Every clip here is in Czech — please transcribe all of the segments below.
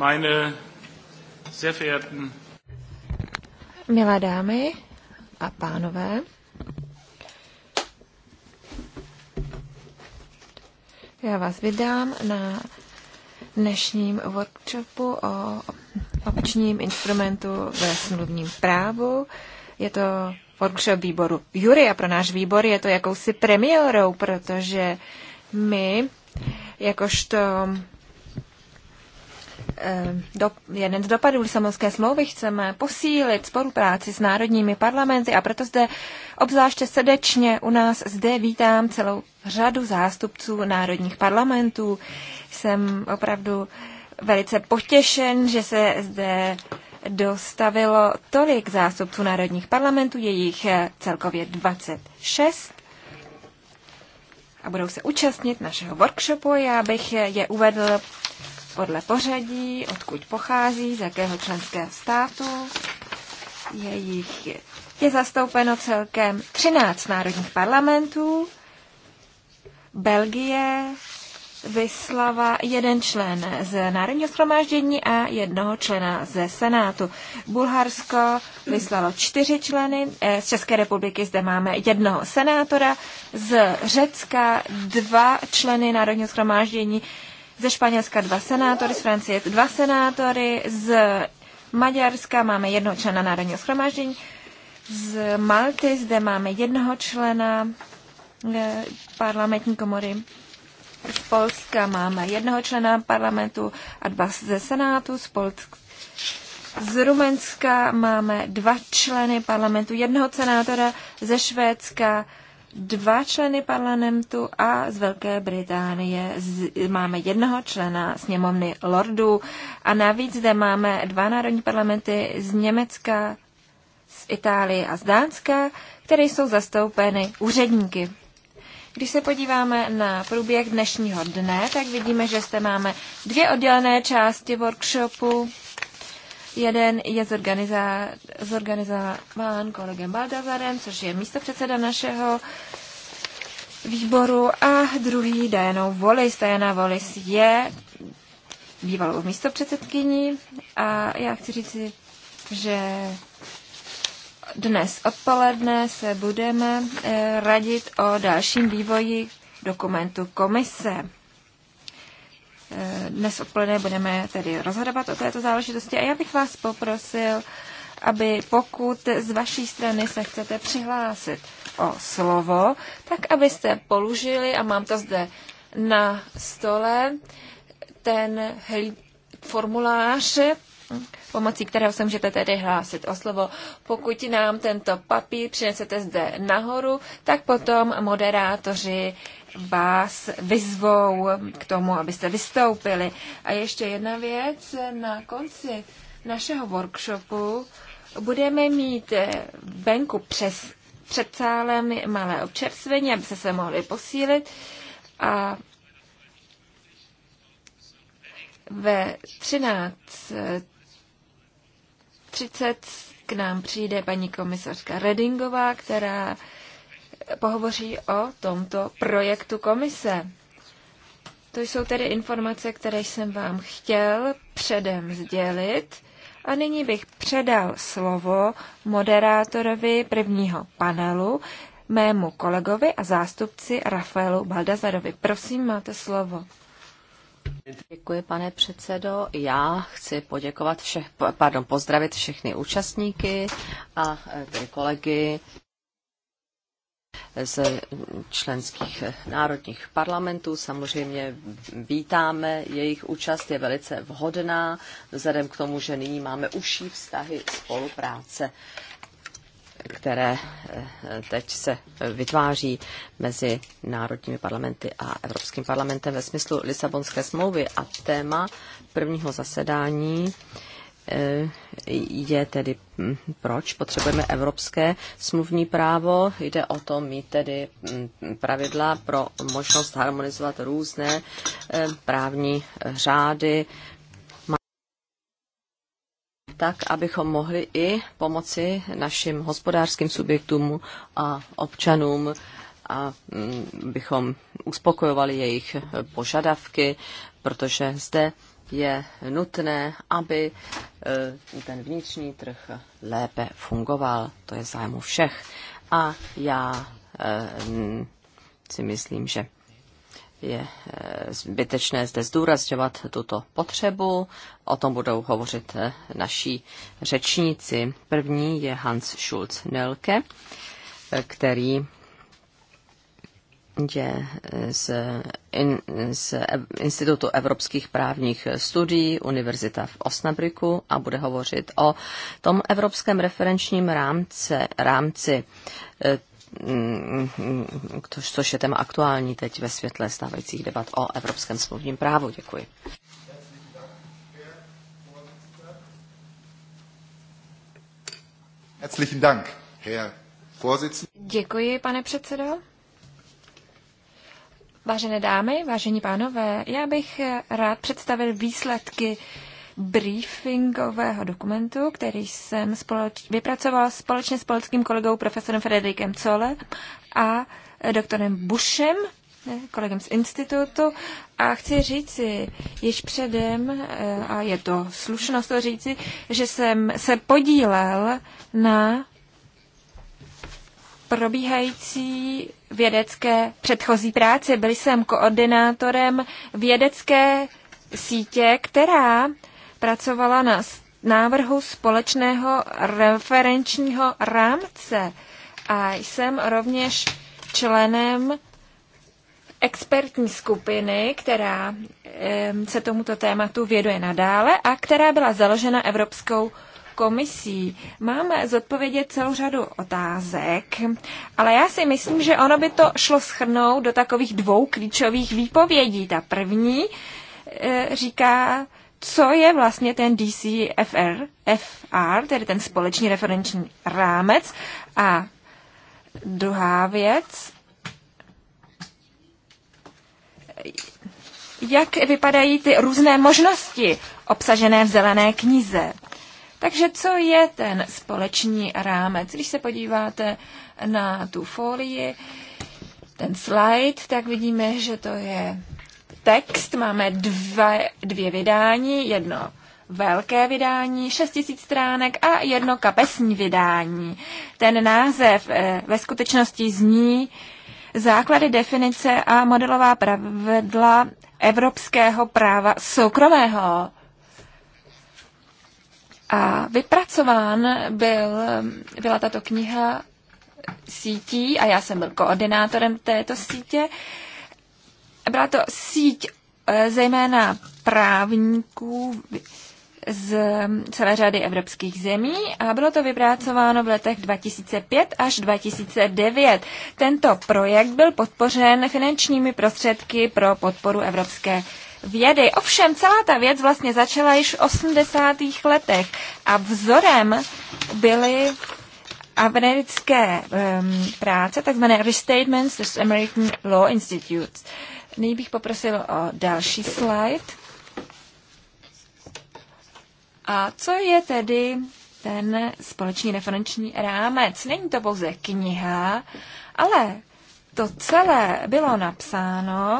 Meine sehr verehrten Milé dámy a pánové, já vás vydám na dnešním workshopu o opčním instrumentu ve smluvním právu. Je to workshop výboru Jury a pro náš výbor je to jakousi premiérou, protože my, jakožto Eh, do, jeden z dopadů Lisabonské smlouvy chceme posílit spolupráci s národními parlamenty a proto zde obzvláště srdečně u nás zde vítám celou řadu zástupců národních parlamentů. Jsem opravdu velice potěšen, že se zde dostavilo tolik zástupců národních parlamentů, je jich eh, celkově 26 a budou se účastnit našeho workshopu. Já bych je uvedl podle pořadí, odkud pochází, z jakého členského státu. Jejich je zastoupeno celkem 13 národních parlamentů. Belgie vyslala jeden člen z Národního shromáždění a jednoho člena ze Senátu. Bulharsko vyslalo čtyři členy, eh, z České republiky zde máme jednoho senátora, z Řecka dva členy Národního shromáždění, ze Španělska dva senátory, z Francie dva senátory, z Maďarska máme jednoho člena Národního schromáždění, z Malty zde máme jednoho člena eh, parlamentní komory, z Polska máme jednoho člena parlamentu a dva ze senátu, z Polska z Rumenska máme dva členy parlamentu, jednoho senátora ze Švédska, dva členy parlamentu a z Velké Británie z, máme jednoho člena sněmovny Lordů. A navíc zde máme dva národní parlamenty z Německa, z Itálie a z Dánska, které jsou zastoupeny úředníky. Když se podíváme na průběh dnešního dne, tak vidíme, že zde máme dvě oddělené části workshopu. Jeden je zorganizá, zorganizován kolegem Baldazarem, což je místopředseda našeho výboru a druhý Dajanou Volis. Dajana Volis je bývalou místopředsedkyní a já chci říct, že dnes odpoledne se budeme eh, radit o dalším vývoji dokumentu komise. Dnes odpoledne budeme tedy rozhodovat o této záležitosti a já bych vás poprosil, aby pokud z vaší strany se chcete přihlásit o slovo, tak abyste položili, a mám to zde na stole, ten formulář pomocí kterého se můžete tedy hlásit o slovo. Pokud nám tento papír přinesete zde nahoru, tak potom moderátoři vás vyzvou k tomu, abyste vystoupili. A ještě jedna věc, na konci našeho workshopu budeme mít eh, venku přes, před sálem malé občerstvení, aby se se mohli posílit. A ve 13 30 k nám přijde paní komisařka Redingová, která pohovoří o tomto projektu komise. To jsou tedy informace, které jsem vám chtěl předem sdělit. A nyní bych předal slovo moderátorovi prvního panelu, mému kolegovi a zástupci Rafaelu Baldazarovi. Prosím, máte slovo. Děkuji, pane předsedo. Já chci poděkovat všech, pardon, pozdravit všechny účastníky a eh, tedy kolegy z členských eh, národních parlamentů. Samozřejmě vítáme, jejich účast je velice vhodná, vzhledem k tomu, že nyní máme užší vztahy spolupráce které eh, teď se vytváří mezi národními parlamenty a Evropským parlamentem ve smyslu Lisabonské smlouvy. A téma prvního zasedání eh, je tedy, hm, proč potřebujeme evropské smluvní právo. Jde o to mít tedy hm, pravidla pro možnost harmonizovat různé eh, právní řády tak abychom mohli i pomoci našim hospodářským subjektům a občanům, a mm, bychom uspokojovali jejich požadavky, protože zde je nutné, aby e, ten vnitřní trh lépe fungoval. To je zájmu všech. A já e, mm, si myslím, že je eh, zbytečné zde zdůrazňovat tuto potřebu. O tom budou hovořit eh, naší řečníci. První je Hans Schulz Nelke, eh, který je z, in, z Institutu evropských právních studií Univerzita v Osnabriku a bude hovořit o tom evropském referenčním rámce, rámci což je téma aktuální teď ve světle stávajících debat o evropském smluvním právu. Děkuji. Herzlichen Dank, Herr Děkuji, pane předsedo. Vážené dámy, vážení pánové, já bych rád představil výsledky briefingového dokumentu, který jsem společ- vypracovala společně s polským kolegou profesorem Frederikem Cole a doktorem Bushem, kolegem z institutu a chci říci již předem, eh, a je to slušnost to říci, že jsem se podílel na probíhající vědecké předchozí práci. Byl jsem koordinátorem vědecké sítě, která pracovala na návrhu společného referenčního rámce a jsem rovněž členem expertní skupiny, která se tomuto tématu věduje nadále a která byla založena Evropskou komisí. Máme zodpovědět celou řadu otázek, ale já si myslím, že ono by to šlo schrnout do takových dvou klíčových výpovědí. Ta první e, říká, co je vlastně ten DCFR, FR, tedy ten společný referenční rámec. A druhá věc, jak vypadají ty různé možnosti obsažené v zelené knize. Takže co je ten společný rámec? Když se podíváte na tu folii, ten slide, tak vidíme, že to je text, máme dva, dvě vydání, jedno velké vydání, 6000 stránek a jedno kapesní vydání. Ten název eh, ve skutečnosti zní Základy definice a modelová pravidla evropského práva soukromého. A vypracován byl, byla tato kniha sítí a já jsem byl koordinátorem této sítě. Uh, byla to síť eh, zejména právníků z celé řady evropských zemí a bylo to vypracováno v letech 2005 až 2009. Tento projekt byl podpořen finančními prostředky pro podporu evropské vědy. Ovšem celá ta věc vlastně začala již v 80. letech a vzorem byly americké um, práce, takzvané Restatements of American Law Institutes. Uh, Nyní bych poprosil o další slide. A co je tedy ten společný referenční rámec? Není to pouze kniha, ale to celé bylo napsáno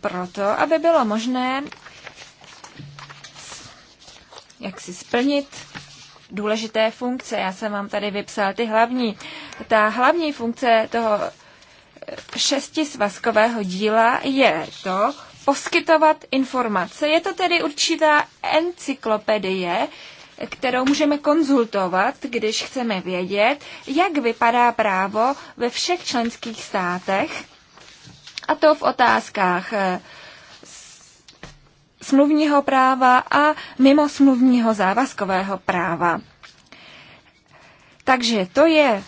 proto, aby bylo možné jak si splnit důležité funkce. Já jsem vám tady vypsal ty hlavní. Ta hlavní funkce toho šestisvazkového díla je to poskytovat informace. Je to tedy určitá encyklopedie, kterou můžeme konzultovat, když chceme vědět, jak vypadá právo ve všech členských státech, a to v otázkách eh, smluvního práva a mimo smluvního závazkového práva. Takže to je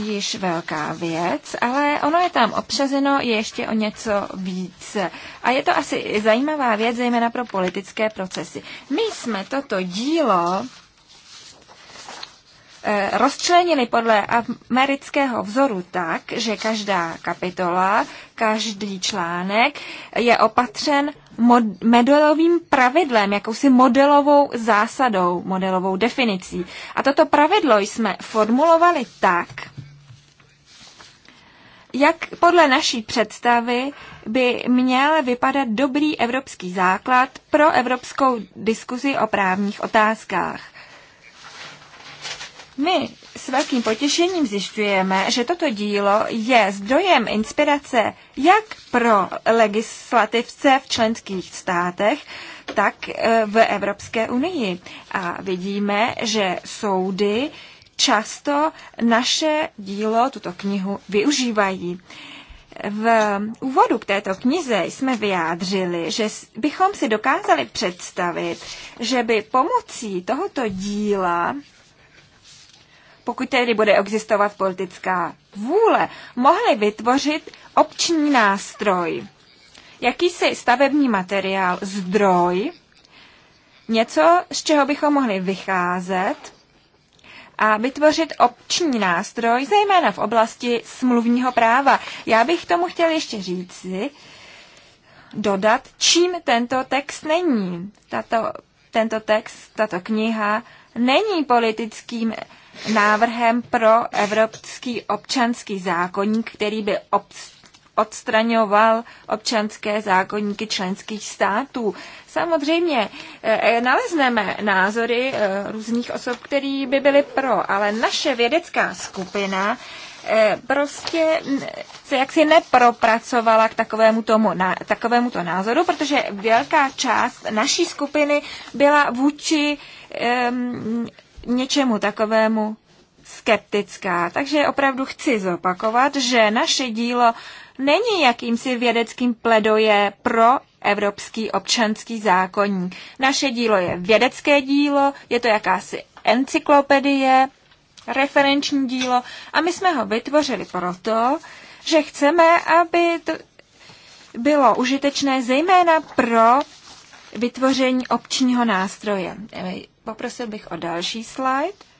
již velká věc, ale ono je tam obsazeno ještě o něco víc. A je to asi zajímavá věc, zejména pro politické procesy. My jsme toto dílo eh, rozčlenili podle amerického vzoru tak, že každá kapitola, každý článek je opatřen mod- modelovým pravidlem, jakousi modelovou zásadou, modelovou definicí. A toto pravidlo jsme formulovali tak, jak podle naší představy by měl vypadat dobrý evropský základ pro evropskou diskuzi o právních otázkách. My s velkým potěšením zjišťujeme, že toto dílo je zdrojem inspirace jak pro legislativce v členských státech, tak e, v Evropské unii. A vidíme, že soudy často naše dílo, tuto knihu, využívají. V úvodu k této knize jsme vyjádřili, že bychom si dokázali představit, že by pomocí tohoto díla, pokud tedy bude existovat politická vůle, mohli vytvořit obční nástroj, jakýsi stavební materiál, zdroj, něco, z čeho bychom mohli vycházet a vytvořit opční nástroj, zejména v oblasti smluvního práva. Já bych tomu chtěl ještě říci, dodat, čím tento text není. Tato, tento text, tato kniha není politickým návrhem pro evropský občanský zákonník, který by obst odstraňoval občanské zákonníky členských států. Samozřejmě eh, nalezneme názory eh, různých osob, které by byly pro, ale naše vědecká skupina eh, prostě mm, se jaksi nepropracovala k takovému, tomu, na, takovému to názoru, protože velká část naší skupiny byla vůči um, něčemu takovému skeptická. Takže opravdu chci zopakovat, že naše dílo není jakýmsi vědeckým pledoje pro evropský občanský zákonník. Naše dílo je vědecké dílo, je to jakási encyklopedie, referenční dílo a my jsme ho vytvořili proto, že chceme, aby to bylo užitečné zejména pro vytvoření občního nástroje. Poprosil bych o další slide.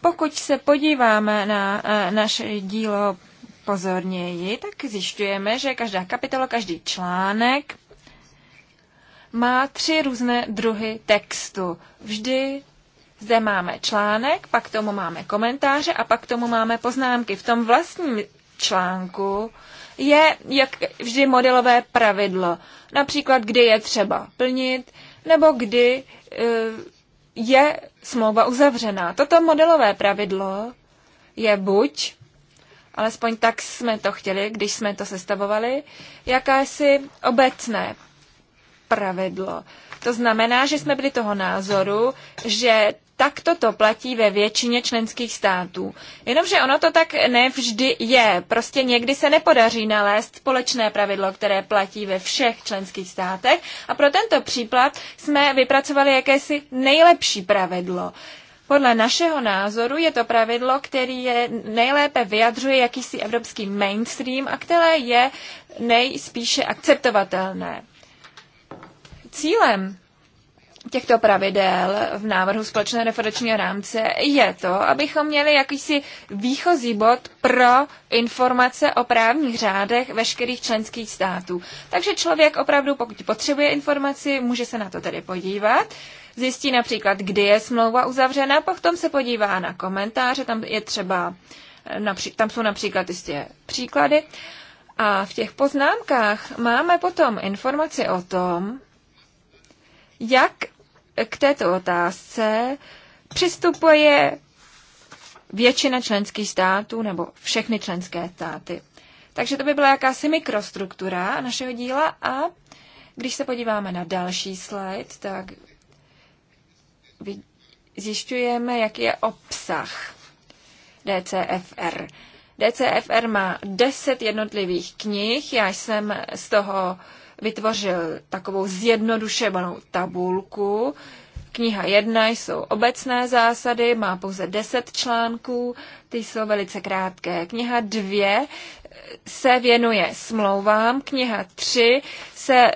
Pokud se podíváme na eh, naše dílo pozorněji, tak zjišťujeme, že každá kapitola, každý článek má tři různé druhy textu. Vždy zde máme článek, pak k tomu máme komentáře a pak k tomu máme poznámky. V tom vlastním článku je, jak vždy, modelové pravidlo. Například, kdy je třeba plnit, nebo kdy eh, je smlouva uzavřená. Toto modelové pravidlo je buď, alespoň tak jsme to chtěli, když jsme to sestavovali, jakési obecné pravidlo. To znamená, že jsme byli toho názoru, že tak toto platí ve většině členských států. Jenomže ono to tak nevždy je. Prostě někdy se nepodaří nalézt společné pravidlo, které platí ve všech členských státech a pro tento případ jsme vypracovali jakési nejlepší pravidlo. Podle našeho názoru je to pravidlo, který je nejlépe vyjadřuje jakýsi evropský mainstream a které je nejspíše akceptovatelné. Cílem těchto pravidel v návrhu společné referenční rámce je to, abychom měli jakýsi výchozí bod pro informace o právních řádech veškerých členských států. Takže člověk opravdu, pokud potřebuje informaci, může se na to tedy podívat. Zjistí například, kdy je smlouva uzavřena, potom se podívá na komentáře, tam je třeba, tam jsou například jistě příklady. A v těch poznámkách máme potom informaci o tom, jak k této otázce přistupuje většina členských států nebo všechny členské státy. Takže to by byla jakási mikrostruktura našeho díla a když se podíváme na další slide, tak zjišťujeme, jaký je obsah DCFR. DCFR má 10 jednotlivých knih, já jsem z toho vytvořil takovou zjednodušenou tabulku. Kniha jedna jsou obecné zásady, má pouze deset článků, ty jsou velice krátké. Kniha dvě se věnuje smlouvám, kniha tři se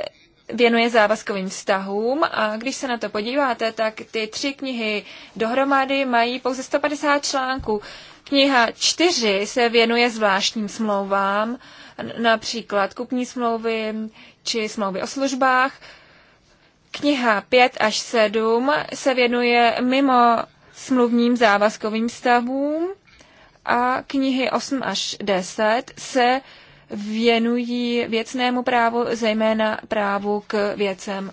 věnuje závazkovým vztahům a když se na to podíváte, tak ty tři knihy dohromady mají pouze 150 článků. Kniha čtyři se věnuje zvláštním smlouvám, například kupní smlouvy, či smlouvy o službách. Kniha 5 až 7 se věnuje mimo smluvním závazkovým stavům a knihy 8 až 10 se věnují věcnému právu, zejména právu k věcem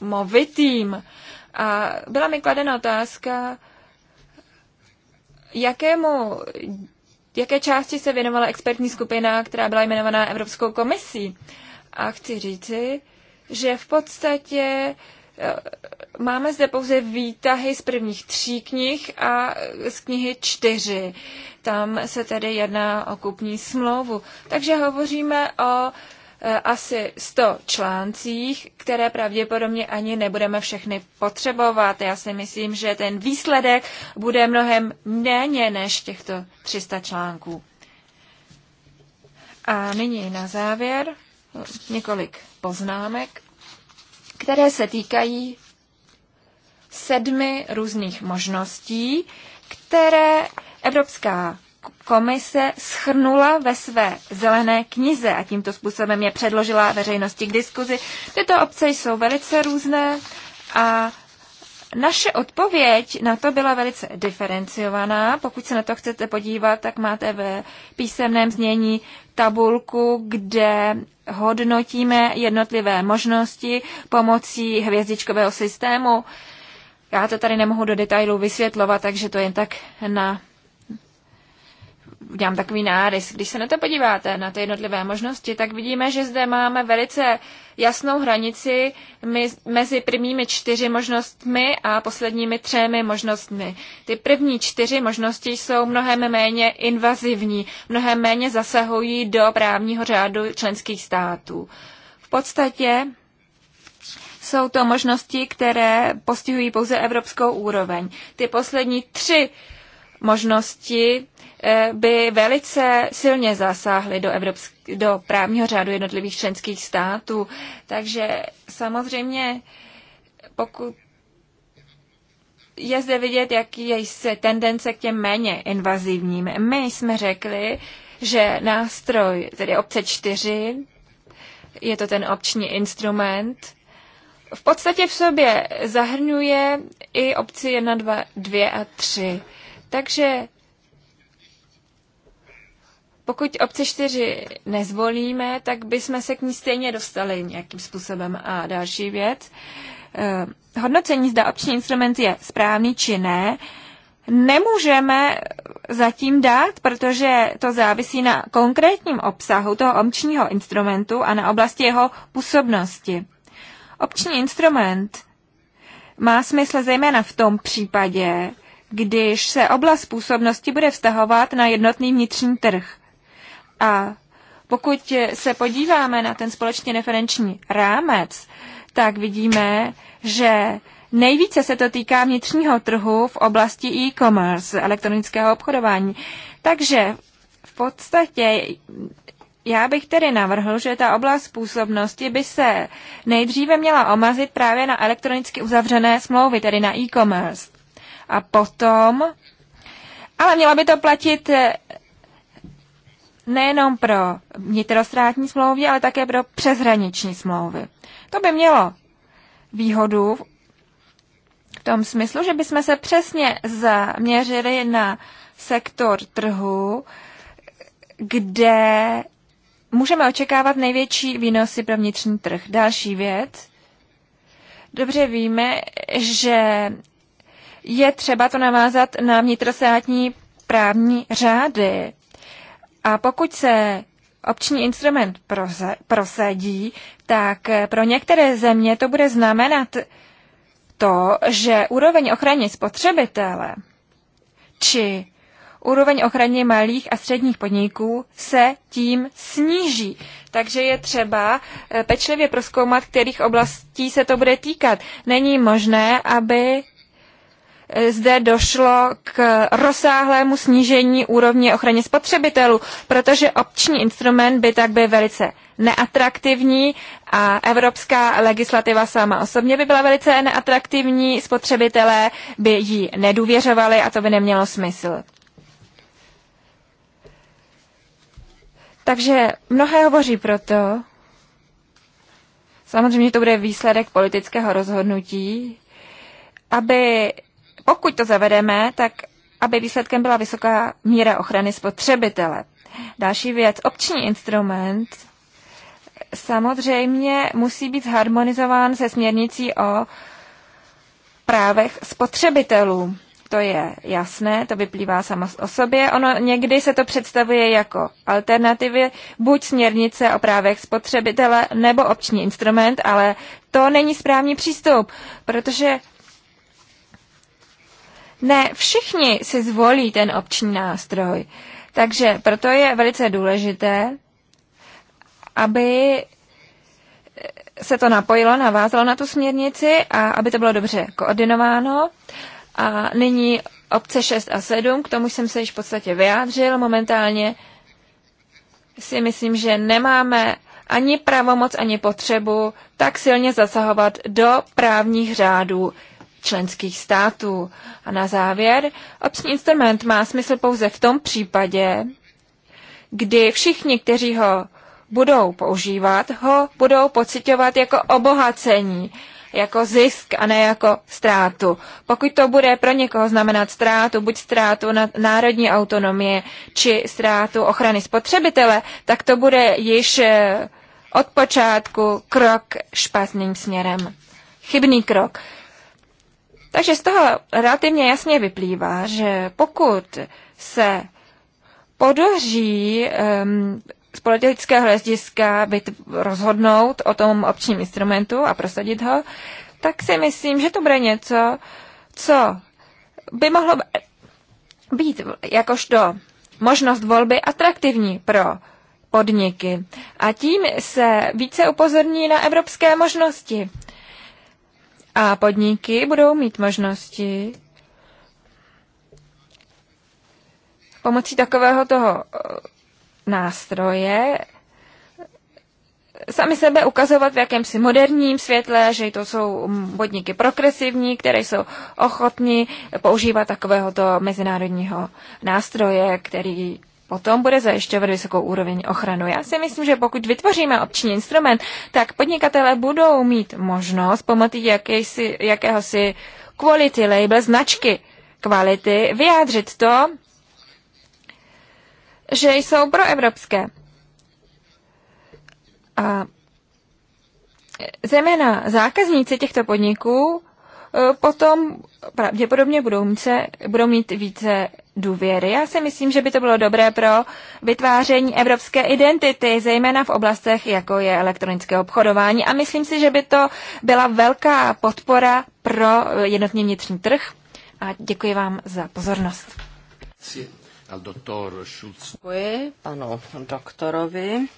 movitým. A byla mi kladena otázka, jakému, jaké části se věnovala expertní skupina, která byla jmenovaná Evropskou komisí. A chci říci, že v podstatě eh, máme zde pouze výtahy z prvních tří knih a z knihy čtyři. Tam se tedy jedná o kupní smlouvu. Takže hovoříme o eh, asi 100 článcích, které pravděpodobně ani nebudeme všechny potřebovat. Já si myslím, že ten výsledek bude mnohem méně než těchto 300 článků. A nyní na závěr několik poznámek, které se týkají sedmi různých možností, které Evropská komise schrnula ve své zelené knize a tímto způsobem je předložila veřejnosti k diskuzi. Tyto obce jsou velice různé a naše odpověď na to byla velice diferenciovaná. Pokud se na to chcete podívat, tak máte ve písemném znění tabulku, kde hodnotíme jednotlivé možnosti pomocí hvězdičkového systému. Já to tady nemohu do detailů vysvětlovat, takže to jen tak na udělám takový nárys. Když se na to podíváte, na ty jednotlivé možnosti, tak vidíme, že zde máme velice jasnou hranici mezi prvními čtyři možnostmi a posledními třemi možnostmi. Ty první čtyři možnosti jsou mnohem méně invazivní, mnohem méně zasahují do právního řádu členských států. V podstatě jsou to možnosti, které postihují pouze evropskou úroveň. Ty poslední tři možnosti eh, by velice silně zasáhly do, evropsk- do právního řádu jednotlivých členských států. Takže samozřejmě, pokud je zde vidět, jaký je tendence k těm méně invazivním. My jsme řekli, že nástroj, tedy obce 4, je to ten obční instrument, v podstatě v sobě zahrnuje i obci 1, 2, 2 a 3. Takže pokud obce čtyři nezvolíme, tak bychom se k ní stejně dostali nějakým způsobem. A další věc, eh, hodnocení zda obční instrument je správný či ne, nemůžeme zatím dát, protože to závisí na konkrétním obsahu toho občního instrumentu a na oblasti jeho působnosti. Obční instrument má smysl zejména v tom případě, když se oblast působnosti bude vztahovat na jednotný vnitřní trh. A pokud se podíváme na ten společně referenční rámec, tak vidíme, že nejvíce se to týká vnitřního trhu v oblasti e-commerce, elektronického obchodování. Takže v podstatě já bych tedy navrhl, že ta oblast působnosti by se nejdříve měla omazit právě na elektronicky uzavřené smlouvy, tedy na e-commerce a potom, ale mělo by to platit eh, nejenom pro vnitrostrátní smlouvy, ale také pro přeshraniční smlouvy. To by mělo výhodu v tom smyslu, že bychom se přesně zaměřili na sektor trhu, kde můžeme očekávat největší výnosy pro vnitřní trh. Další věc. Dobře víme, že je třeba to navázat na vnitrostátní právní řády. A pokud se opční instrument prosadí, tak eh, pro některé země to bude znamenat to, že úroveň ochrany spotřebitele či úroveň ochrany malých a středních podniků se tím sníží. Takže je třeba eh, pečlivě proskoumat, kterých oblastí se to bude týkat. Není možné, aby zde došlo k rozsáhlému snížení úrovně ochrany spotřebitelů, protože opční instrument by tak byl velice neatraktivní a evropská legislativa sama osobně by byla velice neatraktivní, spotřebitelé by ji nedůvěřovali a to by nemělo smysl. Takže mnohé hovoří proto, samozřejmě to bude výsledek politického rozhodnutí, aby pokud to zavedeme, tak aby výsledkem byla vysoká míra ochrany spotřebitele. Další věc, opční instrument samozřejmě musí být harmonizován se směrnicí o právech spotřebitelů. To je jasné, to vyplývá samo o sobě. Ono někdy se to představuje jako alternativy, buď směrnice o právech spotřebitele nebo opční instrument, ale to není správný přístup, protože ne všichni si zvolí ten opční nástroj. Takže proto je velice důležité, aby se to napojilo, navázalo na tu směrnici a aby to bylo dobře koordinováno. A nyní obce 6 a 7, k tomu jsem se již v podstatě vyjádřil. Momentálně si myslím, že nemáme ani pravomoc, ani potřebu tak silně zasahovat do právních řádů členských států. A na závěr, obsní instrument má smysl pouze v tom případě, kdy všichni, kteří ho budou používat, ho budou pocitovat jako obohacení, jako zisk a ne jako ztrátu. Pokud to bude pro někoho znamenat ztrátu, buď ztrátu na národní autonomie, či ztrátu ochrany spotřebitele, tak to bude již eh, od počátku krok špatným směrem. Chybný krok. Takže z toho relativně jasně vyplývá, že pokud se podaří um, z politického hlediska byt rozhodnout o tom občním instrumentu a prosadit ho, tak si myslím, že to bude něco, co by mohlo být jakožto možnost volby atraktivní pro podniky. A tím se více upozorní na evropské možnosti. A podniky budou mít možnosti pomocí takového toho eh, nástroje sami sebe ukazovat v jakémsi moderním světle, že to jsou podniky progresivní, které jsou ochotní používat takovéhoto mezinárodního nástroje, který potom bude zajišťovat vysokou úroveň ochranu. Já si myslím, že pokud vytvoříme opční instrument, tak podnikatele budou mít možnost pomocí jakési, jakéhosi quality label, značky kvality, vyjádřit to, že jsou proevropské. A zejména zákazníci těchto podniků eh, potom pravděpodobně budou mít, se, budou mít více důvěry. Já si myslím, že by to bylo dobré pro vytváření evropské identity, zejména v oblastech, jako je elektronické obchodování. A myslím si, že by to byla velká podpora pro jednotný vnitřní trh. A děkuji vám za pozornost. Děkuji panu doktorovi.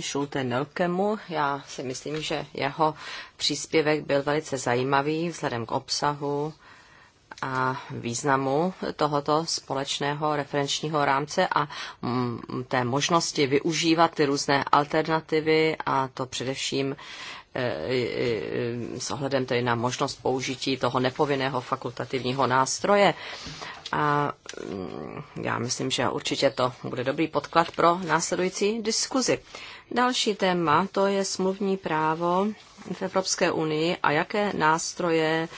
Šulte Nelkemu. Já si myslím, že jeho příspěvek byl velice zajímavý vzhledem k obsahu a významu tohoto společného referenčního rámce a mm, té možnosti využívat ty různé alternativy a to především e, e, e, s ohledem tedy na možnost použití toho nepovinného fakultativního nástroje. A mm, já myslím, že určitě to bude dobrý podklad pro následující diskuzi. Další téma to je smluvní právo v Evropské unii a jaké nástroje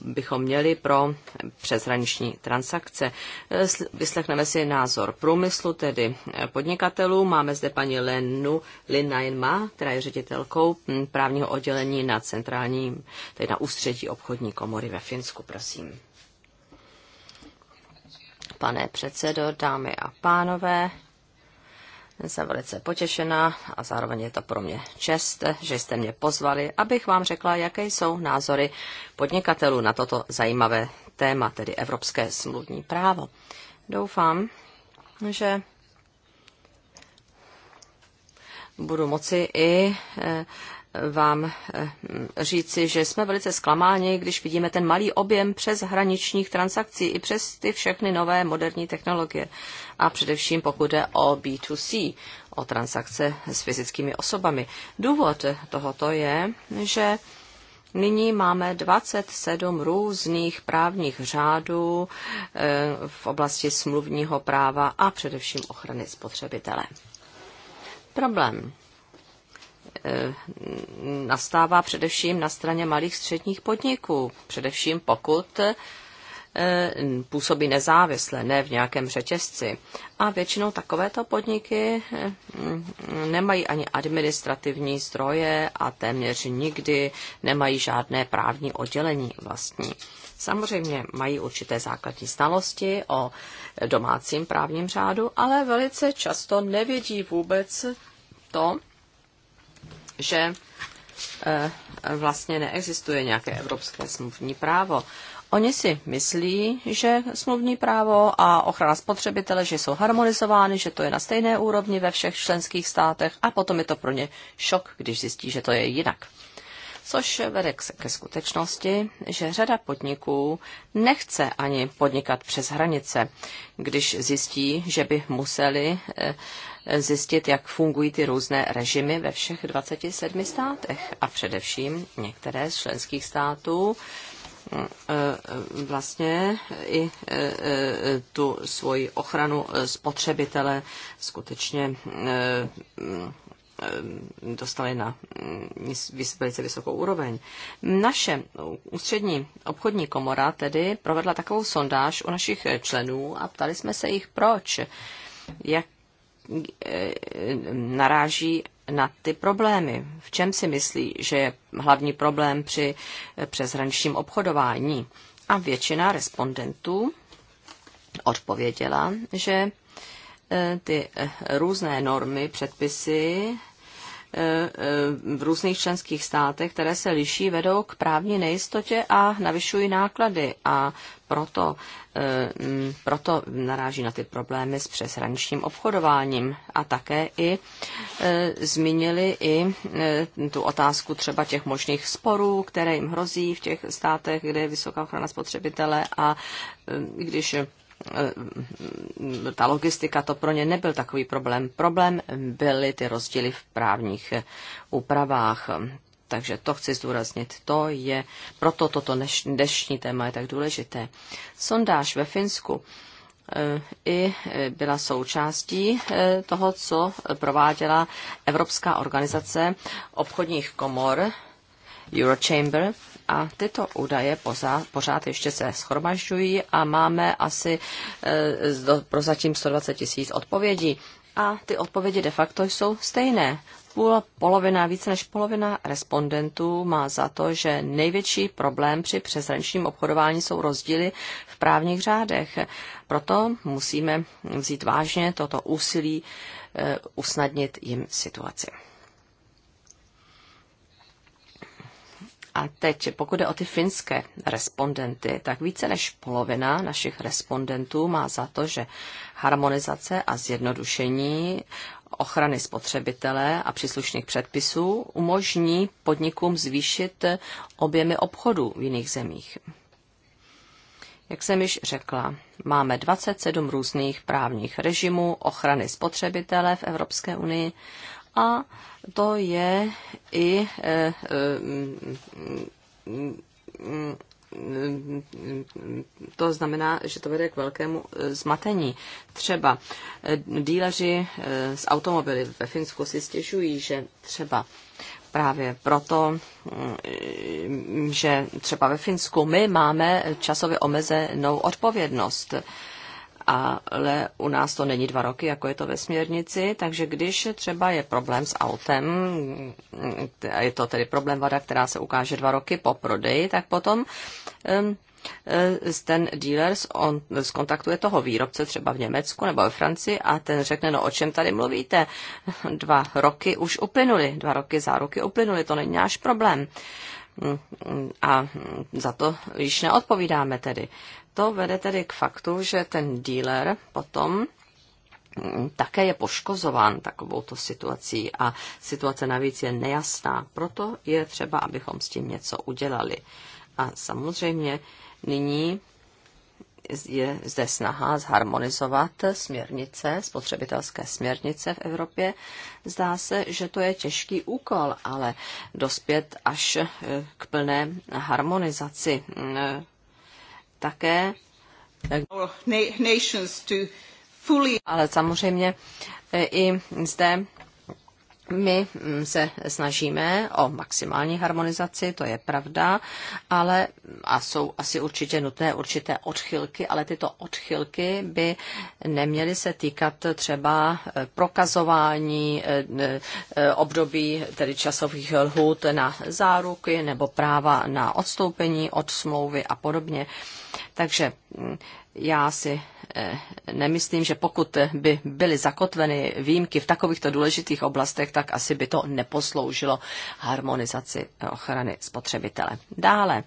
bychom měli pro přeshraniční transakce. E, vyslechneme si názor průmyslu, tedy e, podnikatelů. Máme zde paní Lenu Linajma, která je ředitelkou právního oddělení na centrálním, tedy na ústředí obchodní komory ve Finsku. Prosím. Pane předsedo, dámy a pánové, jsem velice potěšena a zároveň je to pro mě čest, že jste mě pozvali, abych vám řekla, jaké jsou názory podnikatelů na toto zajímavé téma, tedy evropské smluvní právo. Doufám, že budu moci i eh, vám eh, říci, že jsme velice zklamáni, když vidíme ten malý objem přes hraničních transakcí i přes ty všechny nové moderní technologie. A především pokud jde o B2C, o transakce s fyzickými osobami. Důvod tohoto je, že Nyní máme 27 různých právních řádů eh, v oblasti smluvního práva a především ochrany spotřebitele. Problém Eh, nastává především na straně malých středních podniků, především pokud eh, působí nezávisle, ne v nějakém řetězci. A většinou takovéto podniky eh, nemají ani administrativní zdroje a téměř nikdy nemají žádné právní oddělení vlastní. Samozřejmě mají určité základní znalosti o domácím právním řádu, ale velice často nevědí vůbec to, že eh, vlastně neexistuje nějaké evropské smluvní právo. Oni si myslí, že smluvní právo a ochrana spotřebitele, že jsou harmonizovány, že to je na stejné úrovni ve všech členských státech a potom je to pro ně šok, když zjistí, že to je jinak což vede ke skutečnosti, že řada podniků nechce ani podnikat přes hranice, když zjistí, že by museli eh, zjistit, jak fungují ty různé režimy ve všech 27 státech a především některé z členských států eh, eh, vlastně i tu svoji ochranu spotřebitele skutečně Ehm, dostali na mm, velice vysokou úroveň. Naše ústřední obchodní komora tedy provedla takovou sondáž u našich členů a ptali jsme se jich, proč, jak ehm, naráží na ty problémy. V čem si myslí, že je hlavní problém při přeshraničním obchodování? A většina respondentů odpověděla, že eh, ty eh, různé normy, předpisy E, e, v různých členských státech, které se liší, vedou k právní nejistotě a navyšují náklady a proto, e, proto naráží na ty problémy s přeshraničním obchodováním. A také i zmínili i tu otázku třeba těch možných sporů, které jim hrozí v těch státech, kde je vysoká ochrana spotřebitele a když Eh, ta logistika to pro ně nebyl takový problém. Problém byly ty rozdíly v právních eh, úpravách. Takže to chci zdůraznit. To je, proto toto dnešní téma je tak důležité. Sondáž ve Finsku eh, i byla součástí toho, co prováděla Evropská organizace obchodních komor Eurochamber a tyto údaje poza, pořád ještě se schromažďují a máme asi e, do, prozatím 120 tisíc odpovědí. A ty odpovědi de facto jsou stejné. Půl, polovina, více než polovina respondentů má za to, že největší problém při přeshraničním obchodování jsou rozdíly v právních řádech. Proto musíme vzít vážně toto úsilí e, usnadnit jim situaci. A teď, pokud je o ty finské respondenty, tak více než polovina našich respondentů má za to, že harmonizace a zjednodušení ochrany spotřebitele a příslušných předpisů umožní podnikům zvýšit objemy obchodu v jiných zemích. Jak jsem již řekla, máme 27 různých právních režimů ochrany spotřebitele v Evropské unii a to je i eh, eh, to znamená, že to vede k velkému eh, zmatení. Třeba díleři z automobily ve Finsku si stěžují, že třeba právě proto, mm, že třeba ve Finsku my máme časově omezenou odpovědnost ale u nás to není dva roky, jako je to ve směrnici, takže když třeba je problém s autem, je to tedy problém vada, která se ukáže dva roky po prodeji, tak potom e, ten dealer on, skontaktuje toho výrobce třeba v Německu nebo ve Francii a ten řekne, no o čem tady mluvíte? Dva roky už uplynuly, dva roky záruky uplynuly, to není náš problém. Mm, mm, a za to již neodpovídáme tedy. To vede tedy k faktu, že ten dealer potom také je poškozován takovouto situací a situace navíc je nejasná. Proto je třeba, abychom s tím něco udělali. A samozřejmě nyní je zde snaha zharmonizovat směrnice, spotřebitelské směrnice v Evropě. Zdá se, že to je těžký úkol, ale dospět až k plné harmonizaci také. Ale samozřejmě eh, i zde my mm, se snažíme o maximální harmonizaci, to je pravda, ale a jsou asi určitě nutné určité odchylky, ale tyto odchylky by neměly se týkat třeba eh, prokazování eh, eh, období, tedy časových lhůt na záruky nebo práva na odstoupení od smlouvy a podobně. Takže mm, já si Eh, nemyslím, že pokud by byly zakotveny výjimky v takovýchto důležitých oblastech, tak asi by to neposloužilo harmonizaci ochrany spotřebitele. Dále,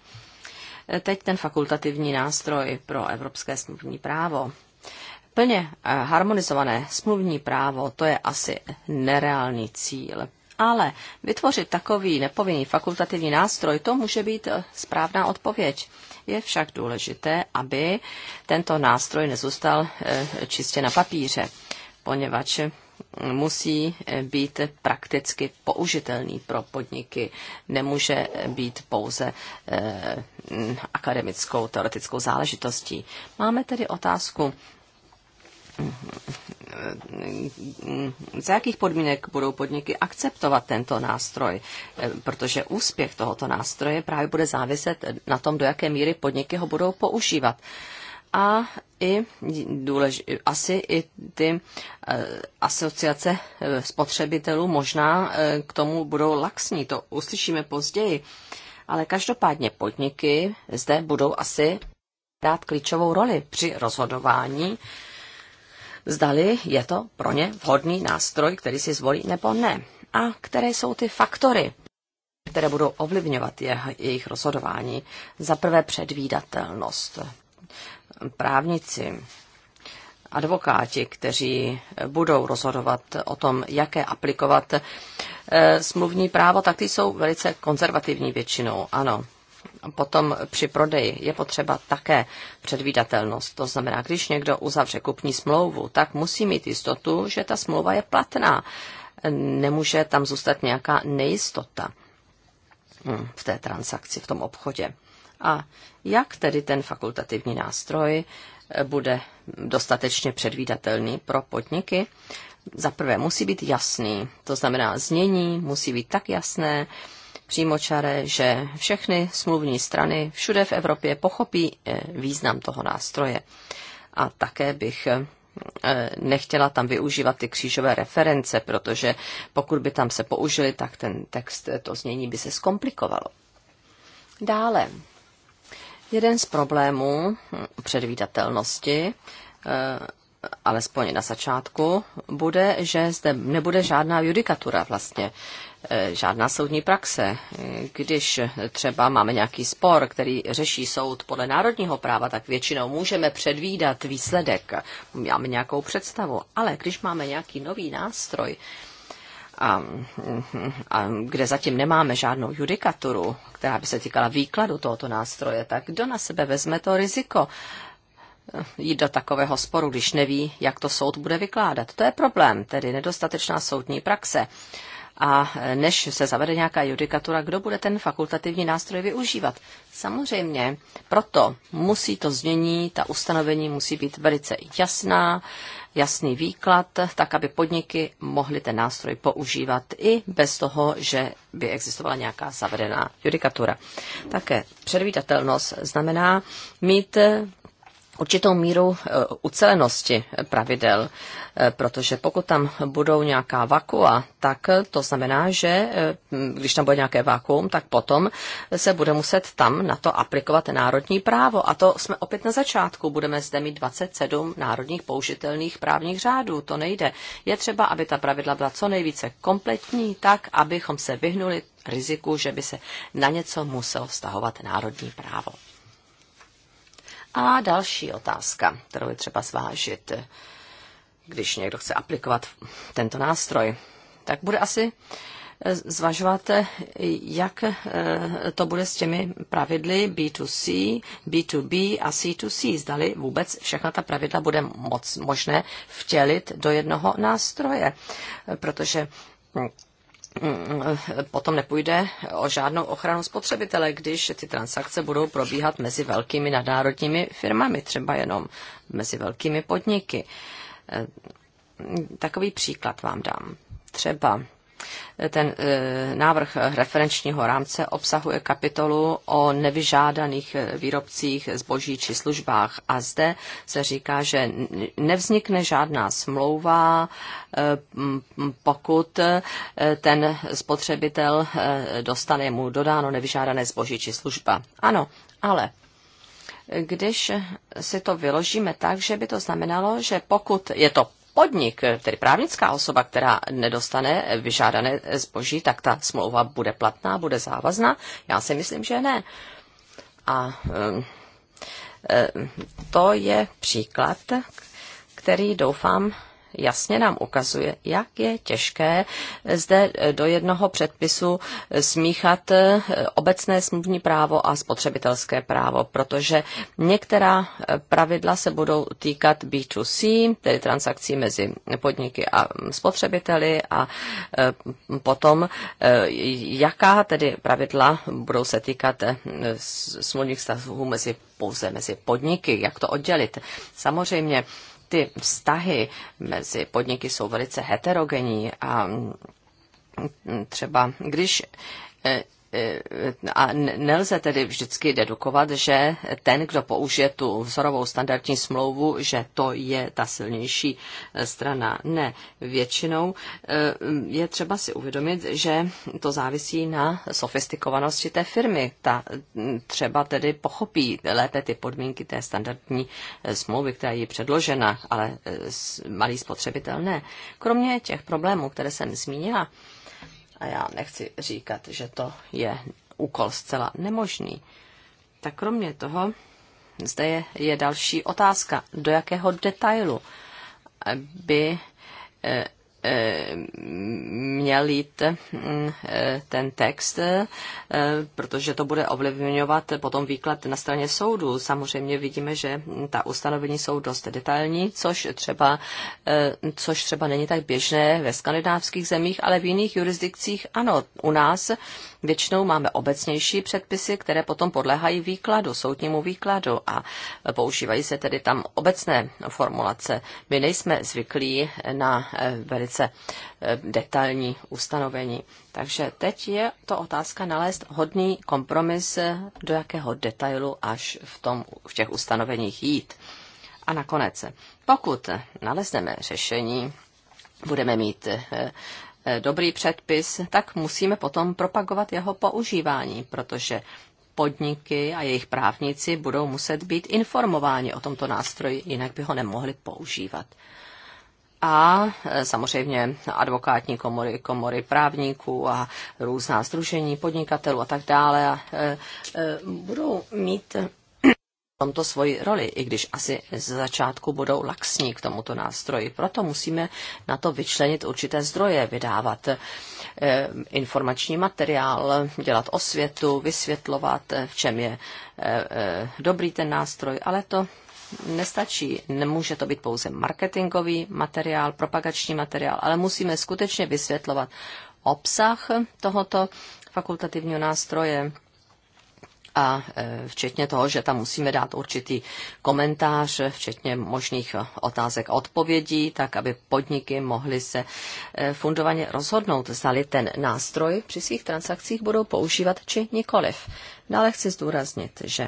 eh, teď ten fakultativní nástroj pro evropské smluvní právo. Plně eh, harmonizované smluvní právo, to je asi nereálný cíl, ale vytvořit takový nepovinný fakultativní nástroj, to může být správná odpověď. Je však důležité, aby tento nástroj nezůstal eh, čistě na papíře, poněvadž musí eh, být prakticky použitelný pro podniky. Nemůže být pouze eh, akademickou, teoretickou záležitostí. Máme tedy otázku za jakých podmínek budou podniky akceptovat tento nástroj, eh, protože úspěch tohoto nástroje právě bude záviset na tom, do jaké míry podniky ho budou používat. A i důlež, asi i ty eh, asociace eh, spotřebitelů možná k tomu budou laxní, to uslyšíme později. Ale každopádně podniky zde budou asi dát klíčovou roli při rozhodování zdali je to pro ně vhodný nástroj, který si zvolí nebo ne. A které jsou ty faktory, které budou ovlivňovat je, jejich rozhodování. Za prvé předvídatelnost. Právníci, advokáti, kteří budou rozhodovat o tom, jaké aplikovat eh, smluvní právo, tak ty jsou velice konzervativní většinou, ano potom při prodeji je potřeba také předvídatelnost. To znamená, když někdo uzavře kupní smlouvu, tak musí mít jistotu, že ta smlouva je platná. Nemůže tam zůstat nějaká nejistota hm, v té transakci, v tom obchodě. A jak tedy ten fakultativní nástroj eh, bude dostatečně předvídatelný pro podniky? Za prvé musí být jasný, to znamená znění musí být tak jasné, přímočaré, že všechny smluvní strany všude v Evropě pochopí eh, význam toho nástroje. A také bych eh, nechtěla tam využívat ty křížové reference, protože pokud by tam se použili, tak ten text, eh, to znění by se zkomplikovalo. Dále, jeden z problémů hm, předvídatelnosti, alespoň na začátku, bude, že zde nebude žádná judikatura vlastně E, žádná soudní praxe. E, když třeba máme nějaký spor, který řeší soud podle národního práva, tak většinou můžeme předvídat výsledek, máme nějakou představu. Ale když máme nějaký nový nástroj, a, a kde zatím nemáme žádnou judikaturu, která by se týkala výkladu tohoto nástroje, tak kdo na sebe vezme to riziko jít do takového sporu, když neví, jak to soud bude vykládat. To je problém, tedy nedostatečná soudní praxe. Uh, a než se zavede nějaká judikatura, kdo bude ten fakultativní nástroj využívat. Samozřejmě, proto musí to změní, ta ustanovení musí být velice jasná, jasný výklad, tak aby podniky mohly ten nástroj používat i bez toho, že by existovala nějaká zavedená judikatura. Také předvídatelnost znamená mít určitou míru eh, ucelenosti eh, pravidel, eh, protože pokud tam budou nějaká vakua, tak to znamená, že když tam bude nějaké vakuum, tak potom se bude muset tam na to aplikovat národní právo. A to jsme opět na začátku. Budeme zde mít 27 národních použitelných právních řádů. To nejde. Je třeba, aby ta pravidla byla co nejvíce kompletní, tak, abychom se vyhnuli riziku, že by se na něco muselo vztahovat národní právo. A další otázka, kterou je třeba zvážit, když někdo chce aplikovat tento nástroj, tak bude asi eh, zvažovat, eh, jak eh, to bude s těmi pravidly B2C, B2B a C2C. Zdali vůbec všechna ta pravidla bude moc možné vtělit do jednoho nástroje, protože hm, potom nepůjde o žádnou ochranu spotřebitele, když ty transakce budou probíhat mezi velkými nadnárodními firmami, třeba jenom mezi velkými podniky. E, takový příklad vám dám. Třeba ten eh, návrh referenčního rámce obsahuje kapitolu o nevyžádaných eh, výrobcích zboží či službách a zde se říká, že nevznikne žádná smlouva, eh, pokud ten spotřebitel dostane mu dodáno nevyžádané zboží či služba. Ano, ale když si to vyložíme tak, že by to znamenalo, že pokud je to podnik, tedy právnická osoba, která nedostane vyžádané zboží, tak ta smlouva bude platná, bude závazná? Já si myslím, že ne. A eh, eh, to je příklad, který doufám jasně nám ukazuje, jak je těžké zde do jednoho předpisu smíchat eh, obecné smluvní právo a spotřebitelské právo, protože některá eh, pravidla se budou týkat B2C, tedy transakcí mezi podniky a spotřebiteli a eh, potom, jaká tedy pravidla budou se týkat smluvních stavů mezi pouze mezi podniky, jak to oddělit. Samozřejmě ty vztahy mezi podniky jsou velice heterogenní a třeba když eh, Eh, a nelze tedy vždycky dedukovat, že ten, kdo použije tu vzorovou standardní smlouvu, že to je ta silnější eh, strana. Ne, většinou eh, je třeba si uvědomit, že to závisí na sofistikovanosti té firmy. Ta hm, třeba tedy pochopí lépe ty podmínky té standardní smlouvy, která je předložena, ale malý spotřebitel ne. Kromě těch problémů, které jsem zmínila, a já nechci říkat, že to je úkol zcela nemožný. Tak kromě toho, zde je, je další otázka, do jakého detailu by eh, měl jít mm, eh, ten text, eh, protože to bude ovlivňovat potom výklad na straně soudu. Samozřejmě vidíme, že ta ustanovení jsou dost detailní, což třeba, eh, což třeba není tak běžné ve skandinávských zemích, ale v jiných jurisdikcích ano. U nás Většinou máme obecnější předpisy, které potom podléhají výkladu, soudnímu výkladu a používají se tedy tam obecné formulace. My nejsme zvyklí na eh, velice eh, detailní ustanovení. Takže teď je to otázka nalézt hodný kompromis, eh, do jakého detailu až v, tom, v těch ustanoveních jít. A nakonec, pokud nalezneme řešení, budeme mít Eh, dobrý předpis, tak musíme potom propagovat jeho používání, protože podniky a jejich právníci budou muset být informováni o tomto nástroji, jinak by ho nemohli používat. A eh, samozřejmě advokátní komory, komory právníků a různá združení podnikatelů a tak dále eh, budou mít tomto svoji roli, i když asi z začátku budou laxní k tomuto nástroji. Proto musíme na to vyčlenit určité zdroje, vydávat eh, informační materiál, dělat osvětu, vysvětlovat, eh, v čem je eh, dobrý ten nástroj, ale to nestačí, nemůže to být pouze marketingový materiál, propagační materiál, ale musíme skutečně vysvětlovat obsah tohoto fakultativního nástroje, a e, včetně toho, že tam musíme dát určitý komentář, včetně možných otázek a odpovědí, tak aby podniky mohly se e, fundovaně rozhodnout, zdali ten nástroj při svých transakcích budou používat či nikoliv. Dále chci zdůraznit, že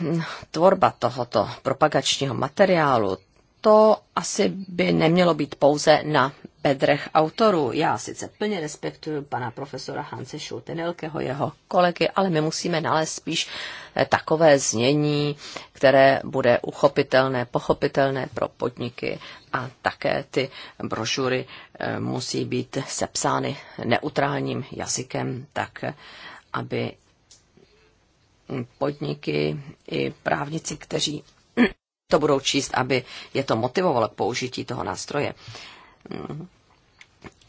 hm, tvorba tohoto propagačního materiálu, to asi by nemělo být pouze na bedrech autorů. Já sice plně respektuju pana profesora Hance Schultenelkeho, jeho kolegy, ale my musíme nalézt spíš eh, takové znění, které bude uchopitelné, pochopitelné pro podniky a také ty brožury eh, musí být sepsány neutrálním jazykem, tak eh, aby podniky i právníci, kteří to budou číst, aby je to motivovalo k použití toho nástroje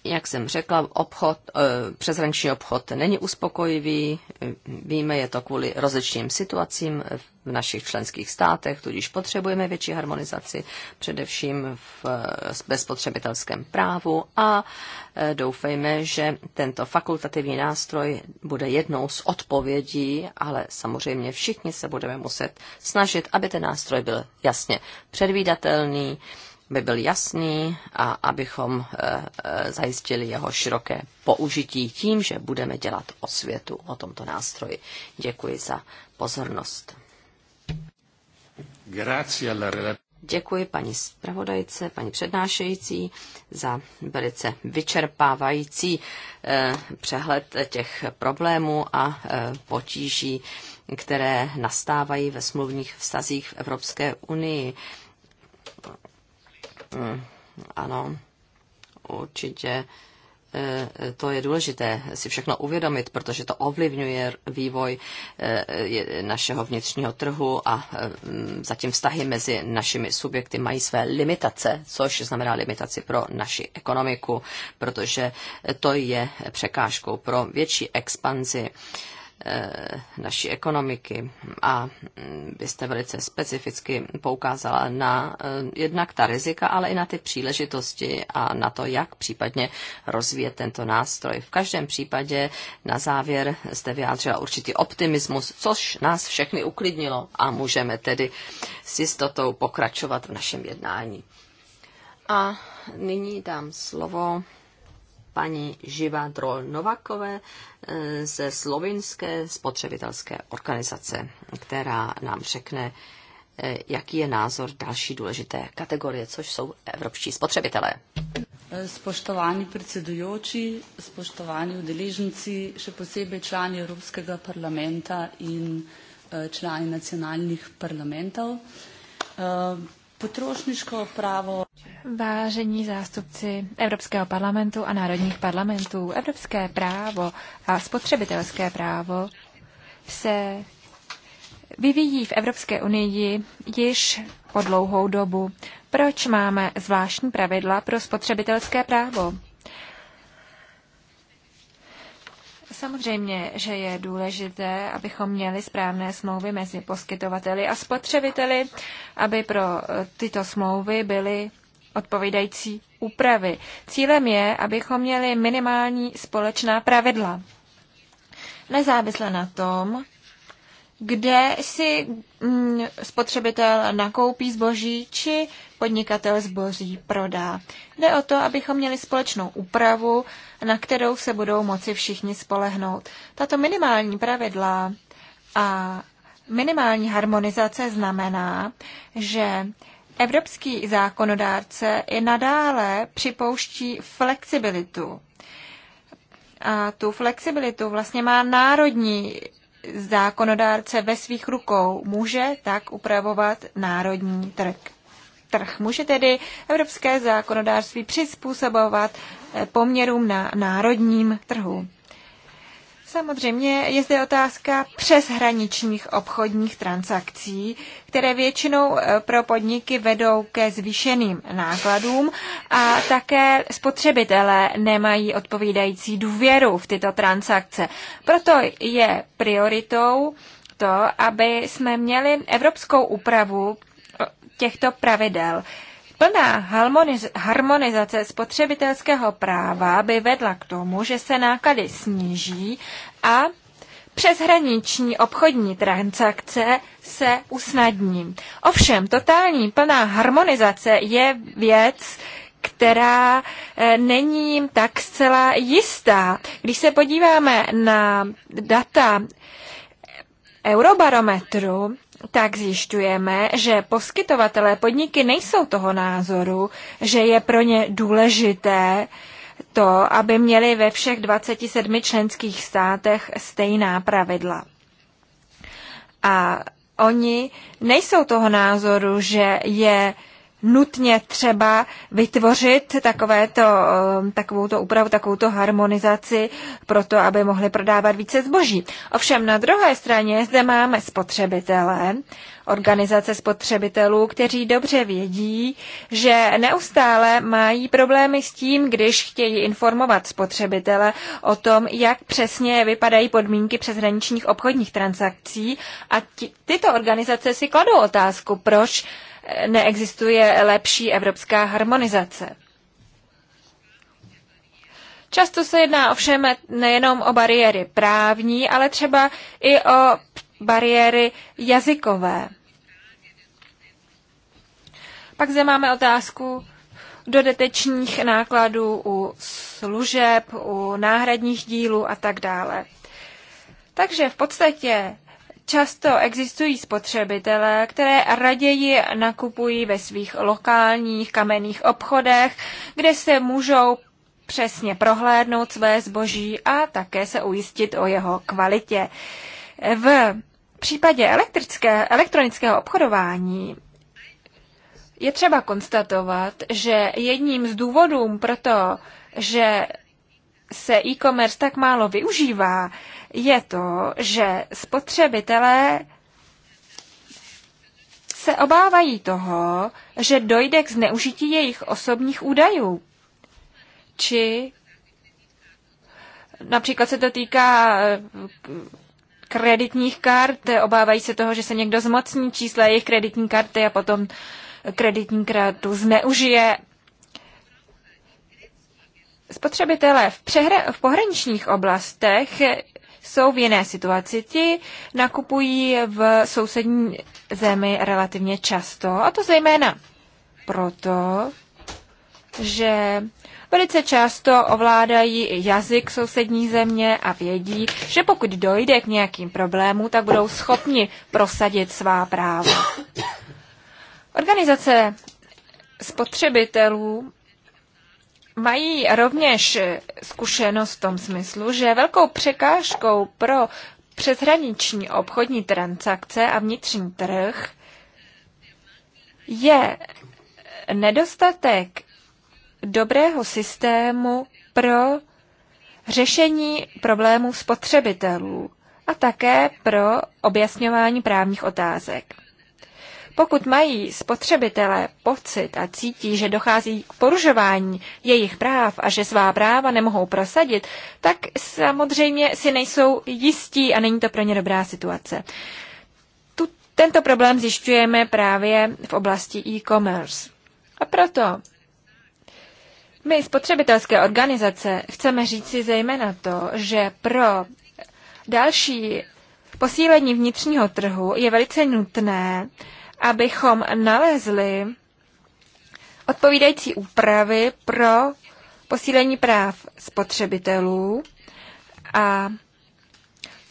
jak jsem řekla, obchod, eh, přeshraniční obchod není uspokojivý, víme, je to kvůli rozličným situacím v našich členských státech, tudíž potřebujeme větší harmonizaci, především v bezpotřebitelském právu a eh, doufejme, že tento fakultativní nástroj bude jednou z odpovědí, ale samozřejmě všichni se budeme muset snažit, aby ten nástroj byl jasně předvídatelný, by byl jasný a abychom eh, eh, zajistili jeho široké použití tím, že budeme dělat osvětu o tomto nástroji. Děkuji za pozornost. Děkuji paní zpravodajce, paní přednášející za velice vyčerpávající eh, přehled těch problémů a potíží, které nastávají ve smluvních vztazích v Evropské unii. Mm, ano, určitě e, e, to je důležité si všechno uvědomit, protože to ovlivňuje vývoj e, našeho vnitřního trhu a zatím vztahy mezi našimi subjekty mají své limitace, což znamená limitaci pro naši ekonomiku, protože to je překážkou pro větší expanzi Eh, naší ekonomiky. A vy jste velice specificky poukázala na eh, jednak ta rizika, ale i na ty příležitosti a na to, jak případně rozvíjet tento nástroj. V každém případě na závěr jste vyjádřila určitý optimismus, což nás všechny uklidnilo a můžeme tedy s jistotou pokračovat v našem jednání. A nyní dám slovo paní Živa Drol Novakové eh, ze slovinské spotřebitelské organizace, která nám řekne, eh, jaký je názor další důležité kategorie, což jsou evropští spotřebitelé. Spoštovani predsedujoči, spoštovani udeleženci, še posebej člani Evropskega parlamenta in eh, člani nacionalnih parlamentov právo. Vážení zástupci Evropského parlamentu a národních parlamentů, evropské právo a spotřebitelské právo se vyvíjí v Evropské unii již po dlouhou dobu. Proč máme zvláštní pravidla pro spotřebitelské právo? Samozřejmě, že je důležité, abychom měli správné smlouvy mezi poskytovateli a spotřebiteli, aby pro eh, tyto smlouvy byly odpovídající úpravy. Cílem je, abychom měli minimální společná pravidla. Nezávisle na tom, kde si mm, spotřebitel nakoupí zboží, či podnikatel zboží prodá. Jde o to, abychom měli společnou úpravu, na kterou se budou moci všichni spolehnout. Tato minimální pravidla a minimální harmonizace znamená, že evropský zákonodárce i nadále připouští flexibilitu. A tu flexibilitu vlastně má národní zákonodárce ve svých rukou může tak upravovat národní trh trh. Může tedy evropské zákonodárství přizpůsobovat eh, poměrům na národním trhu. Samozřejmě je zde otázka přeshraničních obchodních transakcí, které většinou eh, pro podniky vedou ke zvýšeným nákladům a také spotřebitelé nemají odpovídající důvěru v tyto transakce. Proto je prioritou to, aby jsme měli evropskou úpravu, těchto pravidel. Plná harmonizace spotřebitelského práva by vedla k tomu, že se náklady sníží a přeshraniční obchodní transakce se usnadní. Ovšem, totální plná harmonizace je věc, která eh, není tak zcela jistá. Když se podíváme na data Eurobarometru, tak zjišťujeme, že poskytovatelé podniky nejsou toho názoru, že je pro ně důležité to, aby měli ve všech 27 členských státech stejná pravidla. A oni nejsou toho názoru, že je nutně třeba vytvořit takovéto, eh, to úpravu, takovou to harmonizaci pro to, aby mohli prodávat více zboží. Ovšem na druhé straně zde máme spotřebitele, organizace spotřebitelů, kteří dobře vědí, že neustále mají problémy s tím, když chtějí informovat spotřebitele o tom, jak přesně vypadají podmínky přeshraničních obchodních transakcí a tyto organizace si kladou otázku, proč neexistuje lepší evropská harmonizace. Často se jedná ovšem nejenom o bariéry právní, ale třeba i o bariéry jazykové. Pak zde máme otázku dodatečních nákladů u služeb, u náhradních dílů a tak dále. Takže v podstatě Často existují spotřebitelé, které raději nakupují ve svých lokálních kamenných obchodech, kde se můžou přesně prohlédnout své zboží a také se ujistit o jeho kvalitě. V případě elektrické, elektronického obchodování je třeba konstatovat, že jedním z důvodů pro to, že se e-commerce tak málo využívá, je to, že spotřebitelé se obávají toho, že dojde k zneužití jejich osobních údajů. Či například se to týká eh, kreditních kart, obávají se toho, že se někdo zmocní čísla jejich kreditní karty a potom kreditní kartu zneužije. Spotřebitelé v, přehra- v pohraničních oblastech jsou v jiné situaci. Ti nakupují v sousední zemi relativně často, a to zejména proto, že velice často ovládají jazyk sousední země a vědí, že pokud dojde k nějakým problémům, tak budou schopni prosadit svá práva. Organizace spotřebitelů mají rovněž eh, zkušenost v tom smyslu, že velkou překážkou pro přeshraniční obchodní transakce a vnitřní trh je nedostatek dobrého systému pro řešení problémů spotřebitelů a také pro objasňování právních otázek. Pokud mají spotřebitelé pocit a cítí, že dochází k porušování jejich práv a že svá práva nemohou prosadit, tak samozřejmě si nejsou jistí a není to pro ně dobrá situace. Tu, tento problém zjišťujeme právě v oblasti e-commerce. A proto my spotřebitelské organizace chceme říci zejména to, že pro další posílení vnitřního trhu je velice nutné, abychom nalezli odpovídající úpravy pro posílení práv spotřebitelů a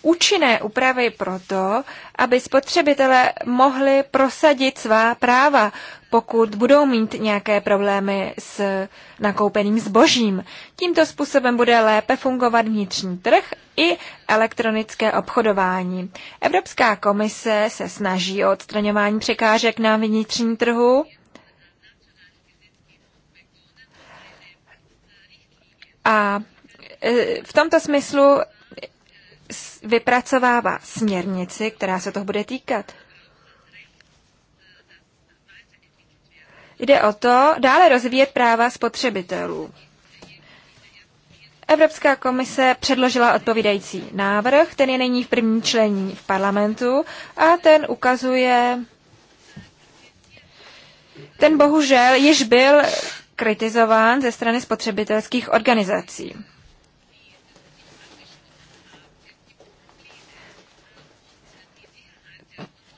účinné úpravy proto, aby spotřebitelé mohli prosadit svá práva, pokud budou mít nějaké problémy s nakoupeným zbožím. Tímto způsobem bude lépe fungovat vnitřní trh i elektronické obchodování. Evropská komise se snaží o odstraňování překážek na vnitřní trhu. A e, v tomto smyslu vypracovává směrnici, která se toho bude týkat. Jde o to dále rozvíjet práva spotřebitelů. Evropská komise předložila odpovídající návrh, který je nyní v prvním člení v parlamentu a ten ukazuje, ten bohužel již byl kritizován ze strany spotřebitelských organizací.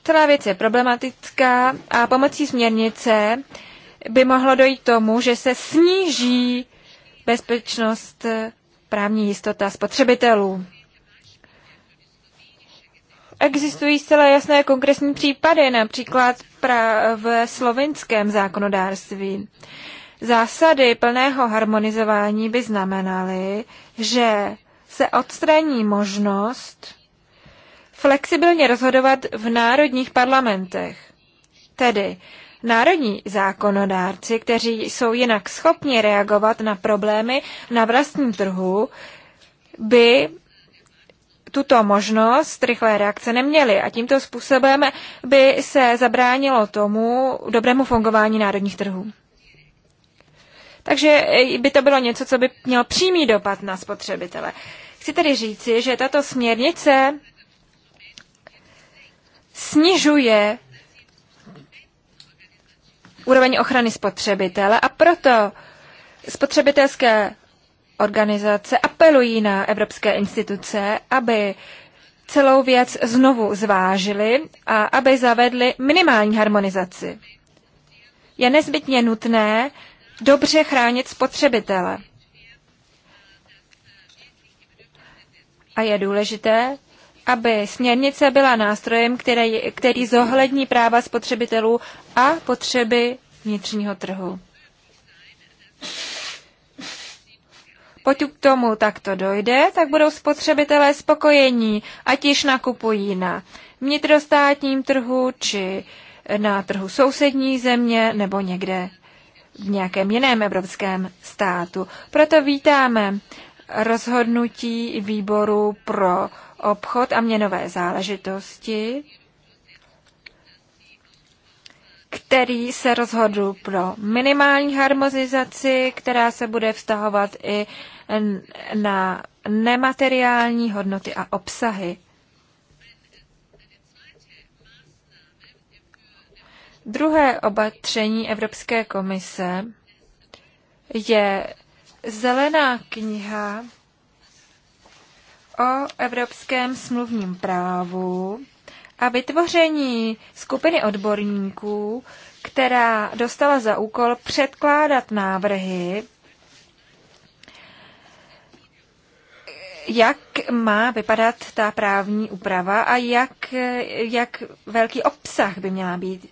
Celá věc je problematická a pomocí směrnice by mohlo dojít tomu, že se sníží bezpečnost eh, právní jistota spotřebitelů. Existují zcela jasné konkrétní případy, například v slovinském zákonodárství. Zásady plného harmonizování by znamenaly, že se odstraní možnost flexibilně rozhodovat v národních parlamentech. Tedy národní zákonodárci, kteří jsou jinak schopni reagovat na problémy na vlastním trhu, by tuto možnost rychlé reakce neměli a tímto způsobem by se zabránilo tomu dobrému fungování národních trhů. Takže by to bylo něco, co by mělo přímý dopad na spotřebitele. Chci tedy říci, že tato směrnice snižuje úroveň ochrany spotřebitele a proto spotřebitelské organizace apelují na evropské instituce, aby celou věc znovu zvážili a aby zavedli minimální harmonizaci. Je nezbytně nutné dobře chránit spotřebitele. A je důležité, aby směrnice byla nástrojem, který, který zohlední práva spotřebitelů a potřeby vnitřního trhu. Pokud k tomu takto dojde, tak budou spotřebitelé spokojení, ať již nakupují na vnitrostátním trhu či na trhu sousední země nebo někde v nějakém jiném evropském státu. Proto vítáme rozhodnutí výboru pro obchod a měnové záležitosti, který se rozhodl pro minimální harmonizaci, která se bude vztahovat i na nemateriální hodnoty a obsahy. Druhé obatření Evropské komise je zelená kniha o evropském smluvním právu a vytvoření skupiny odborníků, která dostala za úkol předkládat návrhy, jak má vypadat ta právní úprava a jak, jak velký obsah by měla být.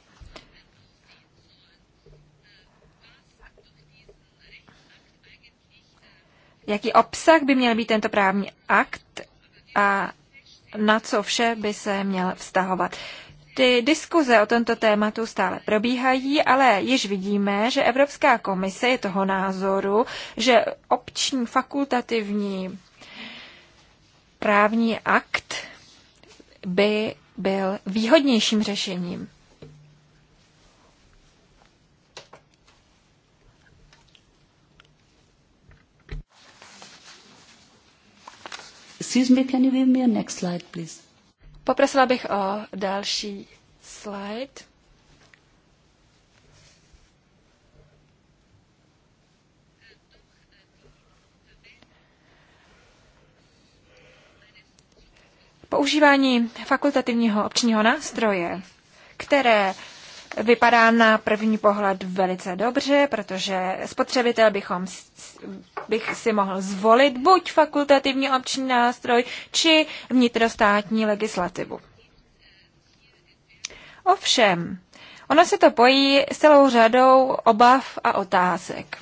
Jaký obsah by měl být tento právní akt a na co vše by se měl vztahovat. Ty diskuze o tomto tématu stále probíhají, ale již vidíme, že Evropská komise je toho názoru, že obční fakultativní právní akt by byl výhodnějším řešením. Excuse me, can you give me a next slide, please? Poprosila bych o další slide. Používání fakultativního občního nástroje, které vypadá na první pohled velice dobře, protože spotřebitel bychom, bych si mohl zvolit buď fakultativní obční nástroj, či vnitrostátní legislativu. Ovšem, ono se to pojí s celou řadou obav a otázek.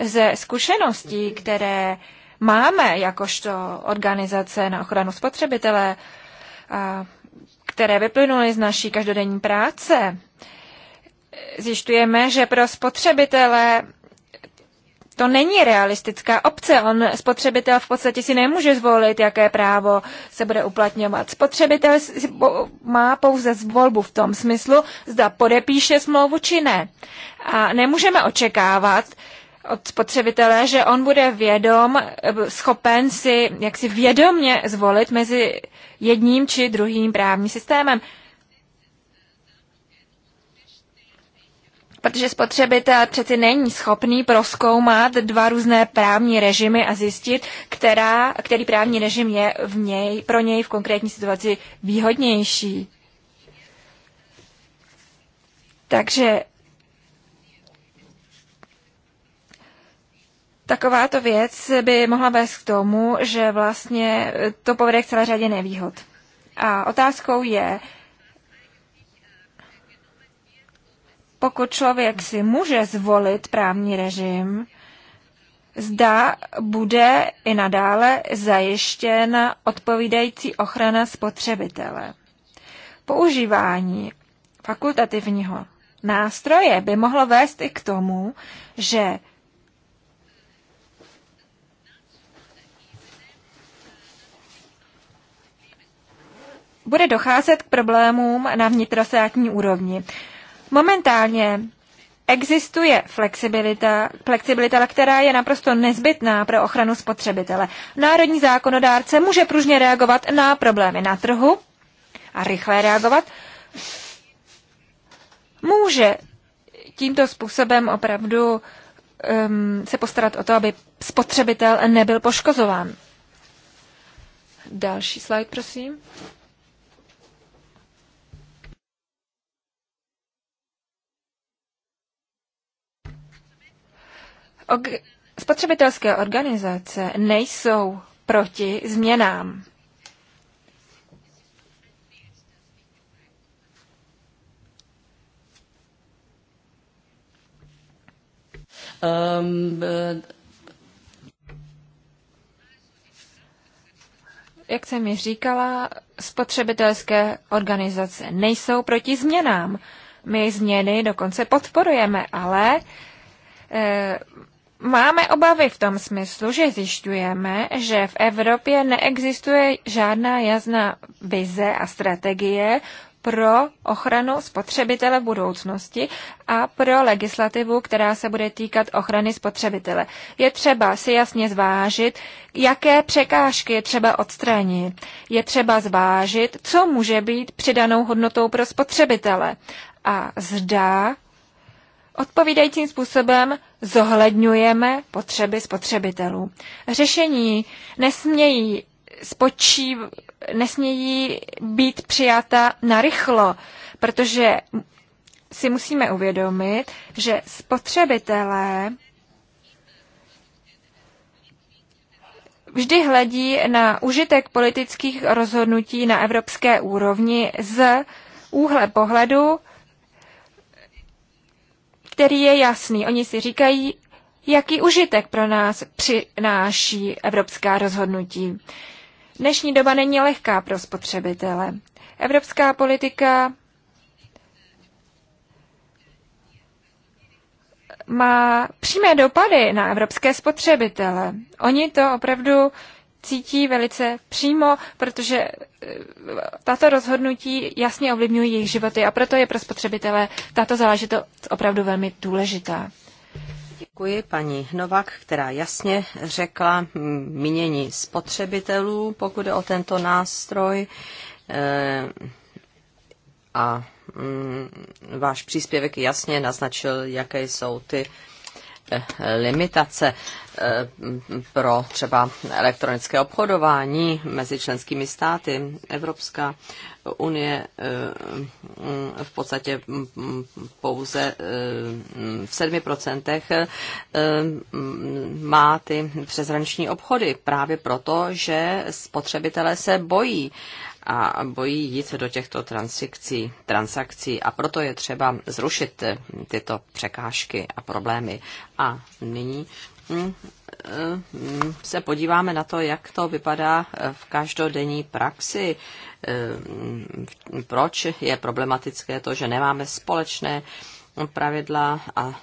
Ze zkušeností, které máme jakožto organizace na ochranu spotřebitele, a které vyplynuly z naší každodenní práce, zjišťujeme, že pro spotřebitele to není realistická obce. On spotřebitel v podstatě si nemůže zvolit, jaké právo se bude uplatňovat. Spotřebitel má pouze zvolbu v tom smyslu, zda podepíše smlouvu či ne. A nemůžeme očekávat, od spotřebitele, že on bude vědom, schopen si jaksi vědomně zvolit mezi jedním či druhým právním systémem. Protože spotřebitel přeci není schopný proskoumat dva různé právní režimy a zjistit, která, který právní režim je v něj, pro něj v konkrétní situaci výhodnější. Takže takováto věc by mohla vést k tomu, že vlastně to povede k celé řadě nevýhod. A otázkou je, pokud člověk si může zvolit právní režim, zda bude i nadále zajištěna odpovídající ochrana spotřebitele. Používání fakultativního nástroje by mohlo vést i k tomu, že bude docházet k problémům na vnitrostátní úrovni. Momentálně Existuje flexibilita, flexibilita, která je naprosto nezbytná pro ochranu spotřebitele. Národní zákonodárce může pružně reagovat na problémy na trhu a rychle reagovat. Může tímto způsobem opravdu um, se postarat o to, aby spotřebitel nebyl poškozován. Další slide, prosím. spotřebitelské organizace nejsou proti změnám. Um, but... Uh, Jak jsem mi říkala, spotřebitelské organizace nejsou proti změnám. My změny dokonce podporujeme, ale eh, Máme obavy v tom smyslu, že zjišťujeme, že v Evropě neexistuje žádná jasná vize a strategie pro ochranu spotřebitele v budoucnosti a pro legislativu, která se bude týkat ochrany spotřebitele. Je třeba si jasně zvážit, jaké překážky je třeba odstranit. Je třeba zvážit, co může být přidanou hodnotou pro spotřebitele. A zdá odpovídajícím způsobem zohledňujeme potřeby spotřebitelů. Řešení nesmějí spočív, nesmějí být přijata narychlo, protože si musíme uvědomit, že spotřebitelé vždy hledí na užitek politických rozhodnutí na evropské úrovni z úhle pohledu který je jasný. Oni si říkají, jaký užitek pro nás přináší evropská rozhodnutí. Dnešní doba není lehká pro spotřebitele. Evropská politika má přímé dopady na evropské spotřebitele. Oni to opravdu cítí velice přímo, protože eh, tato rozhodnutí jasně ovlivňují jejich životy a proto je pro spotřebitele tato záležitost opravdu velmi důležitá. Děkuji paní Novak, která jasně řekla mínění spotřebitelů, pokud je o tento nástroj. Eh, a mm, váš příspěvek jasně naznačil, jaké jsou ty limitace eh, pro třeba elektronické obchodování mezi členskými státy. Evropská unie eh, v podstatě mm, mm, pouze eh, v 7% mm, má ty přeshraniční obchody právě proto, že spotřebitelé se bojí a bojí jít do těchto transakcí, transakcí a proto je třeba zrušit eh, tyto překážky a problémy. A nyní mm, eh, mm, se podíváme na to, jak to vypadá eh, v každodenní praxi. Mm, proč je problematické to, že nemáme společné pravidla a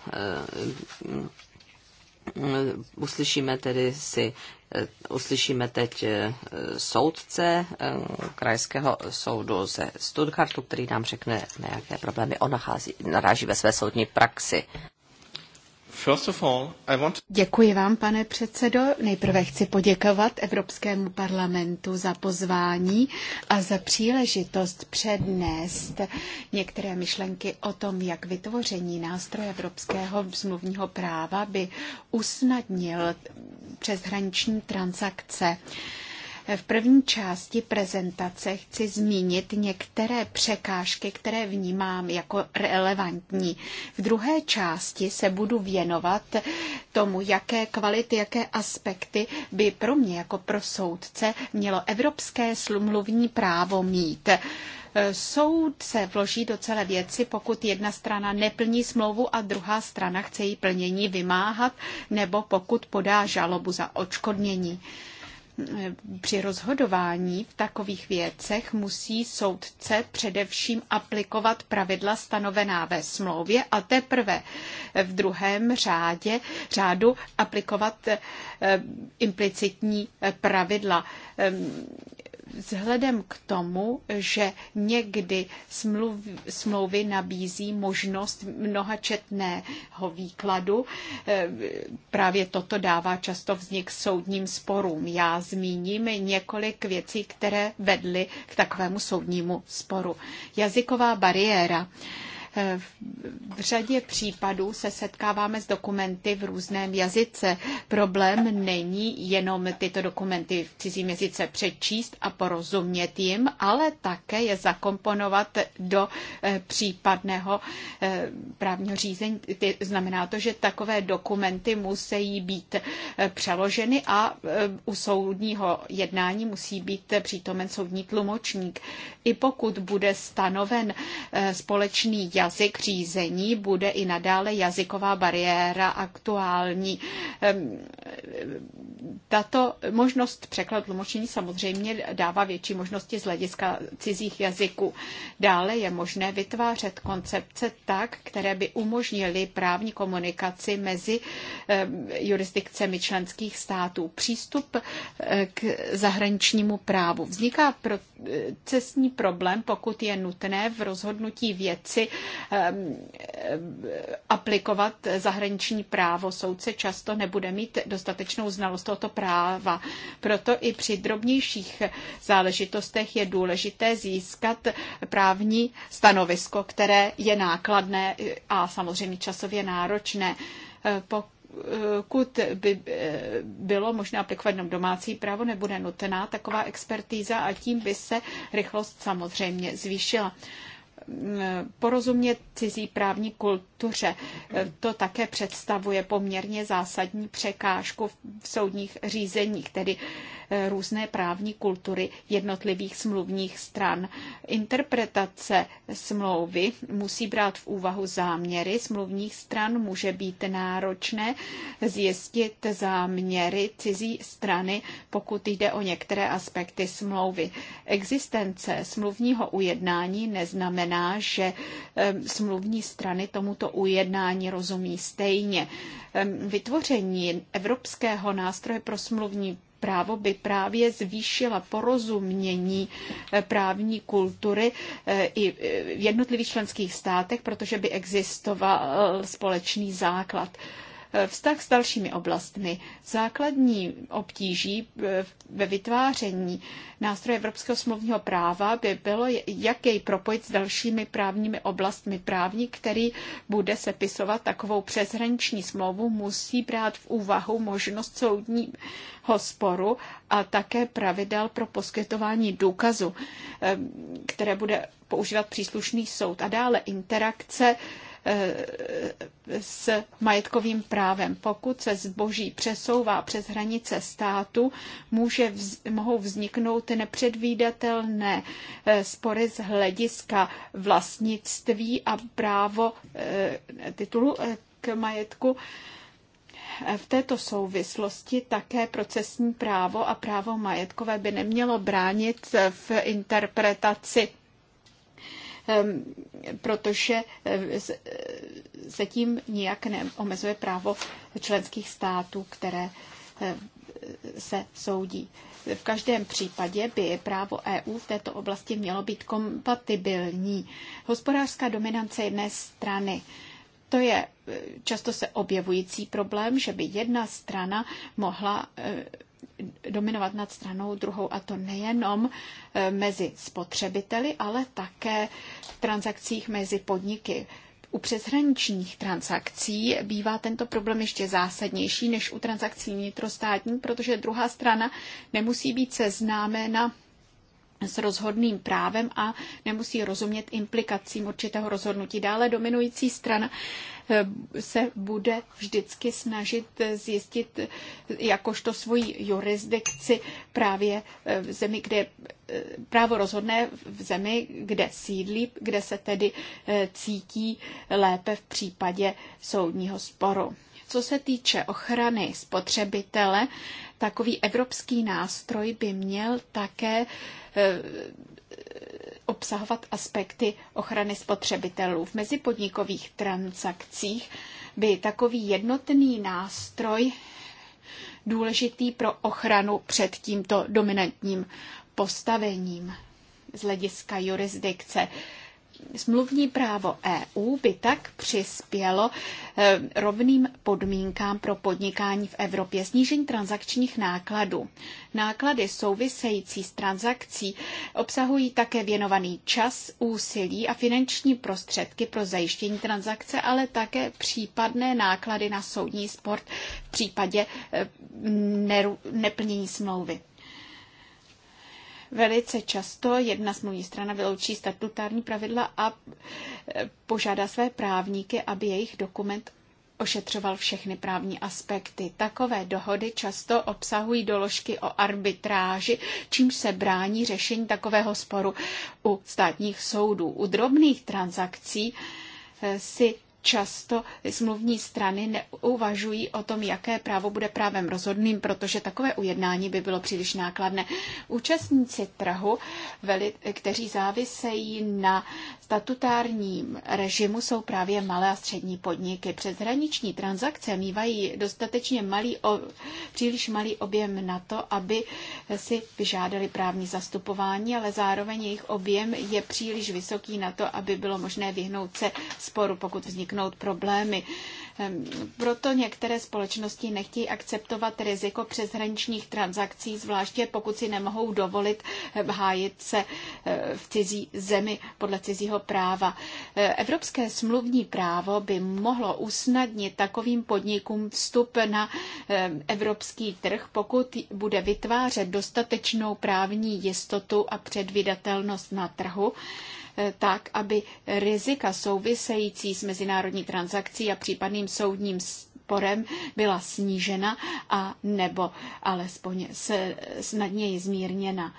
uslyšíme tedy si Eh, uslyšíme teď eh, soudce eh, krajského soudu ze Stuttgartu, který nám řekne, na jaké problémy on nachází, naráží ve své soudní praxi. Děkuji vám, pane předsedo. Nejprve chci poděkovat Evropskému parlamentu za pozvání a za příležitost přednést některé myšlenky o tom, jak vytvoření nástroje evropského smluvního práva by usnadnil přeshraniční transakce. V první části prezentace chci zmínit některé překážky, které vnímám jako relevantní. V druhé části se budu věnovat tomu, jaké kvality, jaké aspekty by pro mě jako pro soudce mělo evropské slumluvní právo mít. Soud se vloží do celé věci, pokud jedna strana neplní smlouvu a druhá strana chce její plnění vymáhat, nebo pokud podá žalobu za očkodnění při rozhodování v takových věcech musí soudce především aplikovat pravidla stanovená ve smlouvě a teprve v druhém řádě, řádu aplikovat eh, implicitní eh, pravidla ehm, vzhledem k tomu, že někdy smluvy, smlouvy nabízí možnost mnohačetného výkladu, eh, právě toto dává často vznik soudním sporům. Já zmíním několik věcí, které vedly k takovému soudnímu sporu. Jazyková bariéra. Eh, v řadě případů se setkáváme s dokumenty v různém jazyce. Problém není jenom tyto dokumenty v cizím jazyce přečíst a porozumět jim, ale také je zakomponovat do eh, případného eh, právního řízení. Znamená to, že takové dokumenty musí být přeloženy a u soudního jednání musí být přítomen soudní tlumočník. I pokud bude stanoven společný jazyk řízení bude i nadále jazyková bariéra aktuální. Tato možnost překlad tlumočení samozřejmě dává větší možnosti z hlediska cizích jazyků. Dále je možné vytvářet koncepce tak, které by umožnily právní komunikaci mezi jurisdikcemi členských států. Přístup eh, k zahraničnímu právu. Vzniká procesní eh, problém, pokud je nutné v rozhodnutí věci Ehm, ehm, aplikovat zahraniční právo. Soudce často nebude mít dostatečnou znalost tohoto práva. Proto i při drobnějších záležitostech je důležité získat právní stanovisko, které je nákladné a samozřejmě časově náročné. Ehm, pokud by e, bylo možné aplikovat jenom domácí právo, nebude nutná taková expertíza a tím by se rychlost samozřejmě zvýšila porozumět cizí právní kultuře. To také představuje poměrně zásadní překážku v soudních řízeních, tedy Eh, různé právní kultury jednotlivých smluvních stran. Interpretace smlouvy musí brát v úvahu záměry smluvních stran, může být náročné zjistit záměry cizí strany, pokud jde o některé aspekty smlouvy. Existence smluvního ujednání neznamená, že smluvní strany tomuto ujednání rozumí stejně. Vytvoření evropského nástroje pro smluvní právo by právě zvýšila porozumění eh, právní kultury eh, i eh, v jednotlivých členských státech, protože by existoval společný základ vztah s dalšími oblastmi. Základní obtíží eh, ve vytváření nástroje Evropského smluvního práva by bylo, jak jej propojit s dalšími právními oblastmi. Právník, který bude sepisovat takovou přeshraniční smlouvu, musí brát v úvahu možnost soudního sporu a také pravidel pro poskytování důkazu, eh, které bude používat příslušný soud. A dále interakce Eh, s majetkovým právem. Pokud se zboží přesouvá přes hranice státu, může, vz, mohou vzniknout nepředvídatelné eh, spory z hlediska vlastnictví a právo eh, titulu k majetku. V této souvislosti také procesní právo a právo majetkové by nemělo bránit v interpretaci Ehm, protože ehm, e, se tím nijak neomezuje právo členských států, které ehm, se soudí. V každém případě by právo EU v této oblasti mělo být kompatibilní. Hospodářská dominance jedné strany. To je e, často se objevující problém, že by jedna strana mohla e, dominovat nad stranou druhou a to nejenom e, mezi spotřebiteli, ale také v transakcích mezi podniky. U přeshraničních transakcí bývá tento problém ještě zásadnější než u transakcí nitrostátní, protože druhá strana nemusí být seznámena s rozhodným právem a nemusí rozumět implikacím určitého rozhodnutí. Dále dominující strana Eh, se bude vždycky snažit zjistit jakožto svoji jurisdikci právě eh, v zemi, kde eh, právo rozhodné v zemi, kde sídlí, kde se tedy cítí lépe v případě soudního sporu. Co se týče ochrany spotřebitele, takový evropský nástroj by měl také obsahovat aspekty ochrany spotřebitelů. V mezipodnikových transakcích by takový jednotný nástroj důležitý pro ochranu před tímto dominantním postavením z hlediska jurisdikce smluvní právo EU by tak přispělo eh, rovným podmínkám pro podnikání v Evropě snížení transakčních nákladů. Náklady související s transakcí obsahují také věnovaný čas, úsilí a finanční prostředky pro zajištění transakce, ale také případné náklady na soudní sport v případě eh, neplnění smlouvy. Velice často jedna smluvní strana vyloučí statutární pravidla a e, požádá své právníky, aby jejich dokument ošetřoval všechny právní aspekty. Takové dohody často obsahují doložky o arbitráži, čímž se brání řešení takového sporu u státních soudů. U drobných transakcí e, si často smluvní strany neuvažují o tom, jaké právo bude právem rozhodným, protože takové ujednání by bylo příliš nákladné. Účastníci trhu, kteří závisejí na statutárním režimu, jsou právě malé a střední podniky. Přeshraniční transakce mývají dostatečně malý, příliš malý objem na to, aby si vyžádali právní zastupování, ale zároveň jejich objem je příliš vysoký na to, aby bylo možné vyhnout se sporu, pokud vzniknou vzniknout problémy. Ehm, proto některé společnosti nechtějí akceptovat riziko přeshraničních transakcí, zvláště pokud si nemohou dovolit eh, hájit se eh, v cizí zemi podle cizího práva. Eh, evropské smluvní právo by mohlo usnadnit takovým podnikům vstup na ehm, evropský trh, pokud bude vytvářet dostatečnou právní jistotu a předvydatelnost na trhu Eh, tak, aby rizika související s mezinárodní transakcí a případným soudním sporem byla snížena a nebo alespoň snadněji zmírněna.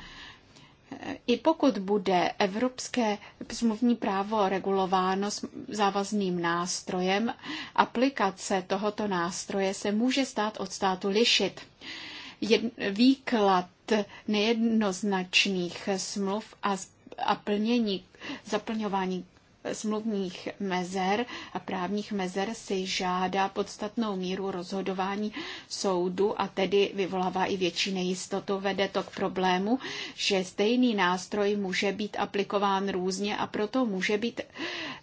Eh, I pokud bude evropské smluvní právo regulováno závazným nástrojem, aplikace tohoto nástroje se může stát od státu lišit. výklad nejednoznačných smluv a, a plnění Zaplňování eh, smluvních mezer a právních mezer si žádá podstatnou míru rozhodování soudu a tedy vyvolává i větší nejistotu. Vede to k problému, že stejný nástroj může být aplikován různě a proto může být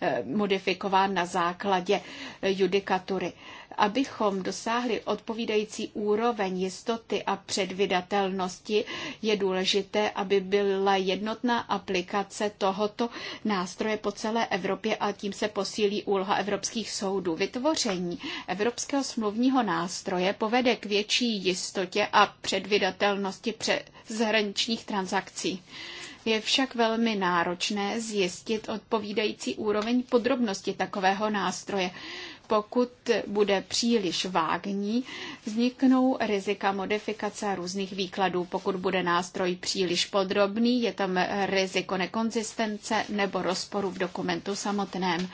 eh, modifikován na základě judikatury. Abychom dosáhli odpovídající úroveň jistoty a předvydatelnosti, je důležité, aby byla jednotná aplikace tohoto nástroje po celé Evropě a tím se posílí úloha evropských soudů. Vytvoření evropského smluvního nástroje povede k větší jistotě a předvydatelnosti zahraničních transakcí. Je však velmi náročné zjistit odpovídající úroveň podrobnosti takového nástroje pokud bude příliš vágní, vzniknou rizika modifikace různých výkladů. Pokud bude nástroj příliš podrobný, je tam riziko nekonzistence nebo rozporu v dokumentu samotném.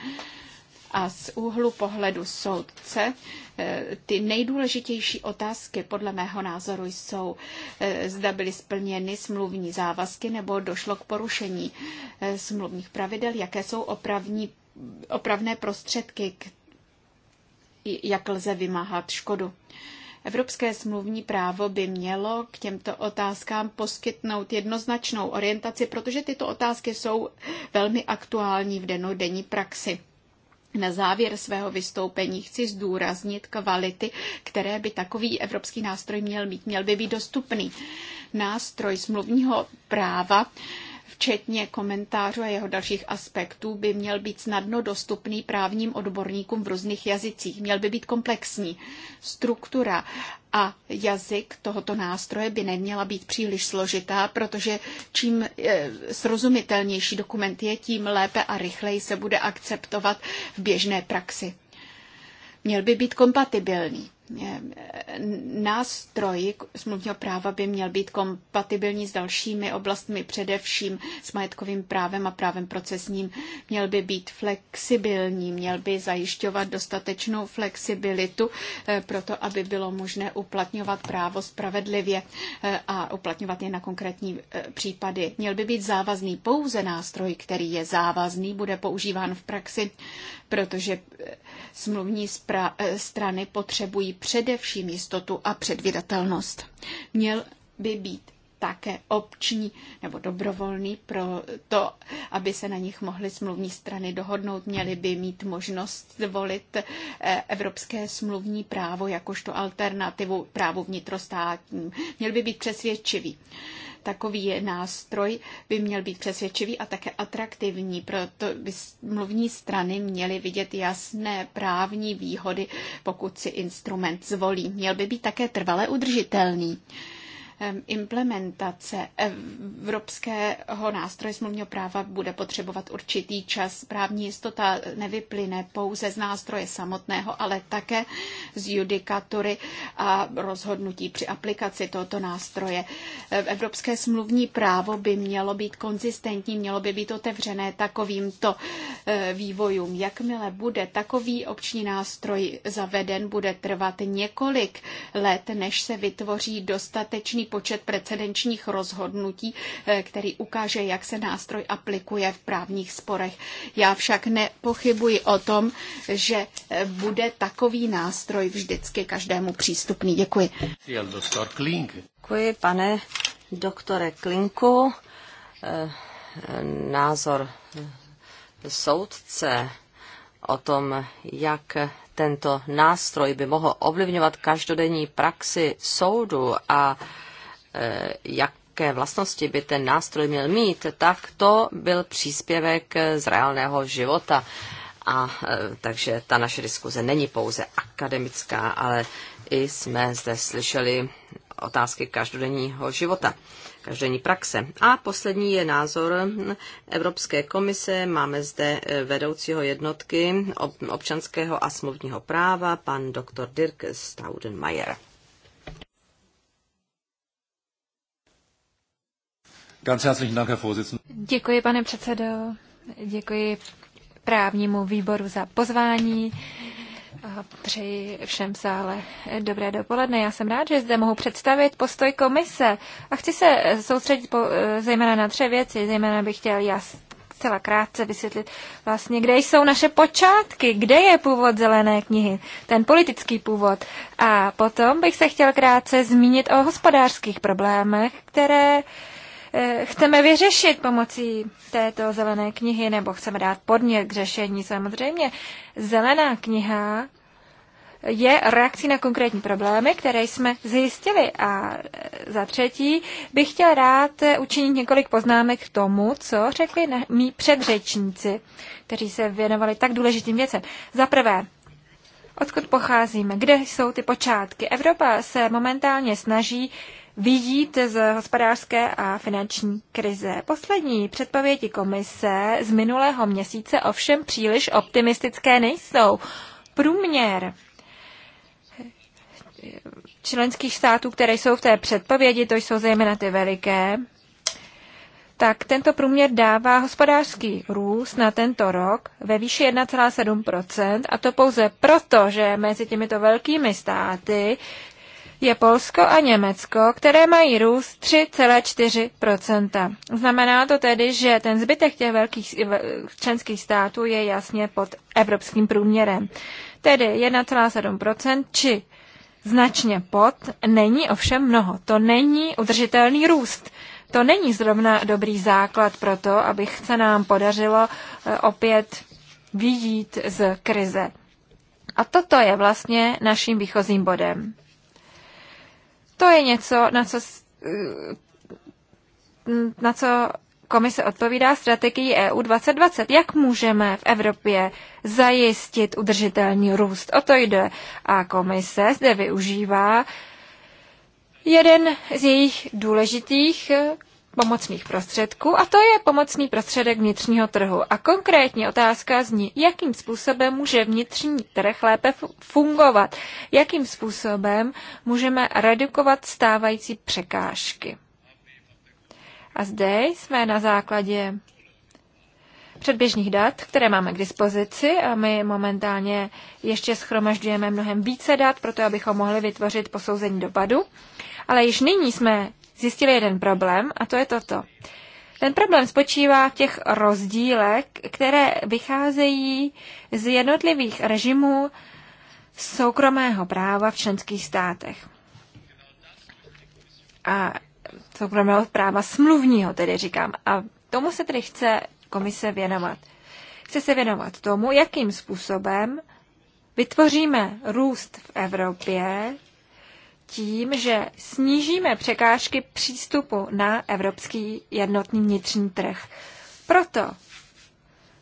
A z úhlu pohledu soudce eh, ty nejdůležitější otázky podle mého názoru jsou, eh, zda byly splněny smluvní závazky nebo došlo k porušení eh, smluvních pravidel, jaké jsou opravní, opravné prostředky, které jak lze vymáhat škodu. Evropské smluvní právo by mělo k těmto otázkám poskytnout jednoznačnou orientaci, protože tyto otázky jsou velmi aktuální v denní praxi. Na závěr svého vystoupení chci zdůraznit kvality, které by takový evropský nástroj měl mít. Měl by být dostupný. Nástroj smluvního práva včetně komentářů a jeho dalších aspektů, by měl být snadno dostupný právním odborníkům v různých jazycích. Měl by být komplexní. Struktura a jazyk tohoto nástroje by neměla být příliš složitá, protože čím eh, srozumitelnější dokument je, tím lépe a rychleji se bude akceptovat v běžné praxi. Měl by být kompatibilní nástroj smluvního práva by měl být kompatibilní s dalšími oblastmi, především s majetkovým právem a právem procesním. Měl by být flexibilní, měl by zajišťovat dostatečnou flexibilitu eh, pro to, aby bylo možné uplatňovat právo spravedlivě eh, a uplatňovat je na konkrétní eh, případy. Měl by být závazný pouze nástroj, který je závazný, bude používán v praxi, protože smluvní strany potřebují především jistotu a předvydatelnost. Měl by být také obční nebo dobrovolný pro to, aby se na nich mohly smluvní strany dohodnout. Měly by mít možnost zvolit eh, evropské smluvní právo jakožto alternativu právu vnitrostátním. Měl by být přesvědčivý. Takový nástroj by měl být přesvědčivý a také atraktivní, proto by mluvní strany měly vidět jasné právní výhody, pokud si instrument zvolí. Měl by být také trvale udržitelný implementace evropského nástroje smluvního práva bude potřebovat určitý čas. Právní jistota nevyplyne pouze z nástroje samotného, ale také z judikatury a rozhodnutí při aplikaci tohoto nástroje. Evropské smluvní právo by mělo být konzistentní, mělo by být otevřené takovýmto eh, vývojům. Jakmile bude takový obční nástroj zaveden, bude trvat několik let, než se vytvoří dostatečný počet precedenčních rozhodnutí, eh, který ukáže, jak se nástroj aplikuje v právních sporech. Já však nepochybuji o tom, že eh, bude takový nástroj vždycky každému přístupný. Děkuji. Děkuji, pane doktore Klinku. Eh, názor soudce o tom, jak tento nástroj by mohl ovlivňovat každodenní praxi soudu a Eh, jaké vlastnosti by ten nástroj měl mít, tak to byl příspěvek z reálného života. A eh, takže ta naše diskuze není pouze akademická, ale i jsme zde slyšeli otázky každodenního života, každodenní praxe. A poslední je názor Evropské komise. Máme zde eh, vedoucího jednotky občanského a smluvního práva, pan doktor Dirk Staudenmayer. Ganz herzlichen Dank, Herr Vorsitzender. Děkuji, pane předsedo. Děkuji právnímu výboru za pozvání. A přeji všem sále dobré dopoledne. Já jsem rád, že zde mohu představit postoj komise a chci se soustředit po, eh, zejména na tři věci. Zejména bych chtěl jas, zcela krátce vysvětlit vlastně, kde jsou naše počátky, kde je původ zelené knihy, ten politický původ. A potom bych se chtěl krátce zmínit o hospodářských problémech, které uh, Eh, chceme vyřešit pomocí této zelené knihy, nebo chceme dát podnět k řešení. Samozřejmě, zelená kniha je reakcí na konkrétní problémy, které jsme zjistili. A eh, za třetí bych chtěl rád eh, učinit několik poznámek k tomu, co řekli mý předřečníci, kteří se věnovali tak důležitým věcem. Za prvé, odkud pocházíme, kde jsou ty počátky. Evropa se momentálně snaží Vidíte z hospodářské a finanční krize. Poslední předpovědi komise z minulého měsíce ovšem příliš optimistické nejsou. Průměr členských států, které jsou v té předpovědi, to jsou zejména ty veliké, tak tento průměr dává hospodářský růst na tento rok ve výši 1,7 a to pouze proto, že mezi těmito velkými státy je Polsko a Německo, které mají růst 3,4 Znamená to tedy, že ten zbytek těch velkých členských států je jasně pod evropským průměrem. Tedy 1,7 či značně pod není ovšem mnoho. To není udržitelný růst. To není zrovna dobrý základ pro to, aby se nám podařilo e, opět vyjít z krize. A toto je vlastně naším výchozím bodem. To je něco, na co, na co komise odpovídá strategii EU 2020. Jak můžeme v Evropě zajistit udržitelný růst? O to jde. A komise zde využívá jeden z jejich důležitých pomocných prostředků a to je pomocný prostředek vnitřního trhu. A konkrétně otázka zní, jakým způsobem může vnitřní trh lépe fungovat, jakým způsobem můžeme redukovat stávající překážky. A zde jsme na základě předběžných dat, které máme k dispozici a my momentálně ještě schromažďujeme mnohem více dat, proto abychom mohli vytvořit posouzení dopadu. Ale již nyní jsme zjistili jeden problém a to je toto. Ten problém spočívá v těch rozdílech, které vycházejí z jednotlivých režimů soukromého práva v členských státech. A soukromého práva smluvního, tedy říkám. A tomu se tedy chce komise věnovat. Chce se věnovat tomu, jakým způsobem vytvoříme růst v Evropě tím, že snížíme překážky přístupu na evropský jednotný vnitřní trh. Proto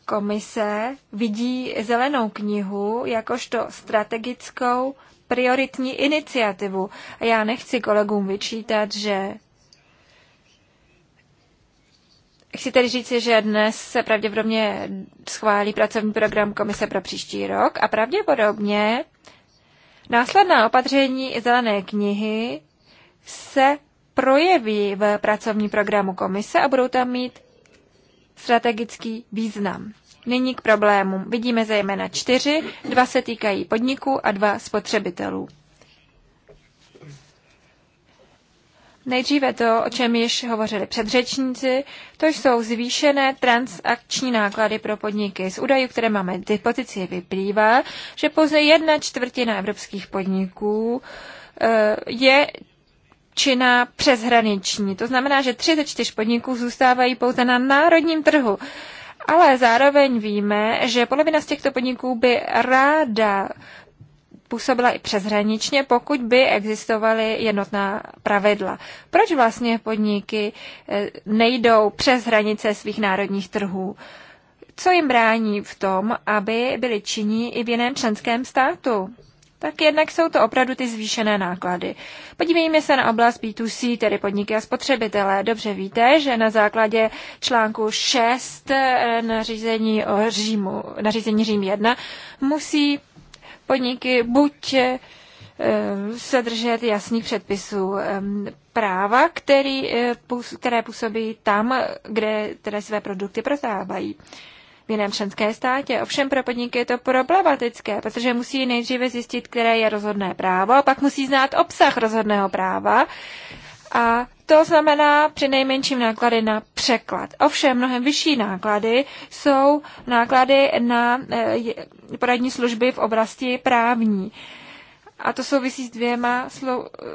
komise vidí zelenou knihu jakožto strategickou prioritní iniciativu. A já nechci kolegům vyčítat, že Chci tedy říci, že dnes se pravděpodobně schválí pracovní program Komise pro příští rok a pravděpodobně Následná opatření zelené knihy se projeví v pracovní programu komise a budou tam mít strategický význam. Nyní k problémům. Vidíme zejména čtyři, dva se týkají podniků a dva spotřebitelů. Nejdříve to, o čem již hovořili předřečníci, to jsou zvýšené transakční náklady pro podniky. Z údajů, které máme k dispozici, vyplývá, že pouze jedna čtvrtina evropských podniků eh, je činná přeshraniční. To znamená, že tři ze čtyř podniků zůstávají pouze na národním trhu. Ale zároveň víme, že polovina z těchto podniků by ráda působila i přeshraničně, pokud by existovaly jednotná pravidla. Proč vlastně podniky eh, nejdou přes hranice svých národních trhů? Co jim brání v tom, aby byli činní i v jiném členském státu? tak jednak jsou to opravdu ty zvýšené náklady. Podívejme se na oblast B2C, tedy podniky a spotřebitelé. Dobře víte, že na základě článku 6 eh, nařízení, o Římu, nařízení Řím 1 musí podniky buď eh, se držet jasných předpisů ehm, práva, který, eh, které působí tam, kde které své produkty prodávají v jiném členské státě. Ovšem pro podniky je to problematické, protože musí nejdříve zjistit, které je rozhodné právo, a pak musí znát obsah rozhodného práva a to znamená při nejmenším náklady na překlad. Ovšem mnohem vyšší náklady jsou náklady na eh, poradní služby v oblasti právní. A to souvisí s dvěma slu- eh,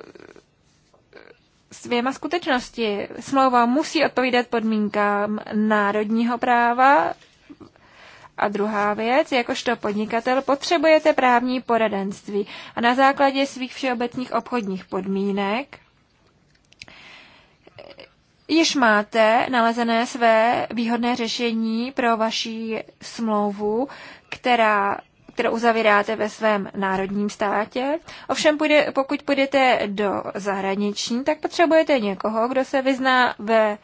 s dvěma skutečnosti. Smlouva musí odpovídat podmínkám národního práva a druhá věc, jakožto podnikatel potřebujete právní poradenství a na základě svých všeobecných obchodních podmínek již máte nalezené své výhodné řešení pro vaši smlouvu, která kterou uzavíráte ve svém národním státě. Ovšem, půjde, pokud půjdete do zahraniční, tak potřebujete někoho, kdo se vyzná ve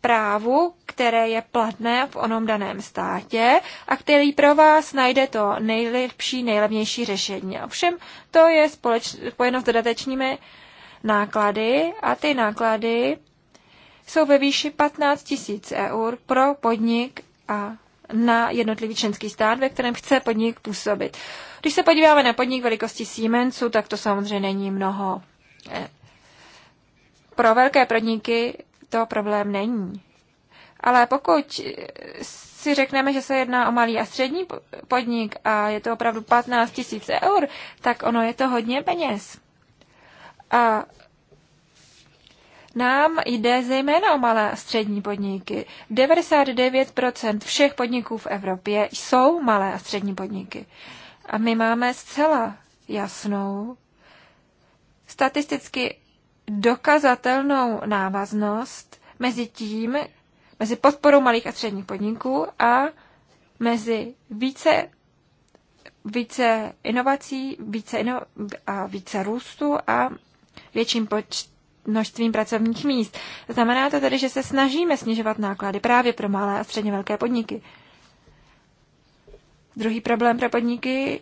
právu, které je platné v onom daném státě a který pro vás najde to nejlepší, nejlevnější řešení. Ovšem, to je společ, spojeno s dodatečními náklady a ty náklady jsou ve výši 15 tisíc eur pro podnik a na jednotlivý členský stát, ve kterém chce podnik působit. Když se podíváme na podnik velikosti Siemensu, tak to samozřejmě není mnoho. E, pro velké podniky to problém není. Ale pokud si řekneme, že se jedná o malý a střední podnik a je to opravdu 15 000 eur, tak ono je to hodně peněz. A nám jde zejména o malé a střední podniky. 99% všech podniků v Evropě jsou malé a střední podniky. A my máme zcela jasnou, statisticky dokazatelnou návaznost mezi tím, mezi podporou malých a středních podniků a mezi více, více inovací více ino- a více růstu a větším počtem množstvím pracovních míst. Znamená to tedy, že se snažíme snižovat náklady právě pro malé a středně velké podniky. Druhý problém pro podniky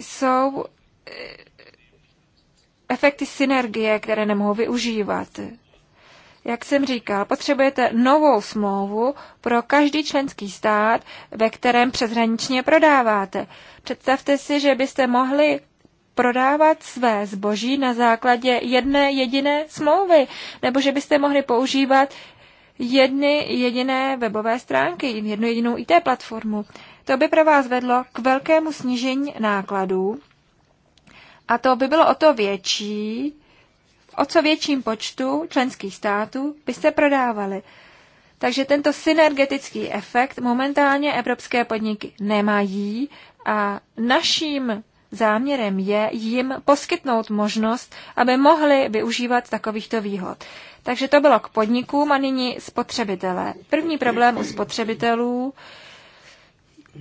jsou eh, efekty synergie, které nemohou využívat. Jak jsem říkal, potřebujete novou smlouvu pro každý členský stát, ve kterém přeshraničně prodáváte. Představte si, že byste mohli prodávat své zboží na základě jedné jediné smlouvy, nebo že byste mohli používat jedny jediné webové stránky, jednu jedinou IT platformu. To by pro vás vedlo k velkému snížení nákladů a to by bylo o to větší, o co větším počtu členských států byste prodávali. Takže tento synergetický efekt momentálně evropské podniky nemají a naším záměrem je jim poskytnout možnost, aby mohli využívat takovýchto výhod. Takže to bylo k podnikům a nyní spotřebitelé. První problém u spotřebitelů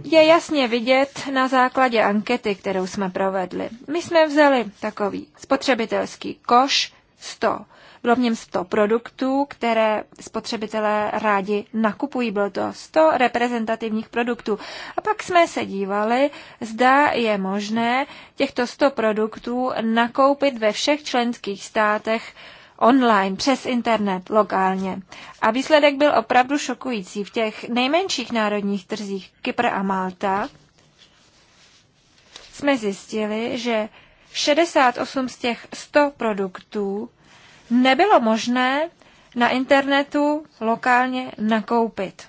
je jasně vidět na základě ankety, kterou jsme provedli. My jsme vzali takový spotřebitelský koš 100 bylo v něm 100 produktů, které spotřebitelé rádi nakupují. Bylo to 100 reprezentativních produktů. A pak jsme se dívali, zda je možné těchto 100 produktů nakoupit ve všech členských státech online, přes internet, lokálně. A výsledek byl opravdu šokující. V těch nejmenších národních trzích Kypr a Malta jsme zjistili, že 68 z těch 100 produktů nebylo možné na internetu lokálně nakoupit.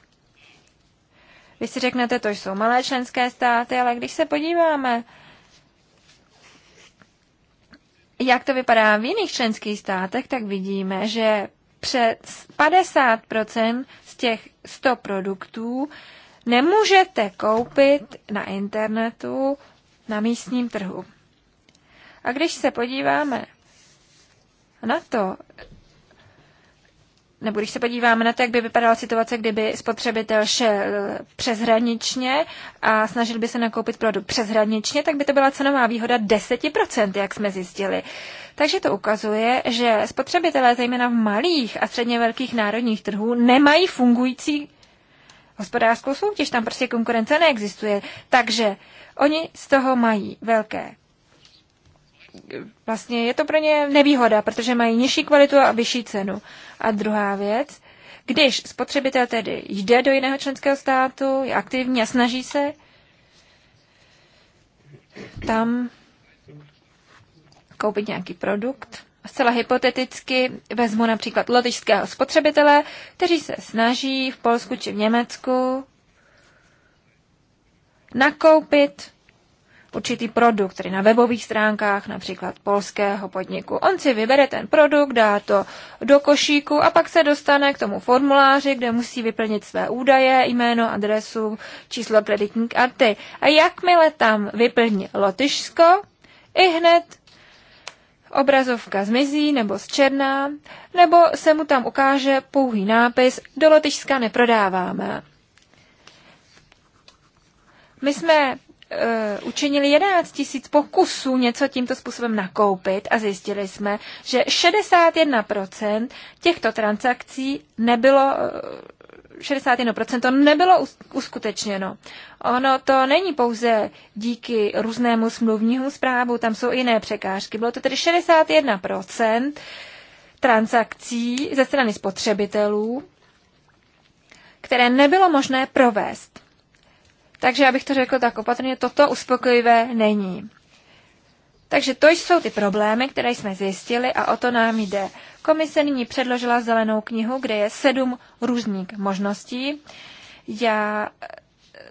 Vy si řeknete, to jsou malé členské státy, ale když se podíváme, jak to vypadá v jiných členských státech, tak vidíme, že přes 50% z těch 100 produktů nemůžete koupit na internetu na místním trhu. A když se podíváme na to, nebo když se podíváme na to, jak by vypadala situace, kdyby spotřebitel šel eh, přeshraničně a snažil by se nakoupit produkt přeshraničně, tak by to byla cenová výhoda 10%, jak jsme zjistili. Takže to ukazuje, že spotřebitelé, zejména v malých a středně velkých národních trhů, nemají fungující hospodářskou soutěž, tam prostě konkurence neexistuje. Takže oni z toho mají velké vlastně je to pro ně nevýhoda, protože mají nižší kvalitu a vyšší cenu. A druhá věc, když spotřebitel tedy jde do jiného členského státu, je aktivní a snaží se, tam koupit nějaký produkt. Zcela hypoteticky vezmu například lotyšského spotřebitele, kteří se snaží v Polsku či v Německu nakoupit určitý produkt, tedy na webových stránkách například polského podniku. On si vybere ten produkt, dá to do košíku a pak se dostane k tomu formuláři, kde musí vyplnit své údaje, jméno, adresu, číslo kreditní karty. A jakmile tam vyplní Lotyšsko, i hned obrazovka zmizí nebo zčerná, nebo se mu tam ukáže pouhý nápis do Lotyšska neprodáváme. My jsme Eh, učinili 11 tisíc pokusů něco tímto způsobem nakoupit a zjistili jsme, že 61% těchto transakcí nebylo 61% eh, to nebylo uskutečněno. Ono to není pouze díky různému smluvnímu zprávu, tam jsou jiné překážky. Bylo to tedy 61% transakcí ze strany spotřebitelů, které nebylo možné provést. Takže abych to řekl tak opatrně, toto uspokojivé není. Takže to jsou ty problémy, které jsme zjistili a o to nám jde. Komise nyní předložila zelenou knihu, kde je sedm různých možností. Já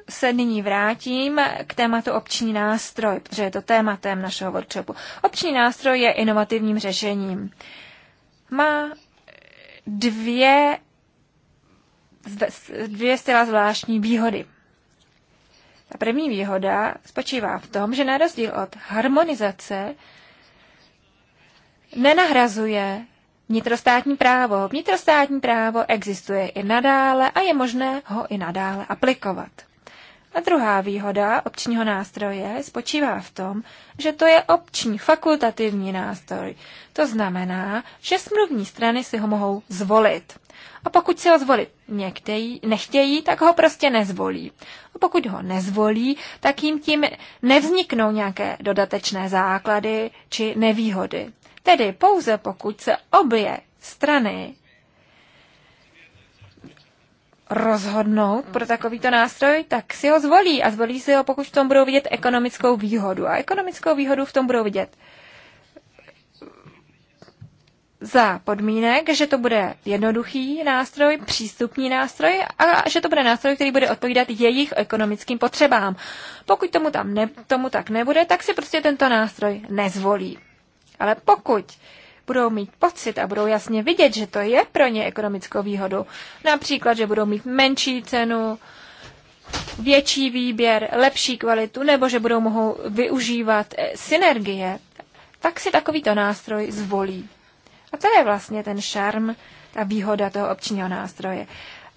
se nyní vrátím k tématu obční nástroj, protože je to tématem našeho workshopu. Obční nástroj je inovativním řešením. Má dvě, dvě zvláštní výhody. A první výhoda spočívá v tom, že na rozdíl od harmonizace nenahrazuje vnitrostátní právo. Vnitrostátní právo existuje i nadále a je možné ho i nadále aplikovat. A druhá výhoda občního nástroje spočívá v tom, že to je obční fakultativní nástroj. To znamená, že smluvní strany si ho mohou zvolit. A pokud si ho zvolit některý, nechtějí, tak ho prostě nezvolí. A pokud ho nezvolí, tak jim tím nevzniknou nějaké dodatečné základy či nevýhody. Tedy pouze pokud se obě strany rozhodnout pro takovýto nástroj, tak si ho zvolí a zvolí si ho, pokud v tom budou vidět ekonomickou výhodu. A ekonomickou výhodu v tom budou vidět za podmínek, že to bude jednoduchý nástroj, přístupný nástroj a že to bude nástroj, který bude odpovídat jejich ekonomickým potřebám. Pokud tomu, tam ne, tomu tak nebude, tak si prostě tento nástroj nezvolí. Ale pokud budou mít pocit a budou jasně vidět, že to je pro ně ekonomickou výhodu. Například, že budou mít menší cenu, větší výběr, lepší kvalitu, nebo že budou mohou využívat eh, synergie, tak si takovýto nástroj zvolí. A to je vlastně ten šarm, ta výhoda toho občního nástroje.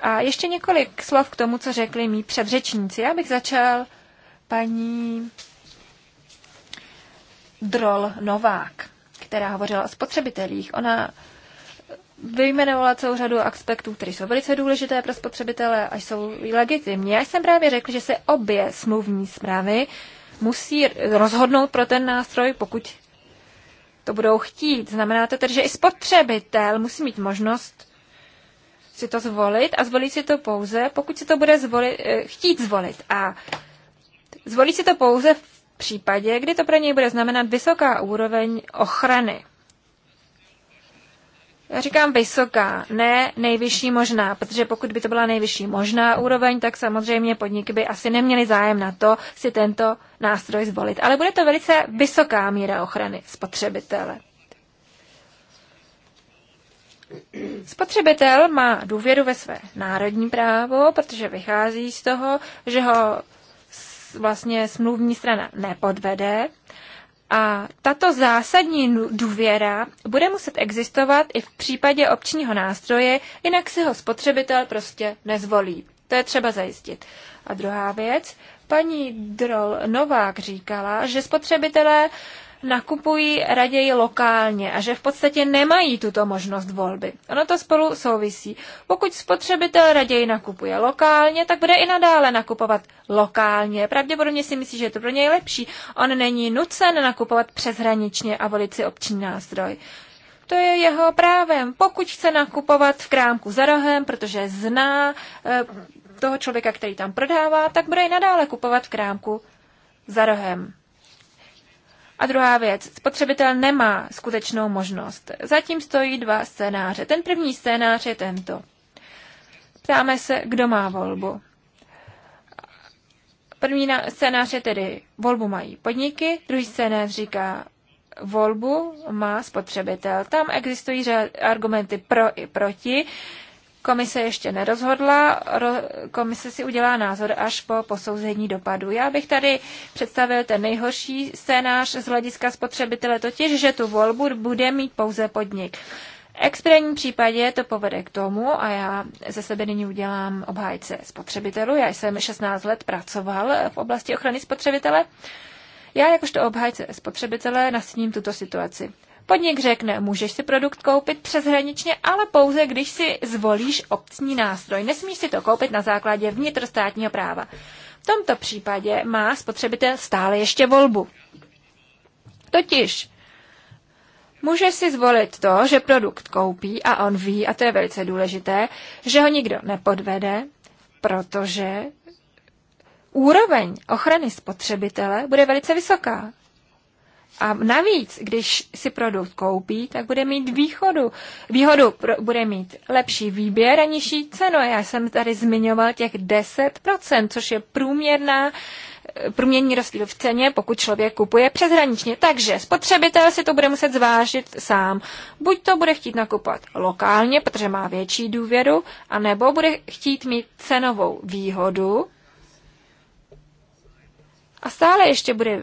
A ještě několik slov k tomu, co řekli mý předřečníci. Já bych začal paní Drol Novák která hovořila o spotřebitelích. Ona vyjmenovala celou řadu aspektů, které jsou velice důležité pro spotřebitele a jsou legitimní. Já jsem právě řekl, že se obě smluvní zprávy musí rozhodnout pro ten nástroj, pokud to budou chtít. Znamená to tedy, že i spotřebitel musí mít možnost si to zvolit a zvolí si to pouze, pokud si to bude zvolit, eh, chtít zvolit. A zvolí si to pouze případě, kdy to pro něj bude znamenat vysoká úroveň ochrany. Já říkám vysoká, ne nejvyšší možná, protože pokud by to byla nejvyšší možná úroveň, tak samozřejmě podniky by asi neměly zájem na to si tento nástroj zvolit. Ale bude to velice vysoká míra ochrany spotřebitele. Spotřebitel má důvěru ve své národní právo, protože vychází z toho, že ho vlastně smluvní strana nepodvede. A tato zásadní důvěra bude muset existovat i v případě občního nástroje, jinak si ho spotřebitel prostě nezvolí. To je třeba zajistit. A druhá věc, paní Drol Novák říkala, že spotřebitelé uh, nakupují raději lokálně a že v podstatě nemají tuto možnost volby. Ono to spolu souvisí. Pokud spotřebitel raději nakupuje lokálně, tak bude i nadále nakupovat lokálně. Pravděpodobně si myslí, že je to pro něj lepší. On není nucen nakupovat přeshraničně a volit si obční nástroj. To je jeho právem. Pokud chce nakupovat v krámku za rohem, protože zná e, toho člověka, který tam prodává, tak bude i nadále kupovat v krámku za rohem. A druhá věc, spotřebitel nemá skutečnou možnost. Zatím stojí dva scénáře. Ten první scénář je tento. Ptáme se, kdo má volbu. První scénář je tedy, volbu mají podniky, druhý scénář říká, volbu má spotřebitel. Tam existují argumenty pro i proti. Komise ještě nerozhodla, komise si udělá názor až po posouzení dopadu. Já bych tady představil ten nejhorší scénář z hlediska spotřebitele, totiž, že tu volbu bude mít pouze podnik. V extrémním případě to povede k tomu, a já ze sebe nyní udělám obhájce spotřebitelů, já jsem 16 let pracoval v oblasti ochrany spotřebitele, já jakožto obhájce spotřebitele nasním tuto situaci. Podnik řekne, můžeš si produkt koupit přeshraničně, ale pouze, když si zvolíš obcní nástroj. Nesmíš si to koupit na základě vnitrostátního práva. V tomto případě má spotřebitel stále ještě volbu. Totiž může si zvolit to, že produkt koupí a on ví, a to je velice důležité, že ho nikdo nepodvede, protože úroveň ochrany spotřebitele bude velice vysoká. A navíc, když si produkt koupí, tak bude mít výhodu. výhodu, pro, bude mít lepší výběr a nižší cenu. Já jsem tady zmiňoval těch 10%, což je průměrná průměrný rozdíl v ceně, pokud člověk kupuje přeshraničně. Takže spotřebitel si to bude muset zvážit sám. Buď to bude chtít nakupovat lokálně, protože má větší důvěru, anebo bude chtít mít cenovou výhodu a stále ještě bude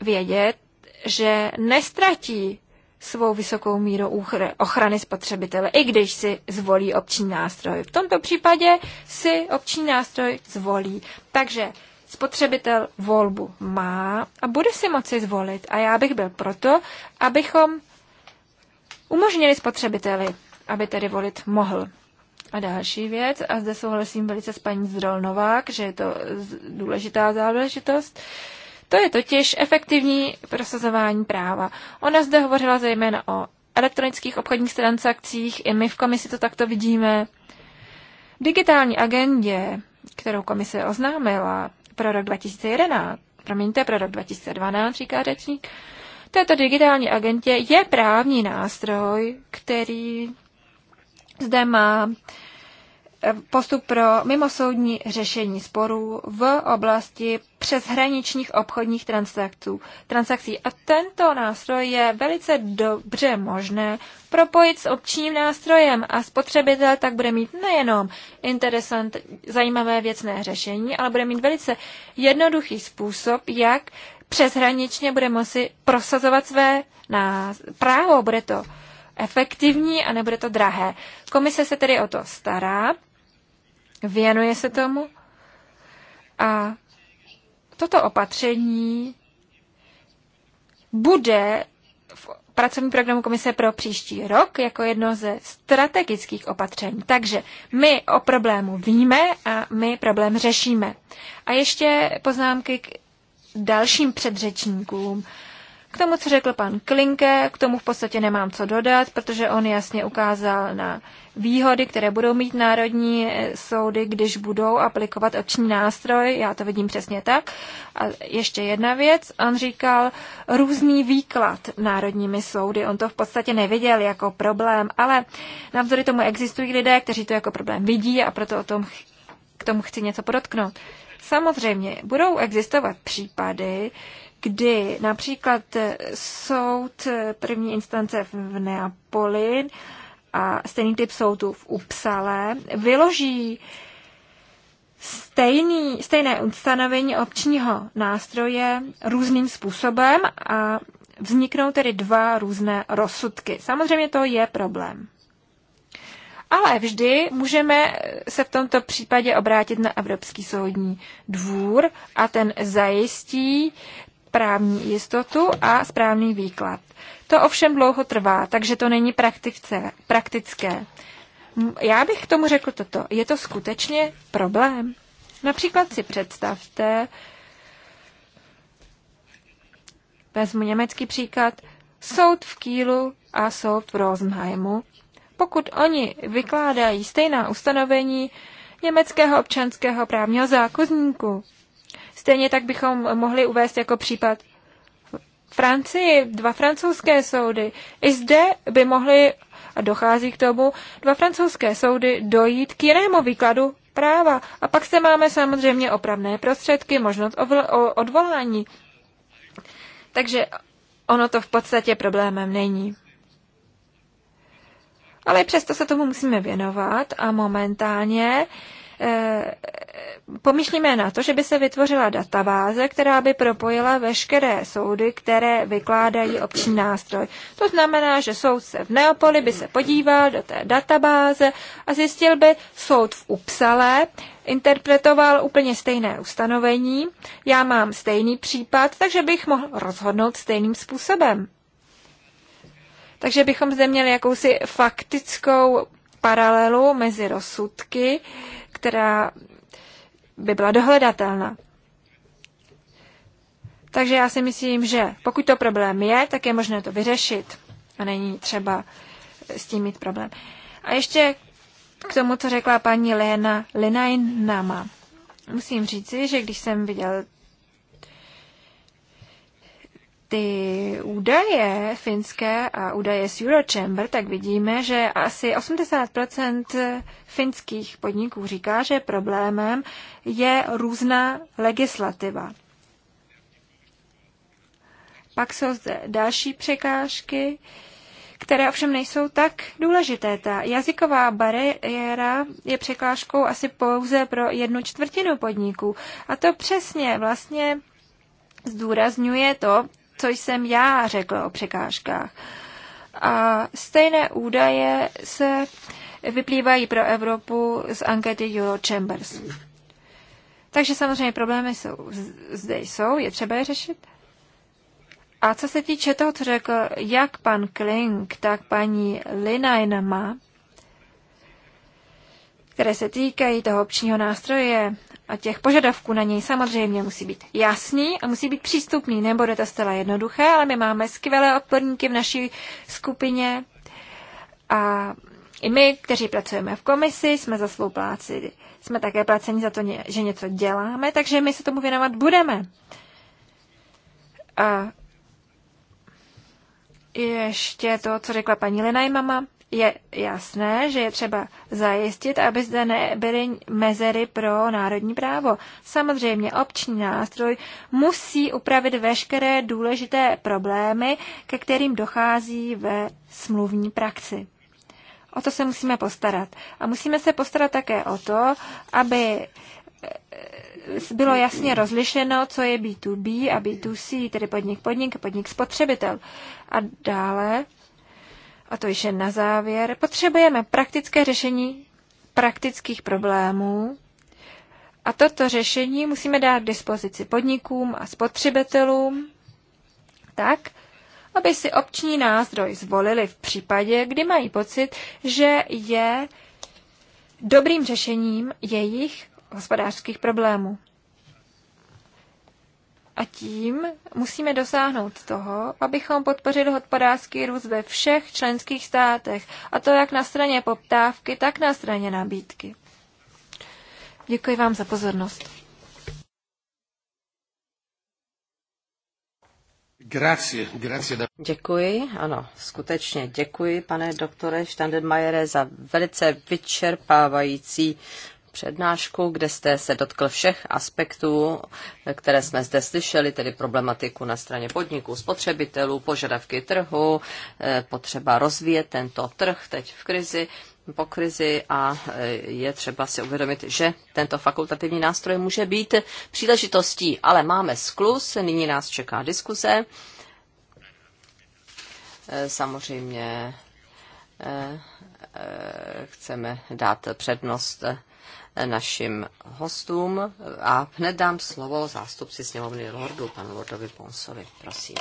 vědět, že nestratí svou vysokou míru ochrany spotřebitele, i když si zvolí obční nástroj. V tomto případě si obční nástroj zvolí. Takže spotřebitel volbu má a bude si moci zvolit. A já bych byl proto, abychom umožnili spotřebiteli, aby tedy volit mohl. A další věc, a zde souhlasím velice s paní Zdrolnovák, že je to důležitá záležitost, uh, to je totiž efektivní prosazování práva. Ona zde hovořila zejména o elektronických obchodních transakcích, i my v komisi to takto vidíme. V digitální agendě, kterou komise oznámila pro rok 2011, promiňte, pro rok 2012, říká řečník, této digitální agentě je právní nástroj, který zde má postup pro mimosoudní řešení sporů v oblasti přeshraničních obchodních transakcí. transakcí. A tento nástroj je velice dobře možné propojit s občním nástrojem a spotřebitel tak bude mít nejenom interesant, zajímavé věcné řešení, ale bude mít velice jednoduchý způsob, jak přeshraničně bude moci prosazovat své nás, právo. Bude to efektivní a nebude to drahé. Komise se tedy o to stará věnuje se tomu a toto opatření bude v pracovní programu Komise pro příští rok jako jedno ze strategických opatření. Takže my o problému víme a my problém řešíme. A ještě poznámky k dalším předřečníkům. K tomu, co řekl pan Klinke, k tomu v podstatě nemám co dodat, protože on jasně ukázal na výhody, které budou mít národní eh, soudy, když budou aplikovat oční nástroj. Já to vidím přesně tak. A ještě jedna věc. On říkal různý výklad národními soudy. On to v podstatě neviděl jako problém, ale navzdory tomu existují lidé, kteří to jako problém vidí a proto o tom, k tomu chci něco podotknout. Samozřejmě budou existovat případy, kdy například soud první instance v Neapoli a stejný typ soudu v Upsale vyloží stejný, stejné ustanovení občního nástroje různým způsobem a vzniknou tedy dva různé rozsudky. Samozřejmě to je problém. Ale vždy můžeme se v tomto případě obrátit na Evropský soudní dvůr a ten zajistí právní jistotu a správný výklad. To ovšem dlouho trvá, takže to není praktice, praktické. Já bych k tomu řekl toto. Je to skutečně problém. Například si představte, vezmu německý příklad, soud v Kílu a soud v Rosenheimu. Pokud oni vykládají stejná ustanovení německého občanského právního zákonníku, Stejně tak bychom mohli uvést jako případ Francii, dva francouzské soudy. I zde by mohly, a dochází k tomu, dva francouzské soudy dojít k jinému výkladu práva. A pak se máme samozřejmě opravné prostředky, možnost odvolání. Takže ono to v podstatě problémem není. Ale přesto se tomu musíme věnovat a momentálně uh, Eh, pomýšlíme na to, že by se vytvořila databáze, která by propojila veškeré soudy, které vykládají obční nástroj. To znamená, že soudce v Neopoli by se podíval do té databáze a zjistil by soud v Upsale, interpretoval úplně stejné ustanovení, já mám stejný případ, takže bych mohl rozhodnout stejným způsobem. Takže bychom zde měli jakousi faktickou paralelu mezi rozsudky, která by byla dohledatelná. Takže já si myslím, že pokud to problém je, tak je možné to vyřešit a není třeba s tím mít problém. A ještě k tomu, co řekla paní Lena Linajnama. Musím říci, že když jsem viděl ty údaje finské a údaje z Eurochamber, tak vidíme, že asi 80% finských podniků říká, že problémem je různá legislativa. Pak jsou zde další překážky, které ovšem nejsou tak důležité. Ta jazyková bariéra je překážkou asi pouze pro jednu čtvrtinu podniků. A to přesně vlastně zdůrazňuje to, co jsem já řekl o překážkách. A stejné údaje se vyplývají pro Evropu z ankety Euro Chambers. Takže samozřejmě problémy jsou, zde jsou, je třeba je řešit. A co se týče toho, co řekl jak pan Kling, tak paní Linajnma, které se týkají toho občního nástroje a těch požadavků na něj samozřejmě musí být jasný a musí být přístupný. Nebude to zcela jednoduché, ale my máme skvělé odporníky v naší skupině a i my, kteří pracujeme v komisi, jsme za svou pláci, jsme také placeni za to, že něco děláme, takže my se tomu věnovat budeme. A ještě to, co řekla paní Lenajmama. mama, je jasné, že je třeba zajistit, aby zde nebyly mezery pro národní právo. Samozřejmě obční nástroj musí upravit veškeré důležité problémy, ke kterým dochází ve smluvní praxi. O to se musíme postarat. A musíme se postarat také o to, aby eh, bylo jasně rozlišeno, co je B2B a B2C, tedy podnik podnik a podnik spotřebitel. A dále a to již je na závěr, potřebujeme praktické řešení praktických problémů a toto řešení musíme dát k dispozici podnikům a spotřebitelům tak, aby si obční nástroj zvolili v případě, kdy mají pocit, že je dobrým řešením jejich hospodářských problémů. A tím musíme dosáhnout toho, abychom podpořili hospodářský růst ve všech členských státech, a to jak na straně poptávky, tak na straně nabídky. Děkuji vám za pozornost. Grazie, grazie. Děkuji, ano, skutečně děkuji, pane doktore Standardmajere, za velice vyčerpávající přednášku, kde jste se dotkl všech aspektů, které jsme zde slyšeli, tedy problematiku na straně podniků, spotřebitelů, požadavky trhu, eh, potřeba rozvíjet tento trh teď v krizi po krizi a eh, je třeba si uvědomit, že tento fakultativní nástroj může být příležitostí, ale máme sklus, nyní nás čeká diskuze. Eh, samozřejmě chceme dát přednost našim hostům a hned dám slovo zástupci sněmovny Lordu, panu Lordovi Ponsovi. Prosím.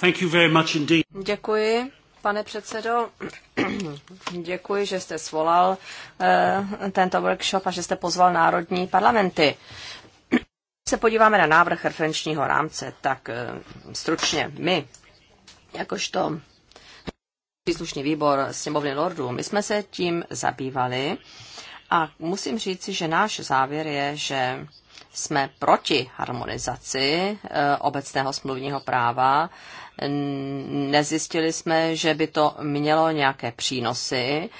Thank you very much indeed. Děkuji, pane předsedo. Děkuji, že jste svolal uh, tento workshop a že jste pozval národní parlamenty Když se podíváme na návrh referenčního rámce, tak eh, stručně my, jakožto příslušný výbor sněmovny Lordů, my jsme se tím zabývali a musím říci, že náš závěr je, že jsme proti harmonizaci eh, obecného smluvního práva nezjistili jsme, že by to mělo nějaké přínosy,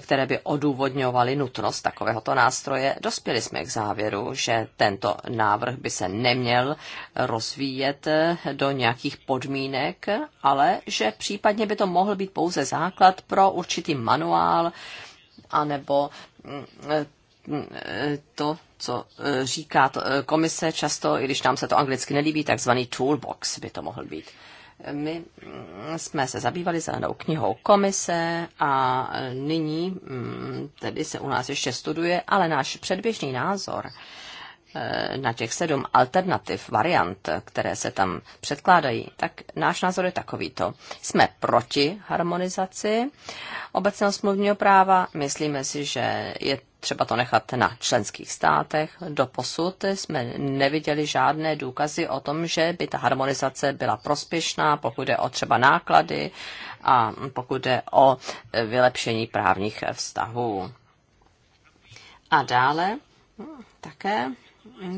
které by odůvodňovaly nutnost takovéhoto nástroje. Dospěli jsme k závěru, že tento návrh by se neměl rozvíjet do nějakých podmínek, ale že případně by to mohl být pouze základ pro určitý manuál anebo mm, mm, to, co eh, říká eh, komise často, i když nám se to anglicky nelíbí, takzvaný toolbox by to mohl být my jsme se zabývali zelenou knihou komise a nyní mm, tedy se u nás ještě studuje, ale náš předběžný názor eh, na těch sedm alternativ, variant, které se tam předkládají, tak náš názor je takovýto. Jsme proti harmonizaci obecného smluvního práva, myslíme si, že je třeba to nechat na členských státech. Do posud jsme neviděli žádné důkazy o tom, že by ta harmonizace byla prospěšná, pokud je o třeba náklady a pokud jde o vylepšení právních vztahů. A dále také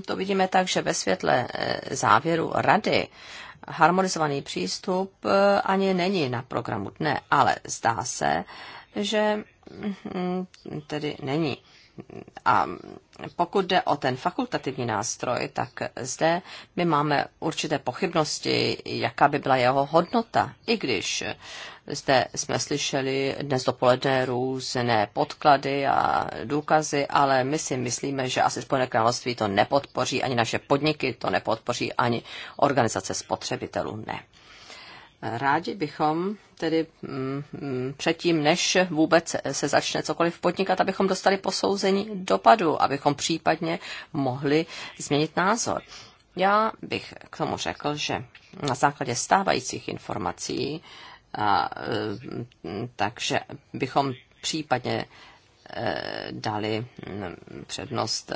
to vidíme tak, že ve světle eh, závěru rady harmonizovaný přístup eh, ani není na programu dne, ale zdá se, že hm, hm, tedy není. A pokud jde o ten fakultativní nástroj, tak zde my máme určité pochybnosti, jaká by byla jeho hodnota, i když zde jsme slyšeli dnes dopoledne různé podklady a důkazy, ale my si myslíme, že asi Spojené království to nepodpoří, ani naše podniky to nepodpoří, ani organizace spotřebitelů ne. Rádi bychom tedy mm, mm, předtím, než vůbec se začne cokoliv podnikat, abychom dostali posouzení dopadu, abychom případně mohli změnit názor. Já bych k tomu řekl, že na základě stávajících informací, a, mm, takže bychom případně e, dali přednost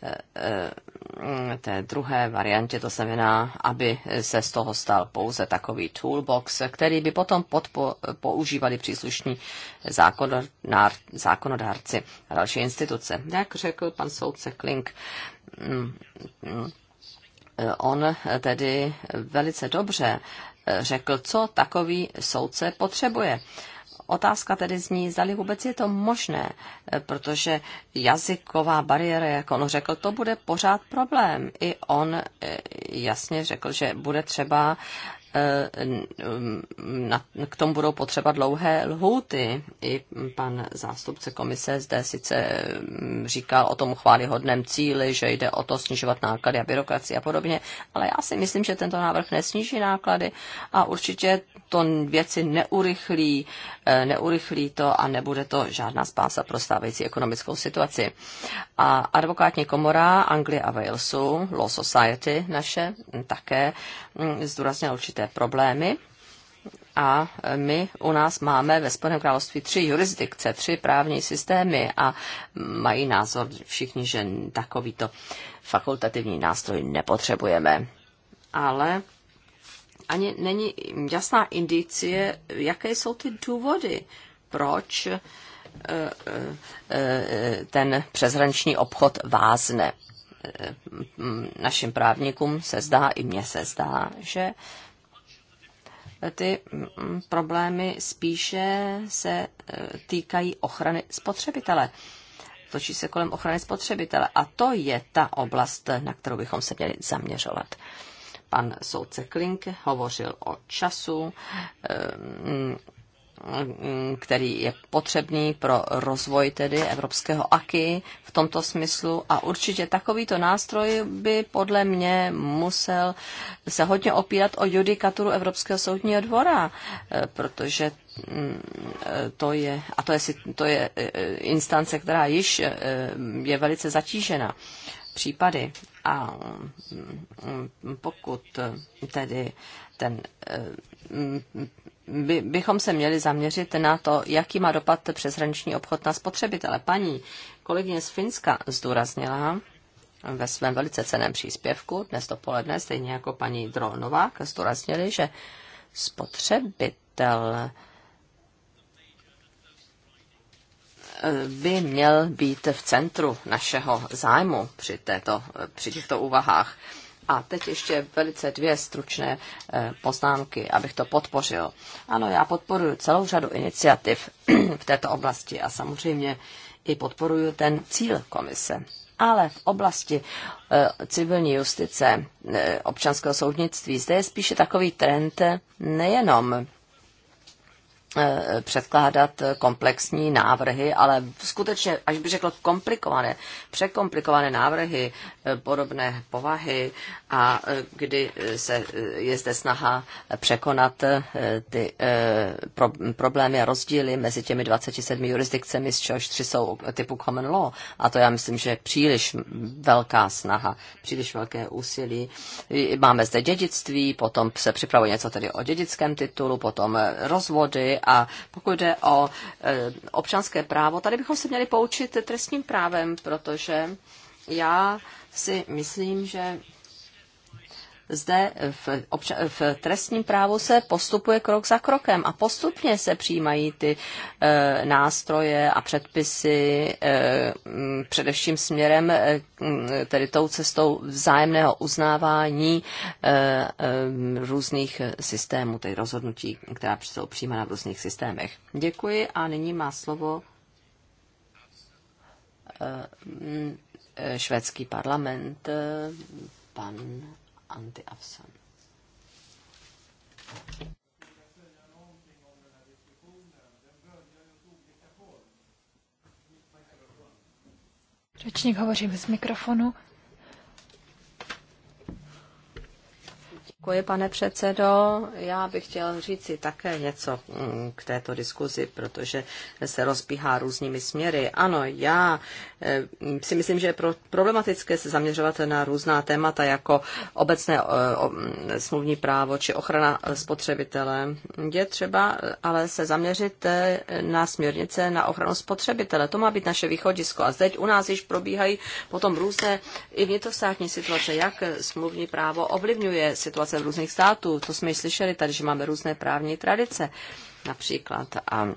Eh, eh, té druhé variantě, to znamená, aby se z toho stal pouze takový toolbox, který by potom podpo, používali příslušní zákonodár, zákonodárci a další instituce. Jak řekl pan soudce Klink, mm, mm, on tedy velice dobře řekl, co takový soudce potřebuje. Otázka tedy zní, zdali vůbec je to možné, eh, protože jazyková bariéra, jak on řekl, to bude pořád problém. I on eh, jasně řekl, že bude třeba Eh, k tomu budou potřeba dlouhé lhůty. I pan zástupce komise zde sice mm, říkal o tom chválihodném cíli, že jde o to snižovat náklady a byrokracii a podobně, ale já si myslím, že tento návrh nesníží náklady a určitě to věci neurychlí, eh, neurychlí to a nebude to žádná spása pro stávající ekonomickou situaci. A advokátní komora Anglie a Walesu, Law Society naše, také mm, zdůraznila určitě určité problémy a my u nás máme ve Spojeném království tři jurisdikce, tři právní systémy a mají názor všichni, že takovýto fakultativní nástroj nepotřebujeme. Ale ani není jasná indicie, jaké jsou ty důvody, proč eh, eh, ten přezranční obchod vázne. Eh, našim právníkům se zdá, i mně se zdá, že ty mm, mm, problémy spíše se e, týkají ochrany spotřebitele. Točí se kolem ochrany spotřebitele. A to je ta oblast, na kterou bychom se měli zaměřovat. Pan soudce Klink hovořil o času, e, mm, Mm, který je potřebný pro rozvoj tedy evropského AKI v tomto smyslu a určitě takovýto nástroj by podle mě musel se hodně opírat o judikaturu Evropského soudního dvora, e, protože mm, e, to je, a to je, to je e, instance, která již je velice zatížena případy. A mm, pokud tedy ten by, bychom se měli zaměřit na to, jaký má dopad přeshraniční obchod na spotřebitele. Paní kolegyně z Finska zdůraznila ve svém velice ceném příspěvku dnes dopoledne, stejně jako paní Dronovák, zdůraznili, že spotřebitel eh, by měl být v centru našeho zájmu při, této, při těchto úvahách. A teď ještě velice dvě stručné eh, poznámky, abych to podpořil. Ano, já podporuji celou řadu iniciativ v této oblasti a samozřejmě i podporuji ten cíl komise. Ale v oblasti eh, civilní justice, eh, občanského soudnictví, zde je spíše takový trend nejenom Eh, předkládat komplexní návrhy, ale skutečně, až bych řekl, komplikované, překomplikované návrhy eh, podobné povahy a eh, kdy se, je zde snaha překonat ty pro, problémy a rozdíly mezi těmi 27 jurisdikcemi, z čehož tři jsou typu common law. A to já myslím, že je příliš velká snaha, příliš velké úsilí. Máme zde dědictví, potom se připravuje něco tedy o dědickém titulu, potom rozvody a pokud jde o e, občanské právo, tady bychom se měli poučit trestním právem, protože já si myslím, že zde v, obča- v trestním právu se postupuje krok za krokem a postupně se přijímají ty e, nástroje a předpisy e, především směrem, e, tedy tou cestou vzájemného uznávání e, e, různých systémů, tedy rozhodnutí, která jsou přijímána v různých systémech. Děkuji a nyní má slovo švédský parlament, pan Anti-Afsan. Řečník hovoří bez mikrofonu. Děkuji, pane předsedo. Já bych chtěl říct si také něco mm, k této diskuzi, protože se rozbíhá různými směry. Ano, já Eh, si myslím, že je problematické se zaměřovat na různá témata jako obecné eh, mm, smluvní právo či ochrana eh, spotřebitele. Je třeba ale se zaměřit na směrnice na ochranu spotřebitele. To má být naše východisko. A teď u nás již probíhají potom různé i vnitrostátní situace, jak smluvní právo ovlivňuje situace v různých států. To jsme již slyšeli tady, že máme různé právní tradice například. A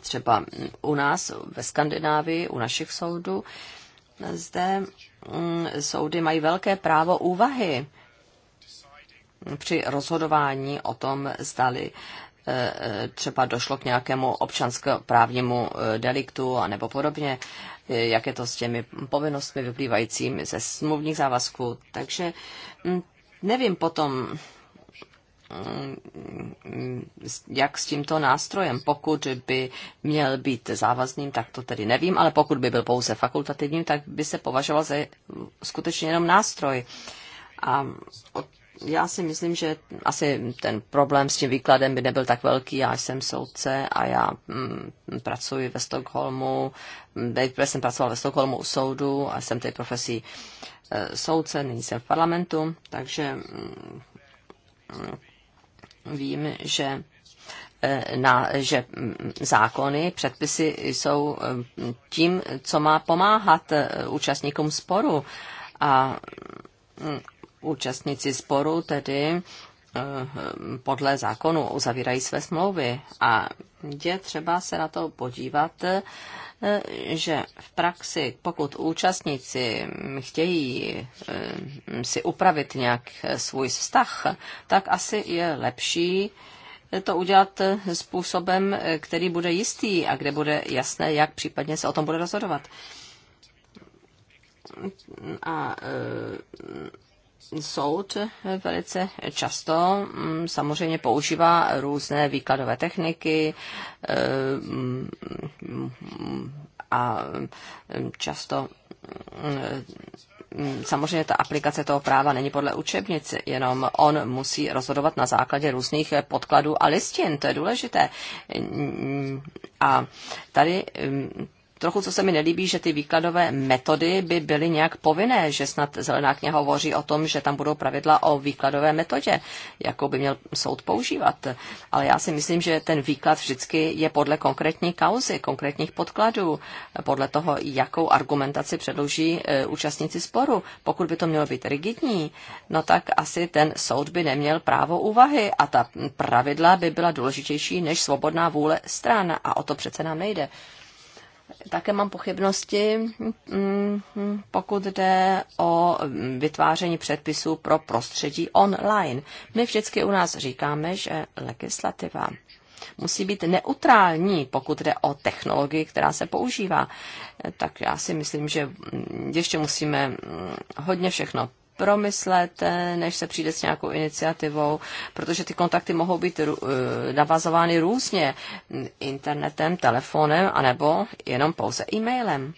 třeba u nás ve Skandinávii, u našich soudů, zde mm, soudy mají velké právo úvahy při rozhodování o tom, zdali e, e, třeba došlo k nějakému občanskoprávnímu e, deliktu a nebo podobně, jak je to s těmi povinnostmi vyplývajícími ze smluvních závazků. Takže mm, nevím potom, Eh, jak s tímto nástrojem. Pokud by měl být závazným, tak to tedy nevím, ale pokud by byl pouze fakultativním, tak by se považoval za skutečně jenom nástroj. A já si myslím, že asi ten problém s tím výkladem by nebyl tak velký. Já jsem soudce a já mm, pracuji ve Stockholmu. Nejprve jsem pracoval ve Stockholmu u soudu a jsem té profesí e, soudce, nyní jsem v parlamentu, takže mm, vím, že e, na, že mm, zákony, předpisy jsou e, tím, co má pomáhat e, účastníkům sporu. A mm, účastníci sporu tedy podle zákonu uzavírají své smlouvy. A je třeba se na to podívat Eh, že v praxi, pokud účastníci chtějí eh, si upravit nějak svůj vztah, tak asi je lepší to udělat způsobem, který bude jistý a kde bude jasné, jak případně se o tom bude rozhodovat. A eh, soud velice často mm, samozřejmě používá různé výkladové techniky eh, a mm, často mm, samozřejmě ta aplikace toho práva není podle učebnice, jenom on musí rozhodovat na základě různých podkladů a listin, to je důležité. A tady trochu, co se mi nelíbí, že ty výkladové metody by byly nějak povinné, že snad Zelená kniha hovoří o tom, že tam budou pravidla o výkladové metodě, jakou by měl soud používat. Ale já si myslím, že ten výklad vždycky je podle konkrétní kauzy, konkrétních podkladů, podle toho, jakou argumentaci předloží e, účastníci sporu. Pokud by to mělo být rigidní, no tak asi ten soud by neměl právo úvahy a ta pravidla by byla důležitější než svobodná vůle stran a o to přece nám nejde. Také mám pochybnosti, mm, mm, pokud jde o vytváření předpisů pro prostředí online. My vždycky u nás říkáme, že legislativa musí být neutrální, pokud jde o technologii, která se používá. Tak já si myslím, že ještě musíme mm, hodně všechno promyslet, eh, než se přijde s nějakou iniciativou, protože ty kontakty mohou být eh, navazovány různě internetem, telefonem, anebo jenom pouze e-mailem.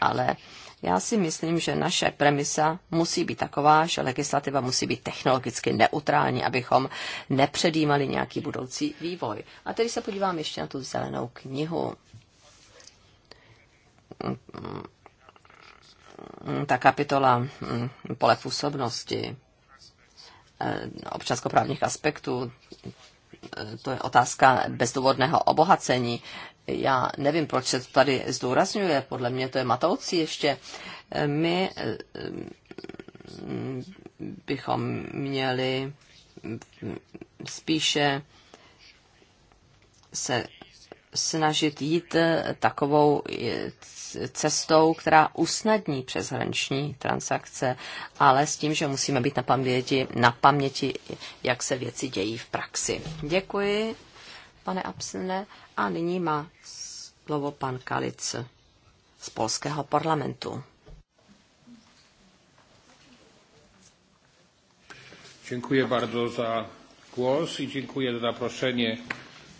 Ale já si myslím, že naše premisa musí být taková, že legislativa musí být technologicky neutrální, abychom nepředjímali nějaký budoucí vývoj. A tedy se podívám ještě na tu zelenou knihu Eh, ta kapitola hm, pole působnosti eh, občanskoprávních aspektů, eh, to je otázka bezdůvodného obohacení. Já nevím, proč se to tady zdůrazňuje, podle mě to je matoucí ještě. My bychom měli hm, spíše se snažit jít takovou cestou, která usnadní přeshraniční transakce, ale s tím, že musíme být na paměti, na paměti, jak se věci dějí v praxi. Děkuji, pane Absne. A nyní má slovo pan Kalic z polského parlamentu. Děkuji bardzo za głos i dziękuję za zaproszenie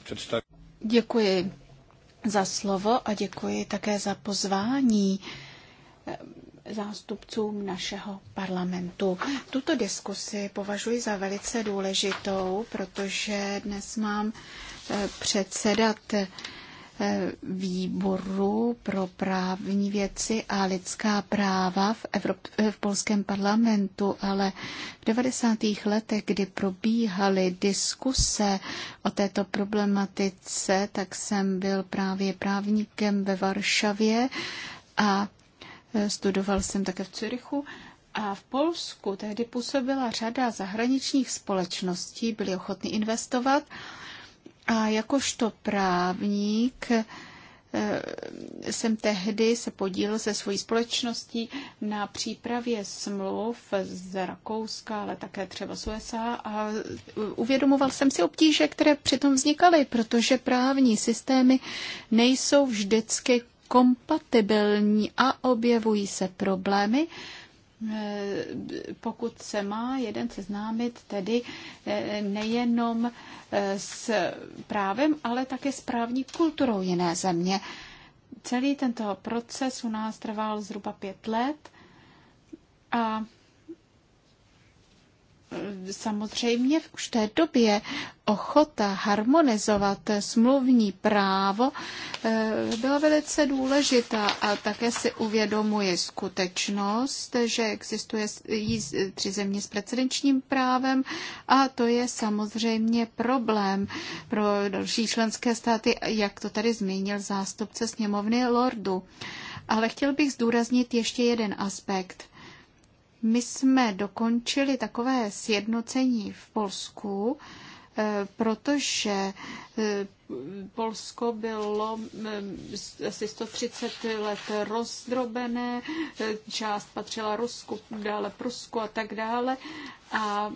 przedstawicieli. Děkuji za slovo a děkuji také za pozvání eh, zástupcům našeho parlamentu. Tuto diskusi považuji za velice důležitou, protože dnes mám eh, předsedat eh, Eh, výboru pro právní věci a lidská práva v, Evrop- eh, v polském parlamentu, ale v 90. letech, kdy probíhaly diskuse o této problematice, tak jsem byl právě právníkem ve Varšavě a eh, studoval jsem také v Curychu. A v Polsku tehdy působila řada zahraničních společností, byli ochotni investovat a jakožto právník eh, jsem tehdy se podílel se svojí společností na přípravě smluv z Rakouska, ale také třeba z USA a uvědomoval jsem si obtíže, které přitom vznikaly, protože právní systémy nejsou vždycky kompatibilní a objevují se problémy, Eh, pokud se má jeden seznámit tedy eh, nejenom eh, s právem, ale také s právní kulturou jiné země. Celý tento proces u nás trval zhruba pět let a samozřejmě už v té době ochota harmonizovat smluvní právo eh, byla velice důležitá a také si uvědomuje skutečnost, že existuje tři země s precedenčním právem a to je samozřejmě problém pro další členské státy, jak to tady zmínil zástupce sněmovny Lordu. Ale chtěl bych zdůraznit ještě jeden aspekt – my jsme dokončili takové sjednocení v Polsku, eh, protože eh, Polsko bylo eh, asi 130 let rozdrobené, část patřila Rusku, dále Prusku a tak dále. A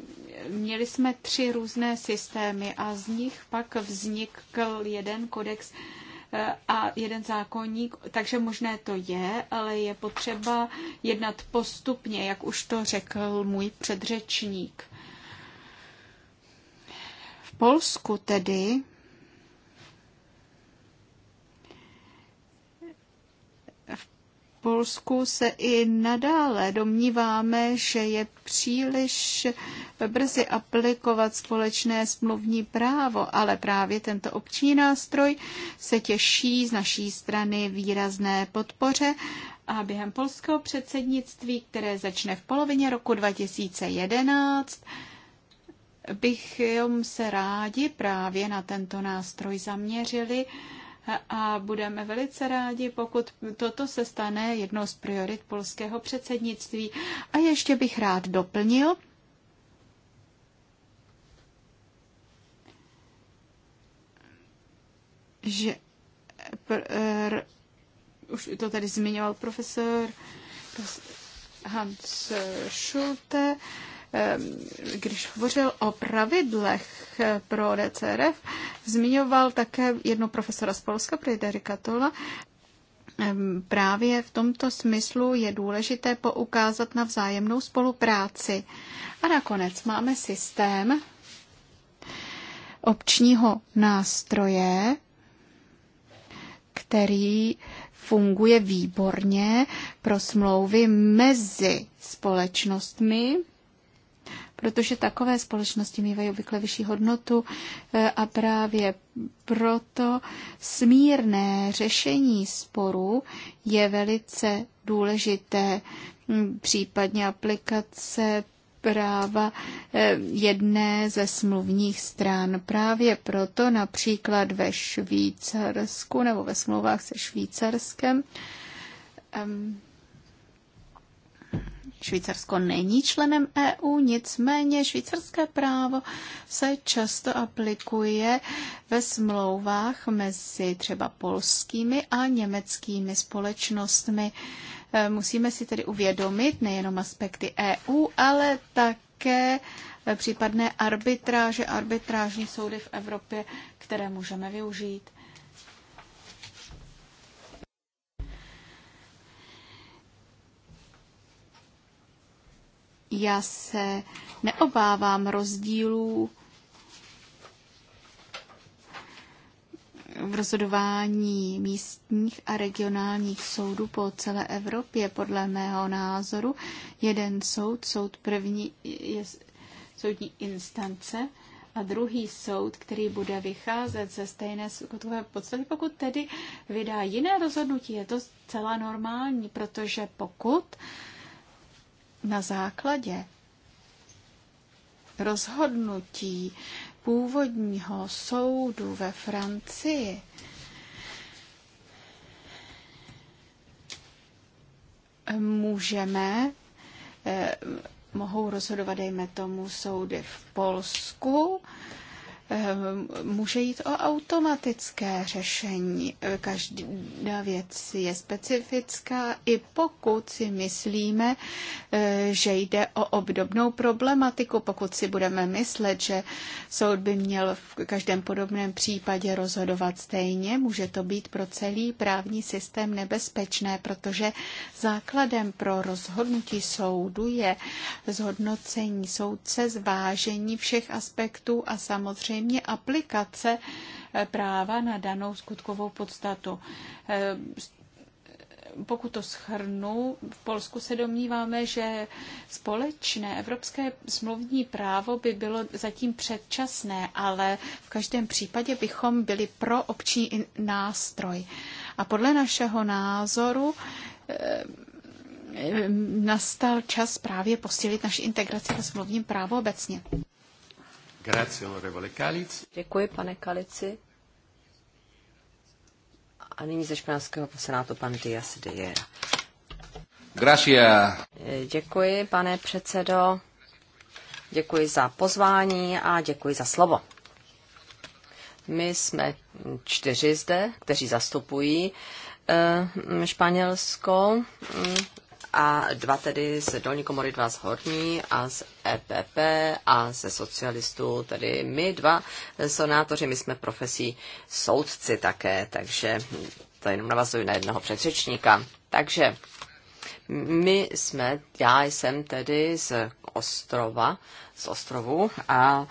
měli jsme tři různé systémy a z nich pak vznikl jeden kodex a jeden zákonník, takže možné to je, ale je potřeba jednat postupně, jak už to řekl můj předřečník. V Polsku tedy Polsku se i nadále domníváme, že je příliš brzy aplikovat společné smluvní právo, ale právě tento obční nástroj se těší z naší strany výrazné podpoře a během polského předsednictví, které začne v polovině roku 2011, bychom se rádi právě na tento nástroj zaměřili a budeme velice rádi, pokud toto se stane jednou z priorit polského předsednictví. A ještě bych rád doplnil, že pr, r, už to tady zmiňoval profesor Hans Schulte, uh, Ehm, když hovořil o pravidlech eh, pro DCRF, zmiňoval také jedno profesora z Polska, Frederika Tola, ehm, Právě v tomto smyslu je důležité poukázat na vzájemnou spolupráci. A nakonec máme systém občního nástroje, který funguje výborně pro smlouvy mezi společnostmi, protože takové společnosti mývají obvykle vyšší hodnotu e, a právě proto smírné řešení sporů je velice důležité, hm, případně aplikace práva e, jedné ze smluvních stran. Právě proto například ve Švýcarsku nebo ve smlouvách se Švýcarskem um, Švýcarsko není členem EU, nicméně švýcarské právo se často aplikuje ve smlouvách mezi třeba polskými a německými společnostmi. E, musíme si tedy uvědomit nejenom aspekty EU, ale také případné arbitráže, arbitrážní soudy v Evropě, které můžeme využít. Já se neobávám rozdílů v rozhodování místních a regionálních soudů po celé Evropě. Podle mého názoru jeden soud, soud první je soudní instance a druhý soud, který bude vycházet ze stejné skutkové podstaty, pokud tedy vydá jiné rozhodnutí, je to zcela normální, protože pokud uh, na základě rozhodnutí původního soudu ve Francii můžeme, eh, mohou rozhodovat, dejme tomu, soudy v Polsku, Ehm, může jít o automatické řešení. Každá věc je specifická, i pokud si myslíme, eh, že jde o obdobnou problematiku, pokud si budeme myslet, že soud by měl v každém podobném případě rozhodovat stejně, může to být pro celý právní systém nebezpečné, protože základem pro rozhodnutí soudu je zhodnocení soudce, zvážení všech aspektů a samozřejmě samozřejmě aplikace eh, práva na danou skutkovou podstatu eh, pokud to schrnu, v Polsku se domníváme, že společné evropské smluvní právo by bylo zatím předčasné, ale v každém případě bychom byli pro obční nástroj. A podle našeho názoru eh, nastal čas právě posílit naši integraci ve smluvním právu obecně. Děkuji, pane Kalici. A nyní ze španělského senátu pan Díaz de Jera. Gracias. Děkuji, pane předsedo. Děkuji za pozvání a děkuji za slovo. My jsme čtyři zde, kteří zastupují eh, Španělsko a dva tedy z dolní komory, dva z horní a z EPP a ze socialistů, tedy my dva sonátoři, my jsme profesí soudci také, takže to jenom navazuji na jednoho předřečníka. Takže my jsme, já jsem tedy z ostrova, z ostrovu a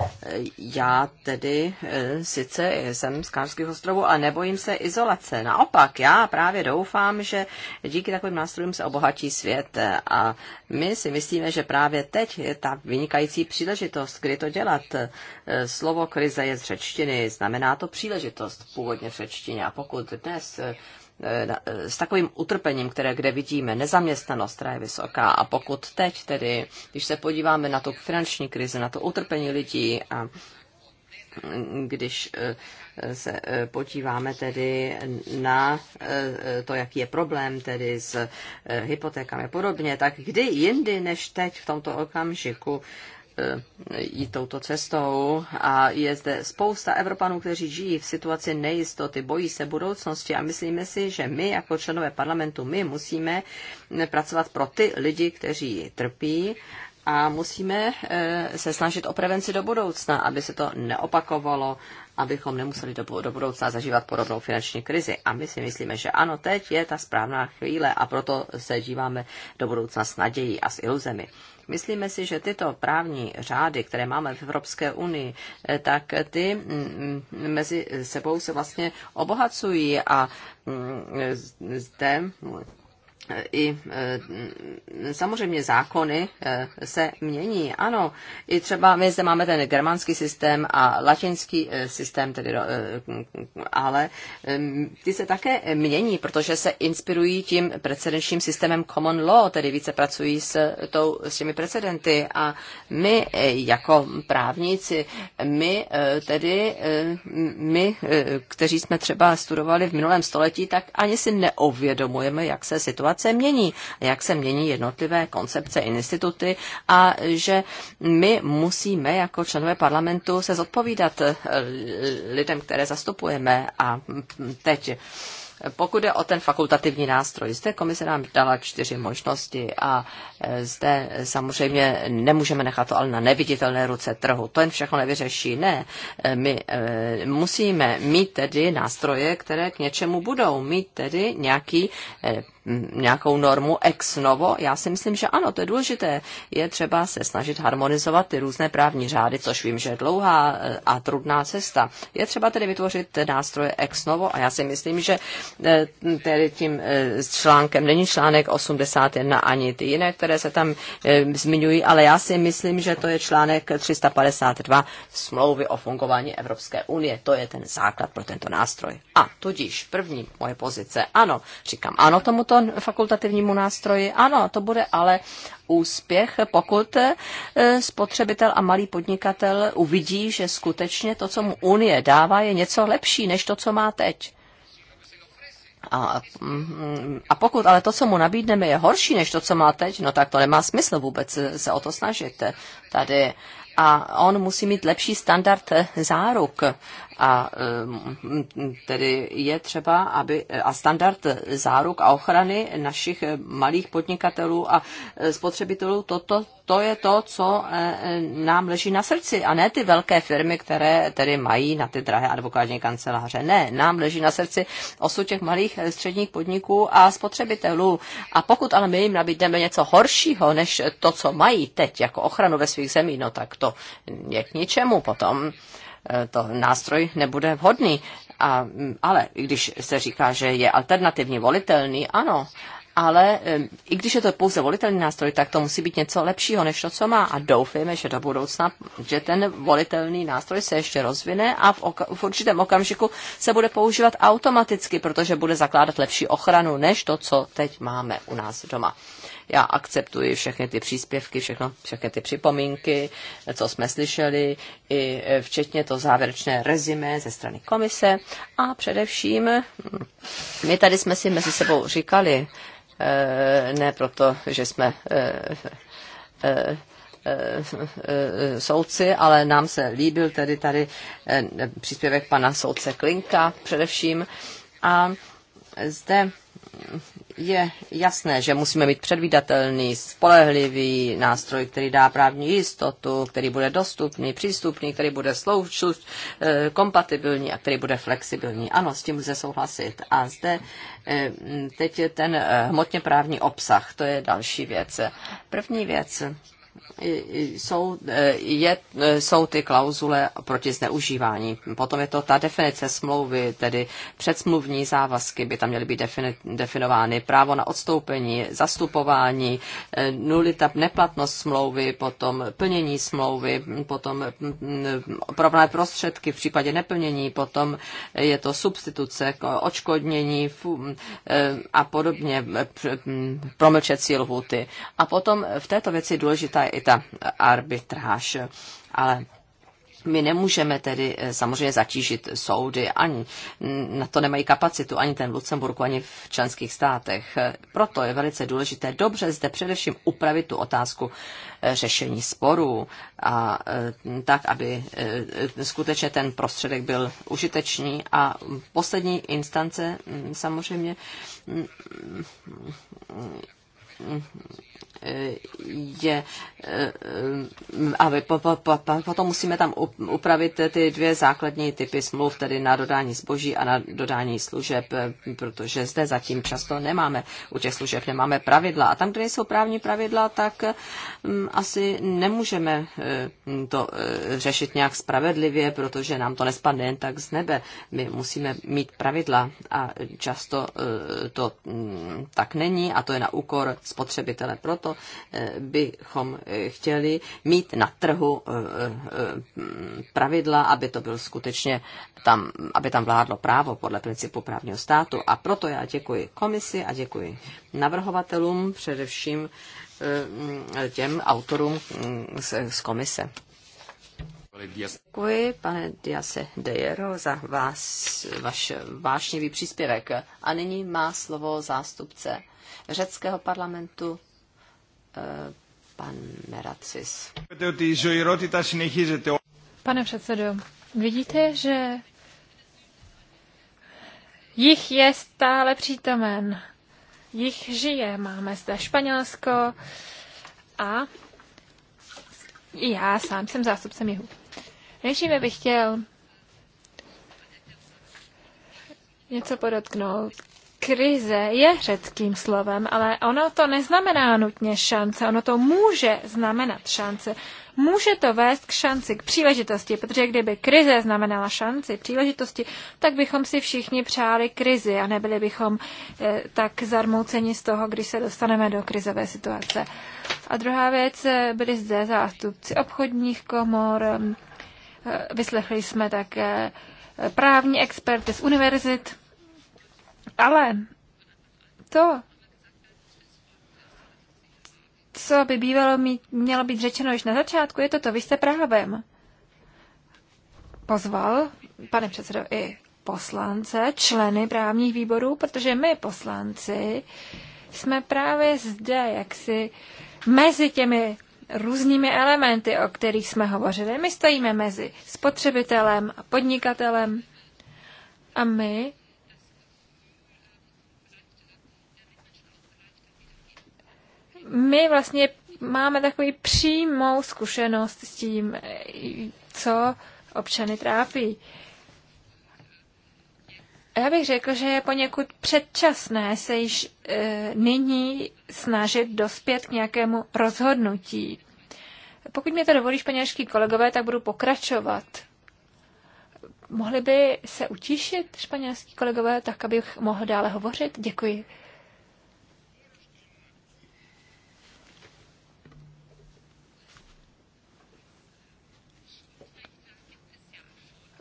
já tedy eh, sice jsem z Kářských ostrovů a nebojím se izolace. Naopak, já právě doufám, že díky takovým nástrojům se obohatí svět a my si myslíme, že právě teď je ta vynikající příležitost, kdy to dělat. Eh, slovo krize je z řečtiny, znamená to příležitost původně v řečtině a pokud dnes eh, s takovým utrpením, které kde vidíme, nezaměstnanost, která je vysoká. A pokud teď tedy, když se podíváme na tu finanční krizi, na to utrpení lidí a když eh, se eh, podíváme tedy na eh, to, jaký je problém tedy s hypotékami a podobně, tak kdy jindy než teď v tomto okamžiku Eh, jít touto cestou a je zde spousta Evropanů, kteří žijí v situaci nejistoty, bojí se budoucnosti a myslíme si, že my jako členové parlamentu, my musíme eh, pracovat pro ty lidi, kteří trpí a musíme eh, se snažit o prevenci do budoucna, aby se to neopakovalo, abychom nemuseli do, do budoucna zažívat podobnou finanční krizi. A my si myslíme, že ano, teď je ta správná chvíle a proto se díváme do budoucna s nadějí a s iluzemi. Myslíme si, že tyto právní řády, které máme v Evropské unii, eh, tak ty mm, mm, mezi sebou se vlastně obohacují a mm, eh, zde i eh, samozřejmě zákony eh, se mění. Ano, i třeba my zde máme ten germánský systém a latinský eh, systém, tedy, ale ty se také mění, protože se inspirují tím precedenčním systémem common law, tedy více pracují s, tou, s těmi precedenty a my jako právníci, my tedy, my, kteří jsme třeba studovali v minulém století, tak ani si neuvědomujeme, jak se situace se mění, jak se mění jednotlivé koncepce, instituty a že my musíme jako členové parlamentu se zodpovídat eh, lidem, které zastupujeme a teď pokud je o ten fakultativní nástroj, zde komise nám dala čtyři možnosti a eh, zde samozřejmě nemůžeme nechat to ale na neviditelné ruce trhu. To jen všechno nevyřeší. Ne, eh, my musíme mít tedy nástroje, které k něčemu budou, mít tedy nějaký nějakou normu ex novo? Já si myslím, že ano, to je důležité. Je třeba se snažit harmonizovat ty různé právní řády, což vím, že je dlouhá e, a trudná cesta. Je třeba tedy vytvořit nástroje ex novo a já si myslím, že e, tedy tím e, článkem není článek 81 ani ty jiné, které se tam zmiňují, ale já si myslím, že to je článek 352 smlouvy o fungování Evropské unie. To je ten základ pro tento nástroj. A tudíž první moje pozice, ano, říkám ano tomuto fakultativnímu nástroji. Ano, to bude ale úspěch, pokud eh, spotřebitel a malý podnikatel uvidí, že skutečně to, co mu Unie dává, je něco lepší než to, co má teď. A, mm, a pokud ale to, co mu nabídneme, je horší než to, co má teď, no tak to nemá smysl vůbec eh, se o to snažit eh, tady. A on musí mít lepší standard záruk a eh, tedy je třeba, aby a standard záruk a ochrany našich malých podnikatelů a eh, spotřebitelů, toto, to je to, co eh, nám leží na srdci a ne ty velké firmy, které tedy mají na ty drahé advokátní kanceláře. Ne, nám leží na srdci osud těch malých středních podniků a spotřebitelů. A pokud ale my jim nabídneme něco horšího, než to, co mají teď jako ochranu ve svých zemích, no tak to je k ničemu potom. Eh, to nástroj nebude vhodný. A, mm, ale i když se říká, že je alternativně volitelný, ano, ale eh, i když je to pouze volitelný nástroj, tak to musí být něco lepšího než to, co má. A doufejme, že do budoucna, že ten volitelný nástroj se ještě rozvine a v, oka- v určitém okamžiku se bude používat automaticky, protože bude zakládat lepší ochranu než to, co teď máme u nás doma. Já akceptuji všechny ty příspěvky, všechno, všechny ty připomínky, co jsme slyšeli, i e, včetně to závěrečné rezime ze strany komise. A především, hm, my tady jsme si mezi sebou říkali, e, ne proto, že jsme e, soudci, ale nám se líbil tedy tady příspěvek pana soudce Klinka především. A zde je jasné, že musíme mít předvídatelný, spolehlivý nástroj, který dá právní jistotu, který bude dostupný, přístupný, který bude sloučit, eh, kompatibilní a který bude flexibilní. Ano, s tím může souhlasit. A zde eh, teď je ten eh, hmotně právní obsah, to je další věc. První věc, jsou, e, je, e, jsou ty klauzule proti zneužívání. Potom je to ta definice smlouvy, tedy předsmluvní závazky by tam měly být defini, definovány, právo na odstoupení, zastupování, e, nulita neplatnost smlouvy, potom plnění smlouvy, potom mm, opravné prostředky v případě neplnění, potom je to substituce, očkodnění mm, a podobně, mm, promlčecí lhuty. A potom v této věci důležitá je i ta arbitráž. Ale my nemůžeme tedy eh, samozřejmě zatížit soudy, ani mm, na to nemají kapacitu, ani ten v Lucemburku, ani v členských státech. Proto je velice důležité dobře zde především upravit tu otázku eh, řešení sporů a eh, tak, aby skutečně ten prostředek byl užitečný a poslední instance mm, samozřejmě mm, je, eh, a potom musíme tam upravit ty dvě základní typy smluv, tedy na dodání zboží a na dodání služeb, eh, protože zde zatím často nemáme, u těch služeb nemáme pravidla. A tam, kde jsou právní pravidla, tak mm, asi nemůžeme eh, to řešit nějak spravedlivě, protože nám to nespadne jen tak z nebe. My musíme mít pravidla a často to mm, tak není a to je na úkor spotřebitele. Proto bychom eh, chtěli mít na trhu eh, eh, pravidla, aby to byl skutečně tam, aby tam vládlo právo podle principu právního státu. A proto já děkuji komisi a děkuji navrhovatelům, především těm autorům mm, z komise. Děkuji, pane Diase Dejero, za vás, vaš vášnivý příspěvek. A nyní má slovo zástupce řeckého parlamentu, pan Meracis. Pane předsedo, vidíte, že jich je stále přítomen. Jich žije. Máme zde Španělsko a já sám jsem zástupcem jihu. Nejdříve bych chtěl něco podotknout krize je řeckým slovem, ale ono to neznamená nutně šance, ono to může znamenat šance. Může to vést k šanci, k příležitosti, protože kdyby krize znamenala šanci, příležitosti, tak bychom si všichni přáli krizi a nebyli bychom e, tak zarmouceni z toho, když se dostaneme do krizové situace. A druhá věc, eh, byli zde zástupci obchodních komor, e, vyslechli jsme také právní experty z univerzit, ale to, co by bývalo mít, mělo být řečeno již na začátku, je toto. Vy jste právem pozval, pane předsedo, i poslance, členy právních výborů, protože my poslanci jsme právě zde, jaksi mezi těmi různými elementy, o kterých jsme hovořili. My stojíme mezi spotřebitelem a podnikatelem a my my vlastně máme takový přímou zkušenost s tím, co občany trápí. Já bych řekl, že je poněkud předčasné se již e, nyní snažit dospět k nějakému rozhodnutí. Pokud mě to paní španělští kolegové, tak budu pokračovat. Mohli by se utišit španělský kolegové, tak abych mohl dále hovořit? Děkuji.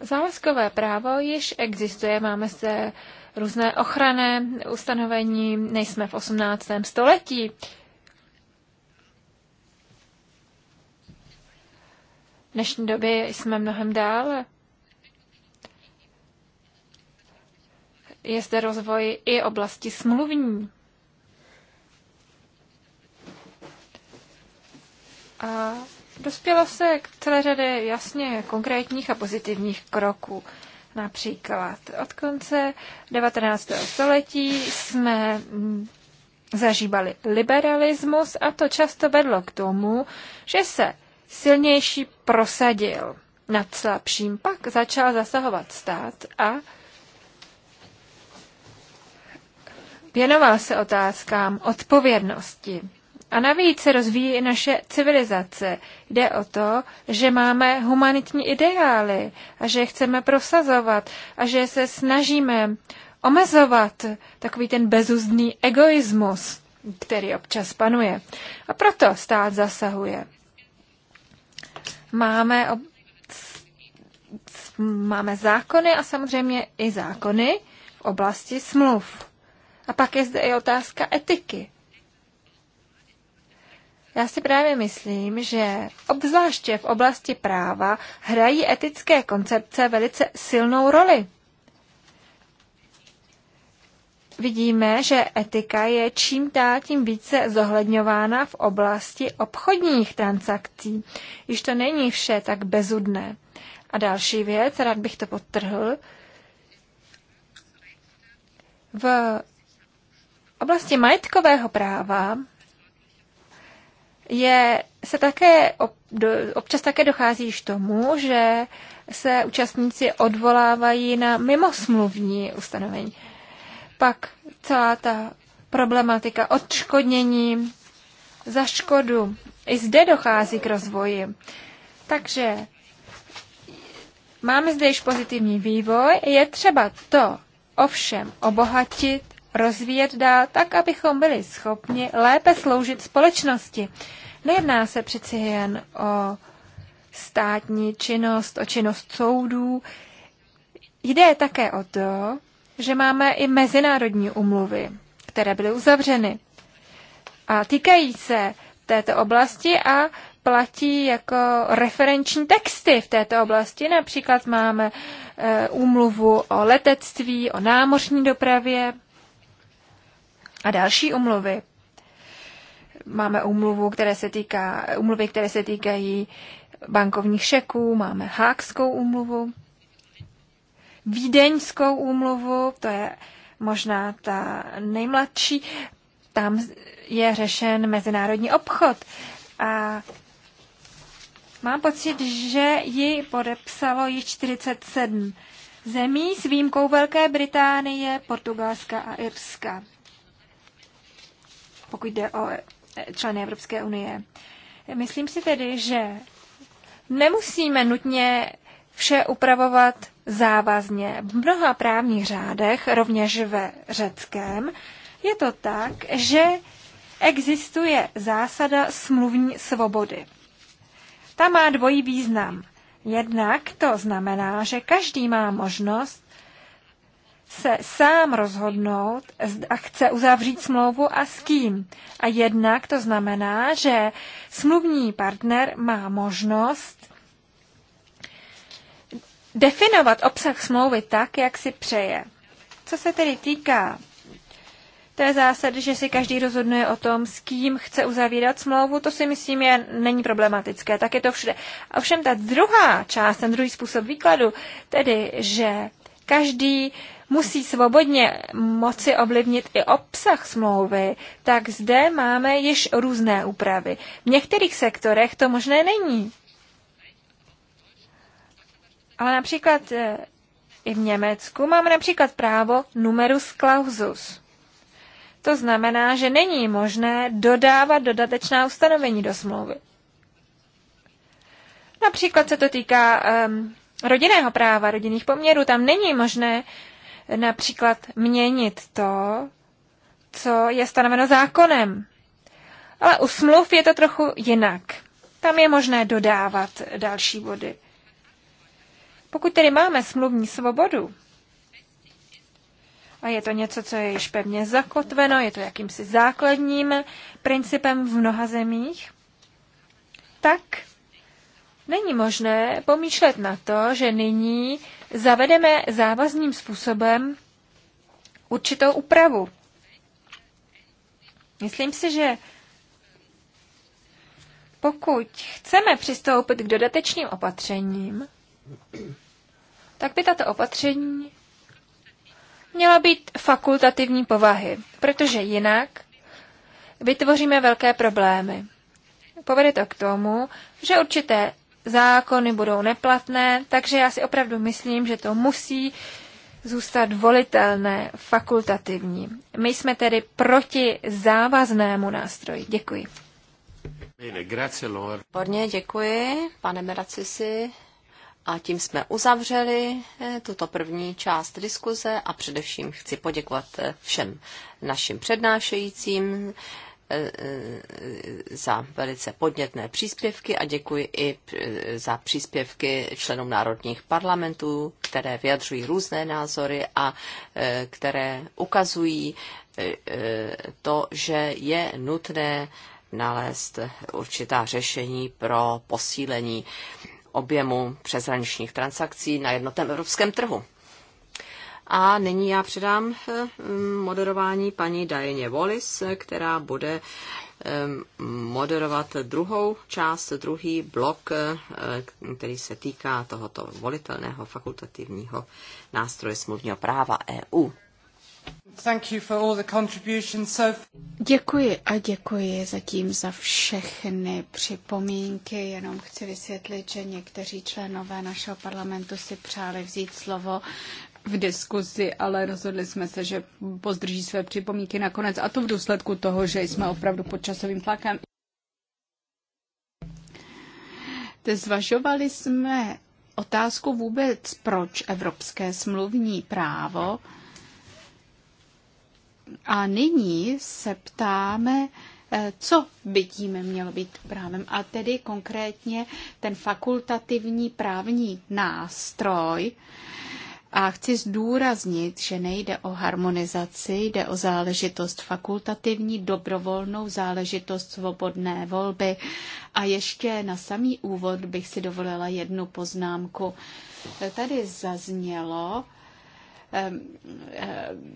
Závazkové právo již existuje, máme se různé ochranné ustanovení, nejsme v 18. století. V dnešní době jsme mnohem dále. Je zde rozvoj i oblasti smluvní. A Dospělo se k celé řadě jasně konkrétních a pozitivních kroků. Například od konce 19. století jsme mm, zažívali liberalismus a to často vedlo k tomu, že se silnější prosadil nad slabším, pak začal zasahovat stát a věnoval se otázkám odpovědnosti. A navíc se rozvíjí i naše civilizace. Jde o to, že máme humanitní ideály a že je chceme prosazovat a že se snažíme omezovat takový ten bezuzdný egoismus, který občas panuje. A proto stát zasahuje. Máme, ob... máme zákony a samozřejmě i zákony v oblasti smluv. A pak je zde i otázka etiky. Já si právě myslím, že obzvláště v oblasti práva hrají etické koncepce velice silnou roli. Vidíme, že etika je čím dál tím více zohledňována v oblasti obchodních transakcí. Již to není vše tak bezudné. A další věc, rád bych to podtrhl, v oblasti majetkového práva je, se také, občas také dochází k tomu, že se účastníci odvolávají na mimosmluvní ustanovení. Pak celá ta problematika odškodnění za škodu. I zde dochází k rozvoji. Takže máme zde již pozitivní vývoj. Je třeba to ovšem obohatit rozvíjet dál, tak abychom byli schopni lépe sloužit společnosti. Nejedná se přeci jen o státní činnost, o činnost soudů. Jde také o to, že máme i mezinárodní umluvy, které byly uzavřeny a týkají se této oblasti a platí jako referenční texty v této oblasti. Například máme eh, úmluvu o letectví, o námořní dopravě, a další umluvy. Máme umluvu, které se týká, umluvy, které se týkají bankovních šeků, máme Hákskou umluvu, Vídeňskou úmluvu, to je možná ta nejmladší, tam je řešen mezinárodní obchod. A mám pocit, že ji podepsalo již 47 zemí s výjimkou Velké Británie, Portugalska a Irska pokud jde o eh, členy Evropské unie. Myslím si tedy, že nemusíme nutně vše upravovat závazně. V mnoha právních řádech, rovněž ve řeckém, je to tak, že existuje zásada smluvní svobody. Ta má dvojí význam. Jednak to znamená, že každý má možnost se sám rozhodnout a chce uzavřít smlouvu a s kým. A jednak to znamená, že smluvní partner má možnost definovat obsah smlouvy tak, jak si přeje. Co se tedy týká té zásady, že si každý rozhoduje o tom, s kým chce uzavírat smlouvu, to si myslím je, není problematické, tak je to všude. Ovšem ta druhá část, ten druhý způsob výkladu, tedy, že každý musí svobodně moci ovlivnit i obsah smlouvy, tak zde máme již různé úpravy. V některých sektorech to možné není. Ale například eh, i v Německu máme například právo numerus clausus. To znamená, že není možné dodávat dodatečná ustanovení do smlouvy. Například se to týká um, rodinného práva, rodinných poměrů. Tam není možné například měnit to, co je stanoveno zákonem. Ale u smluv je to trochu jinak. Tam je možné dodávat další body. Pokud tedy máme smluvní svobodu, a je to něco, co je již pevně zakotveno, je to jakýmsi základním principem v mnoha zemích, tak Není možné pomýšlet na to, že nyní zavedeme závazným způsobem určitou úpravu. Myslím si, že pokud chceme přistoupit k dodatečným opatřením, tak by tato opatření měla být fakultativní povahy, protože jinak vytvoříme velké problémy. Povede to k tomu, že určité zákony budou neplatné, takže já si opravdu myslím, že to musí zůstat volitelné, fakultativní. My jsme tedy proti závaznému nástroji. Děkuji. Výborně, děkuji, pane Meracisi. A tím jsme uzavřeli eh, tuto první část diskuze a především chci poděkovat eh, všem našim přednášejícím Eh, za velice podnětné příspěvky a děkuji i eh, za příspěvky členům národních parlamentů, které vyjadřují různé názory a eh, které ukazují to, že je nutné nalézt určitá řešení pro posílení objemu přeshraničních transakcí na jednotném evropském trhu. A nyní já předám eh, moderování paní Dajeně Wallis, která bude eh, moderovat druhou část, druhý blok, eh, který se týká tohoto volitelného fakultativního nástroje smluvního práva EU. Děkuji a děkuji zatím za všechny připomínky. Jenom chci vysvětlit, že někteří členové našeho parlamentu si přáli vzít slovo v diskuzi, ale rozhodli jsme se, že pozdrží své připomínky nakonec a to v důsledku toho, že jsme opravdu pod časovým tlakem. Zvažovali jsme otázku vůbec, proč evropské smluvní právo a nyní se ptáme, eh, co by tím mělo být právem. A tedy konkrétně ten fakultativní právní nástroj, a chci zdůraznit, že nejde o harmonizaci, jde o záležitost fakultativní, dobrovolnou záležitost svobodné volby. A ještě na samý úvod bych si dovolila jednu poznámku. Tady zaznělo, Ehm, ehm,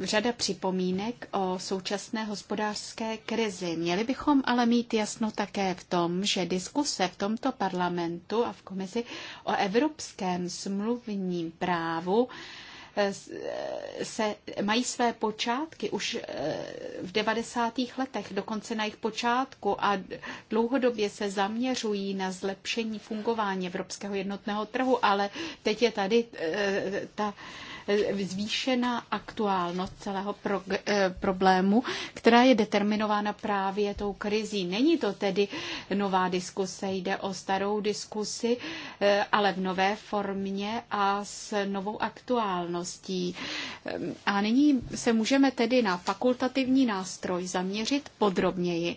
řada připomínek o současné hospodářské krizi. Měli bychom ale mít jasno také v tom, že diskuse v tomto parlamentu a v komisi o evropském smluvním právu eh, eh, se mají své počátky už eh, v 90. letech, dokonce na jejich počátku a dlouhodobě se zaměřují na zlepšení fungování evropského jednotného trhu, ale teď je tady ta Eh, zvýšená aktuálnost celého pro, eh, problému, která je determinována právě tou krizí. Není to tedy nová diskuse, jde o starou diskusi, eh, ale v nové formě a s novou aktuálností. A nyní se můžeme tedy na fakultativní nástroj zaměřit podrobněji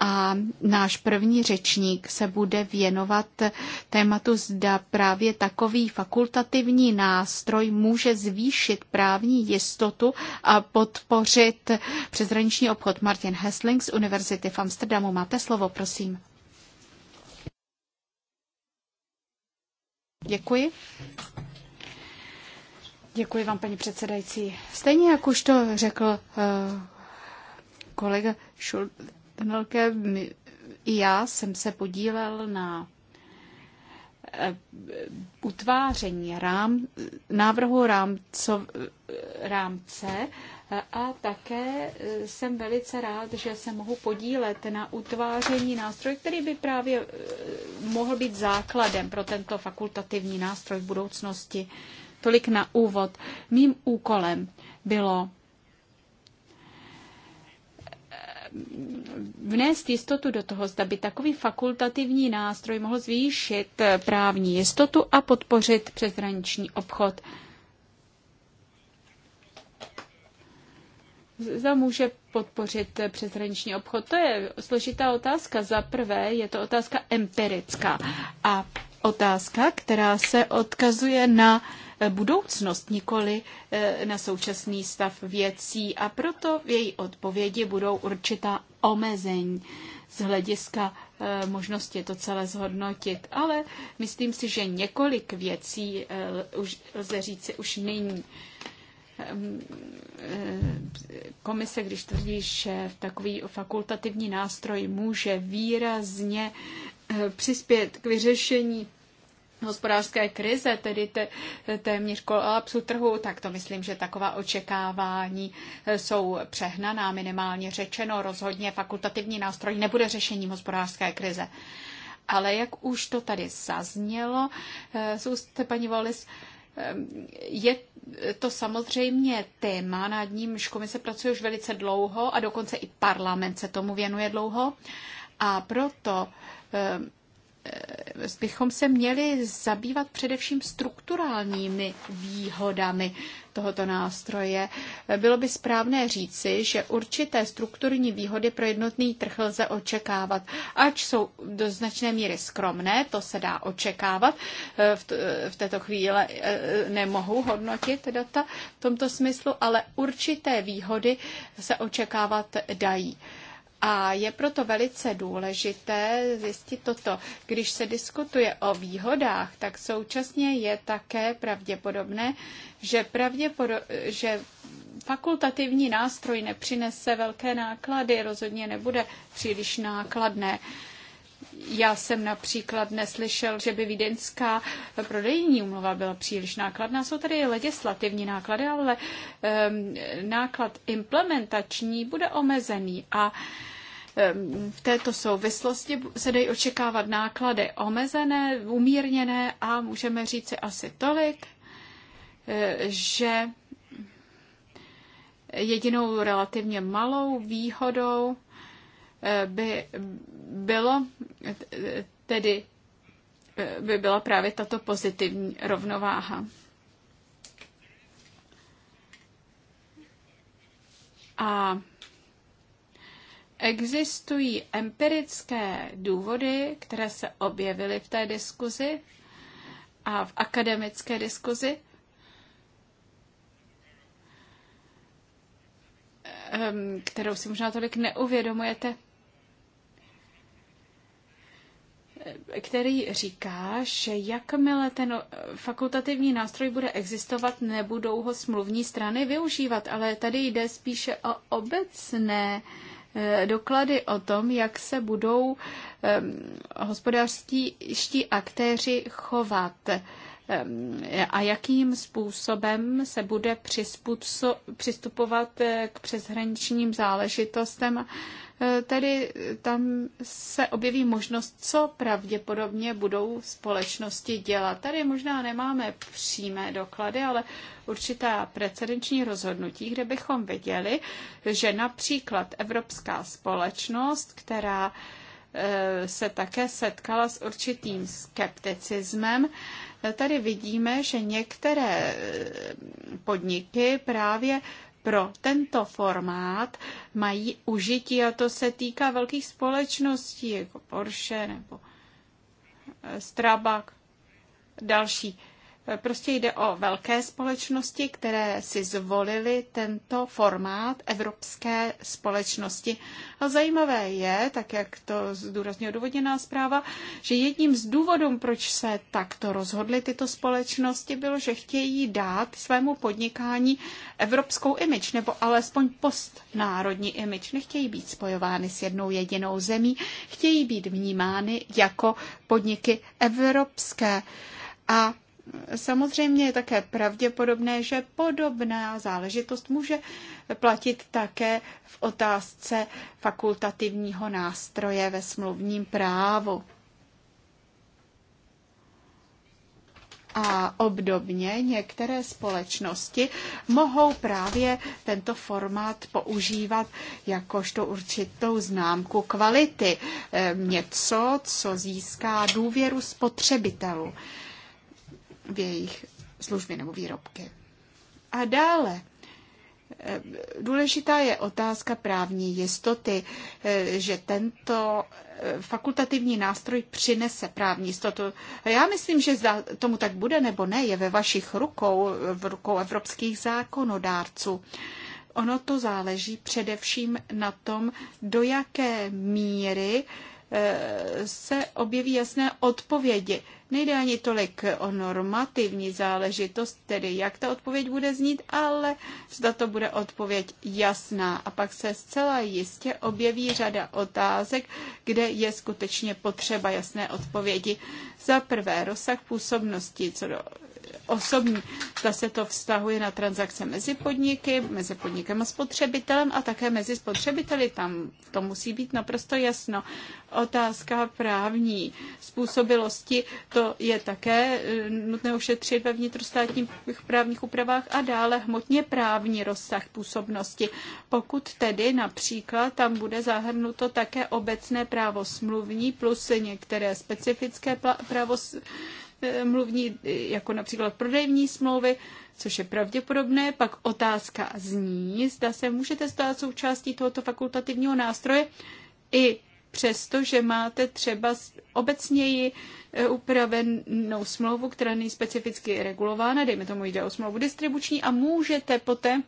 a náš první řečník se bude věnovat tématu, zda právě takový fakultativní nástroj může zvýšit právní jistotu a podpořit přezraniční obchod. Martin Hessling z Univerzity v Amsterdamu. Máte slovo, prosím. Děkuji. Děkuji vám, paní předsedající. Stejně jak už to řekl uh, kolega Šul, Danelke, i já jsem se podílel na eh, utváření rám, návrhu rámco, rámce eh, a také eh, jsem velice rád, že se mohu podílet na utváření nástroje, který by právě mohl být základem pro tento fakultativní nástroj v budoucnosti. Tolik na úvod. Mým úkolem bylo vnést jistotu do toho, zda by takový fakultativní nástroj mohl zvýšit právní jistotu a podpořit přeshraniční obchod. Zda může podpořit přeshraniční obchod? To je složitá otázka. Za prvé je to otázka empirická a otázka, která se odkazuje na Eh, budoucnost, nikoli eh, na současný stav věcí a proto v její odpovědi budou určitá omezení z hlediska eh, možnosti to celé zhodnotit. Ale myslím si, že několik věcí už lze říci už nyní ehm, komise, když tvrdí, že takový fakultativní nástroj může výrazně přispět k vyřešení hospodářské krize, tedy te, téměř kolapsu trhu, tak to myslím, že taková očekávání e, jsou přehnaná, minimálně řečeno. Rozhodně fakultativní nástroj nebude řešením hospodářské krize. Ale jak už to tady zaznělo e, z úst paní Wallis, e, je to samozřejmě téma, nad nímž komise pracuje už velice dlouho a dokonce i parlament se tomu věnuje dlouho. A proto bychom se měli zabývat především strukturálními výhodami tohoto nástroje. Bylo by správné říci, že určité strukturní výhody pro jednotný trh lze očekávat, ač jsou do značné míry skromné, to se dá očekávat. V, v této chvíli eh, nemohu hodnotit data v tomto smyslu, ale určité výhody se očekávat dají. A je proto velice důležité zjistit toto. Když se diskutuje o výhodách, tak současně je také pravděpodobné, že, pravděpodob- že fakultativní nástroj nepřinese velké náklady, rozhodně nebude příliš nákladné. Já jsem například neslyšel, že by vídeňská prodejní umluva byla příliš nákladná. Jsou tady legislativní náklady, ale um, náklad implementační bude omezený a uh, v této souvislosti se dají očekávat náklady omezené, umírněné a můžeme říci asi tolik, e, že jedinou relativně malou výhodou e, by bylo tedy e, by byla právě tato pozitivní rovnováha. A existují empirické důvody, které se objevily v té diskuzi a v akademické diskuzi, ehm, kterou si možná tolik neuvědomujete, který říká, že jakmile ten fakultativní nástroj bude existovat, nebudou ho smluvní strany využívat, ale tady jde spíše o obecné Eh, doklady o tom, jak se budou eh, hospodářští aktéři chovat eh, a jakým způsobem se bude přistupovat k přeshraničním záležitostem Eh, tady eh, tam se objeví možnost, co pravděpodobně budou společnosti dělat. Tady možná nemáme přímé doklady, ale určitá precedenční rozhodnutí, kde bychom viděli, že například evropská společnost, která eh, se také setkala s určitým skepticismem. Tady vidíme, že některé podniky právě pro tento formát mají užití a to se týká velkých společností jako Porsche nebo eh, Strabag, další Prostě jde o velké společnosti, které si zvolili tento formát evropské společnosti. A zajímavé je, tak jak to zdůrazně odůvodněná zpráva, že jedním z důvodů, proč se takto rozhodly tyto společnosti, bylo, že chtějí dát svému podnikání evropskou imič, nebo alespoň postnárodní imič. Nechtějí být spojovány s jednou jedinou zemí, chtějí být vnímány jako podniky evropské. A Samozřejmě je také pravděpodobné, že podobná záležitost může platit také v otázce fakultativního nástroje ve smluvním právu. A obdobně některé společnosti mohou právě tento formát používat jakožto určitou známku kvality. Ehm, něco, co získá důvěru spotřebitelů v jejich služby nebo výrobky. A dále eh, Důležitá je otázka právní jistoty, eh, že tento eh, fakultativní nástroj přinese právní jistotu. Já myslím, že tomu tak bude nebo ne, je ve vašich rukou, v rukou evropských zákonodárců. Ono to záleží především na tom, do jaké míry se objeví jasné odpovědi Nejde ani tolik o normativní záležitost, tedy jak ta odpověď bude znít, ale zda to bude odpověď jasná. A pak se zcela jistě objeví řada otázek, kde je skutečně potřeba jasné odpovědi. Za prvé, rozsah působnosti co do osobní. Ta se to vztahuje na transakce mezi podniky, mezi podnikem a spotřebitelem a také mezi spotřebiteli. Tam to musí být naprosto jasno. Otázka právní způsobilosti, to je také eh, nutné ošetřit ve vnitrostátních právních úpravách a dále hmotně právní rozsah působnosti. Pokud tedy například tam bude zahrnuto také obecné právo smluvní plus některé specifické právo E, mluvní, e, jako například prodejní smlouvy, což je pravděpodobné. Pak otázka zní, zda se můžete stát součástí tohoto fakultativního nástroje i přesto, že máte třeba obecněji e, upravenou smlouvu, která není specificky regulována, dejme tomu jde o smlouvu distribuční a můžete poté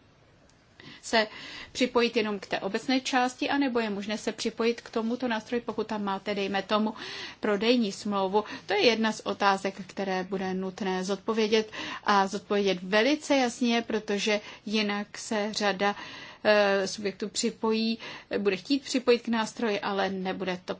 se připojit jenom k té obecné části, anebo je možné se připojit k tomuto nástroji, pokud tam máte, dejme tomu, prodejní smlouvu. To je jedna z otázek, které bude nutné zodpovědět a zodpovědět velice jasně, protože jinak se řada eh, subjektů připojí, bude chtít připojit k nástroji, ale nebude to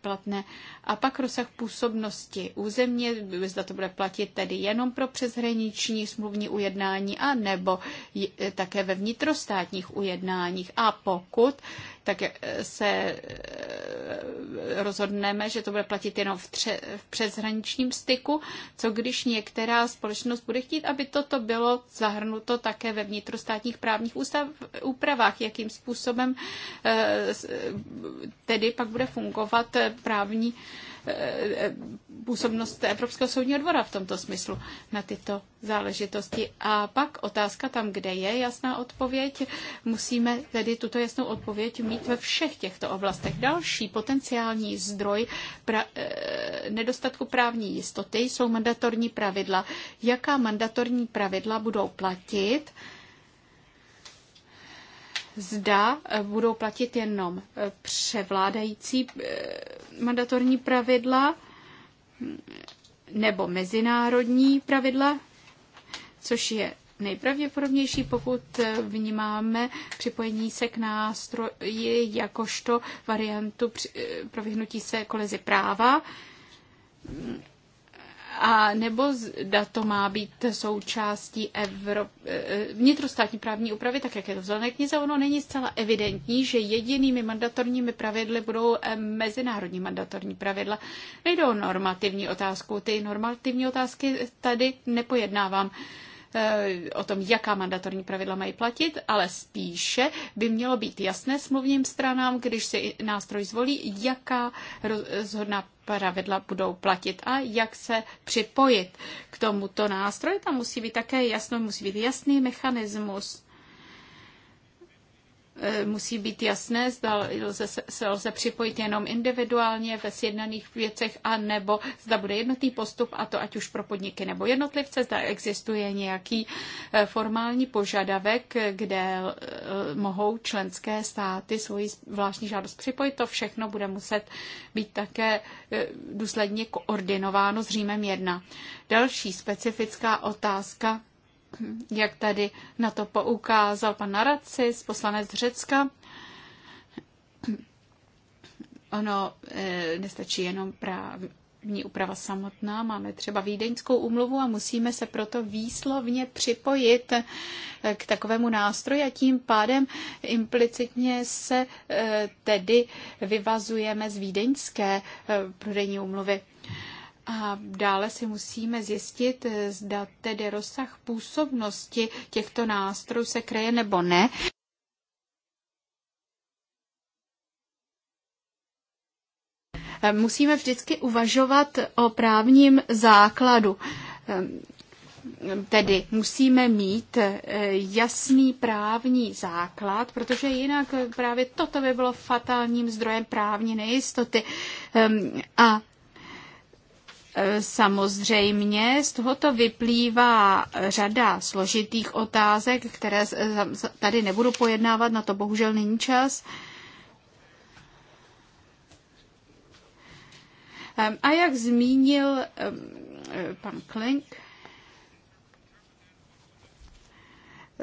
platné. A pak rozsah působnosti územně, zda to bude platit tedy jenom pro přeshraniční smluvní ujednání a nebo e, také ve vnitrostátních ujednáních. A pokud tak e, se e, rozhodneme, že to bude platit jenom v, tře, v přeshraničním styku, co když některá společnost bude chtít, aby toto bylo zahrnuto také ve vnitrostátních právních ústav, úpravách, jakým způsobem eh, tedy pak bude fungovat eh, právní Eh, eh, působnost Evropského soudního dvora v tomto smyslu na tyto záležitosti. A pak otázka tam, kde je jasná odpověď. Musíme tedy tuto jasnou odpověď mít ve všech těchto oblastech. Další potenciální zdroj pra- eh, nedostatku právní jistoty jsou mandatorní pravidla. Jaká mandatorní pravidla budou platit? zda eh, budou platit jenom eh, převládající eh, mandatorní pravidla nebo mezinárodní pravidla, což je nejpravděpodobnější, pokud vnímáme připojení se k nástroji jakožto variantu pro vyhnutí se kolezi práva a nebo zda to má být součástí Evro... Eh, vnitrostátní právní úpravy, tak jak je to v zelené knize, ono není zcela evidentní, že jedinými mandatorními pravidly budou eh, mezinárodní mandatorní pravidla. Nejde o normativní otázku, ty normativní otázky tady nepojednávám eh, o tom, jaká mandatorní pravidla mají platit, ale spíše by mělo být jasné smluvním stranám, když si nástroj zvolí, jaká rozhodná pravidla budou platit a jak se připojit k tomuto nástroji. Tam musí být také jasno, musí být jasný mechanismus Eh, musí být jasné, zda lze, se lze připojit jenom individuálně ve sjednaných věcech, a nebo zda bude jednotný postup, a to ať už pro podniky nebo jednotlivce, zda existuje nějaký eh, formální požadavek, kde eh, mohou členské státy svoji zvláštní žádost připojit. To všechno bude muset být také důsledně koordinováno s Římem 1. Další specifická otázka jak tady na to poukázal pan Naracis, poslanec Řecka, ono e, nestačí jenom právní úprava samotná. Máme třeba Vídeňskou umluvu a musíme se proto výslovně připojit eh, k takovému nástroji a tím pádem implicitně se eh, tedy vyvazujeme z Vídeňské prodejní umluvy. A dále si musíme zjistit, zda tedy rozsah působnosti těchto nástrojů se kreje nebo ne. Musíme vždycky uvažovat o právním základu. Tedy musíme mít jasný právní základ, protože jinak právě toto by bylo fatálním zdrojem právní nejistoty. A Samozřejmě z tohoto vyplývá řada složitých otázek, které tady nebudu pojednávat, na to bohužel není čas. A jak zmínil pan Klink,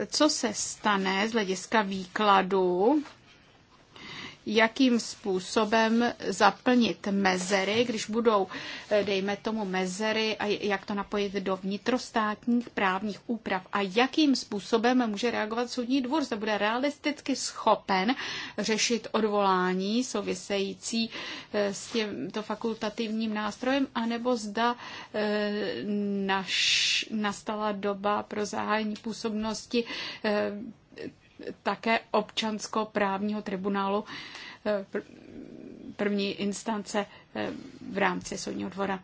co se stane z hlediska výkladu jakým způsobem zaplnit mezery, když budou, eh, dejme tomu, mezery a jak to napojit do vnitrostátních právních úprav a jakým způsobem může reagovat soudní dvůr, zda bude realisticky schopen řešit odvolání související eh, s tímto fakultativním nástrojem, anebo zda eh, naš, nastala doba pro zahájení působnosti také právního tribunálu eh, první instance eh, v rámci soudního dvora.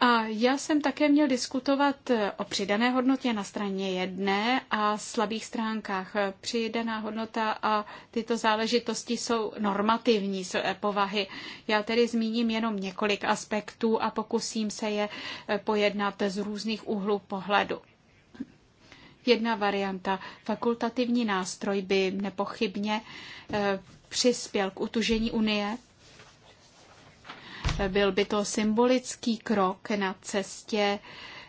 A já jsem také měl diskutovat eh, o přidané hodnotě na straně jedné a slabých stránkách. Přidaná hodnota a tyto záležitosti jsou normativní z povahy. Já tedy zmíním jenom několik aspektů a pokusím se je pojednat z různých úhlů pohledu. Jedna varianta, fakultativní nástroj by nepochybně eh, přispěl k utužení Unie. Eh, byl by to symbolický krok na cestě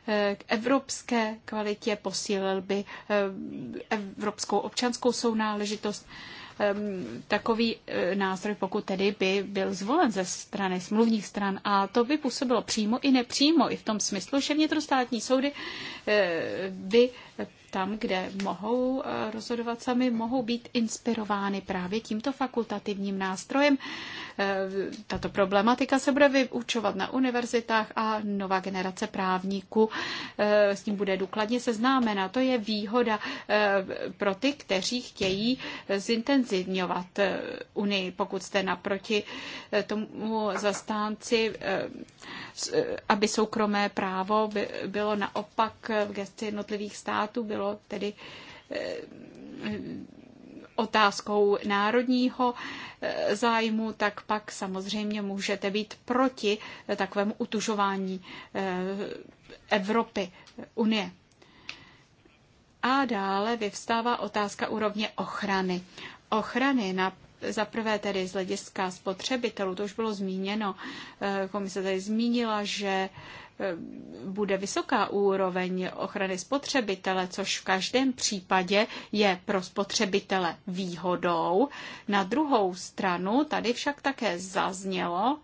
eh, k evropské kvalitě, posílil by evropskou občanskou sounáležitost. Ehm, takový nástroj, pokud tedy by byl zvolen ze strany smluvních stran, a to by působilo přímo i nepřímo, i v tom smyslu, že vnitrostátní soudy by tam, kde mohou eh, rozhodovat sami, mohou být inspirovány právě tímto fakultativním nástrojem. Eh, tato problematika se bude vyučovat na univerzitách a nová generace právníků eh, s ním bude důkladně seznámena. To je výhoda pro ty, kteří chtějí zintenzivňovat Unii, pokud jste naproti tomu zastánci, aby soukromé právo bylo naopak v gesti jednotlivých států státu bylo tedy eh, otázkou národního eh, zájmu, tak pak samozřejmě můžete být proti eh, takovému utužování Evropy, Unie. A dále vyvstává otázka úrovně ochrany. Ochrany na za prvé tedy z hlediska spotřebitelů, to už bylo zmíněno, komise tady zmínila, že bude vysoká úroveň ochrany spotřebitele, což v každém případě je pro spotřebitele výhodou. Na druhou stranu tady však také zaznělo,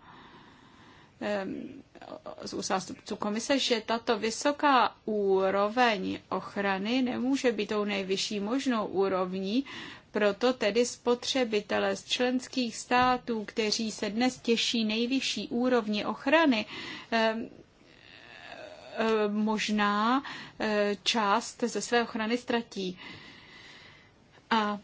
z zástupců komise, že tato vysoká úroveň ochrany nemůže být tou nejvyšší možnou úrovní, proto tedy spotřebitele z členských států, kteří se dnes těší nejvyšší úrovni ochrany, Eh, možná eh, část ze své ochrany ztratí. A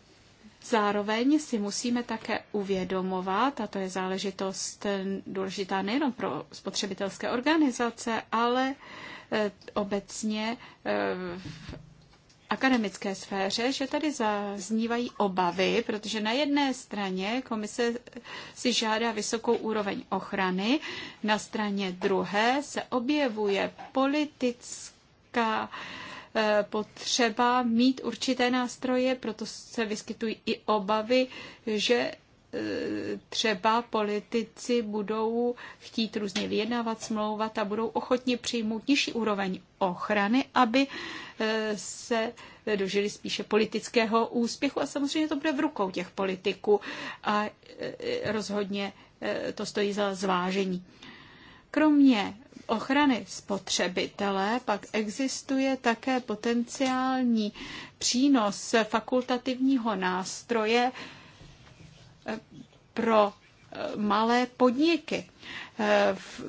Zároveň si musíme také uvědomovat, a to je záležitost eh, důležitá nejenom pro spotřebitelské organizace, ale obecně v akademické sféře, že tady zaznívají obavy, protože na jedné straně komise si žádá vysokou úroveň ochrany, na straně druhé se objevuje politická eh, potřeba mít určité nástroje, proto se vyskytují i obavy, že třeba politici budou chtít různě vyjednávat, smlouvat a budou ochotně přijmout nižší úroveň ochrany, aby eh, se dožili spíše politického úspěchu. A samozřejmě to bude v rukou těch politiků a eh, rozhodně eh, to stojí za zvážení. Kromě ochrany spotřebitele pak existuje také potenciální přínos fakultativního nástroje pro eh, malé podniky v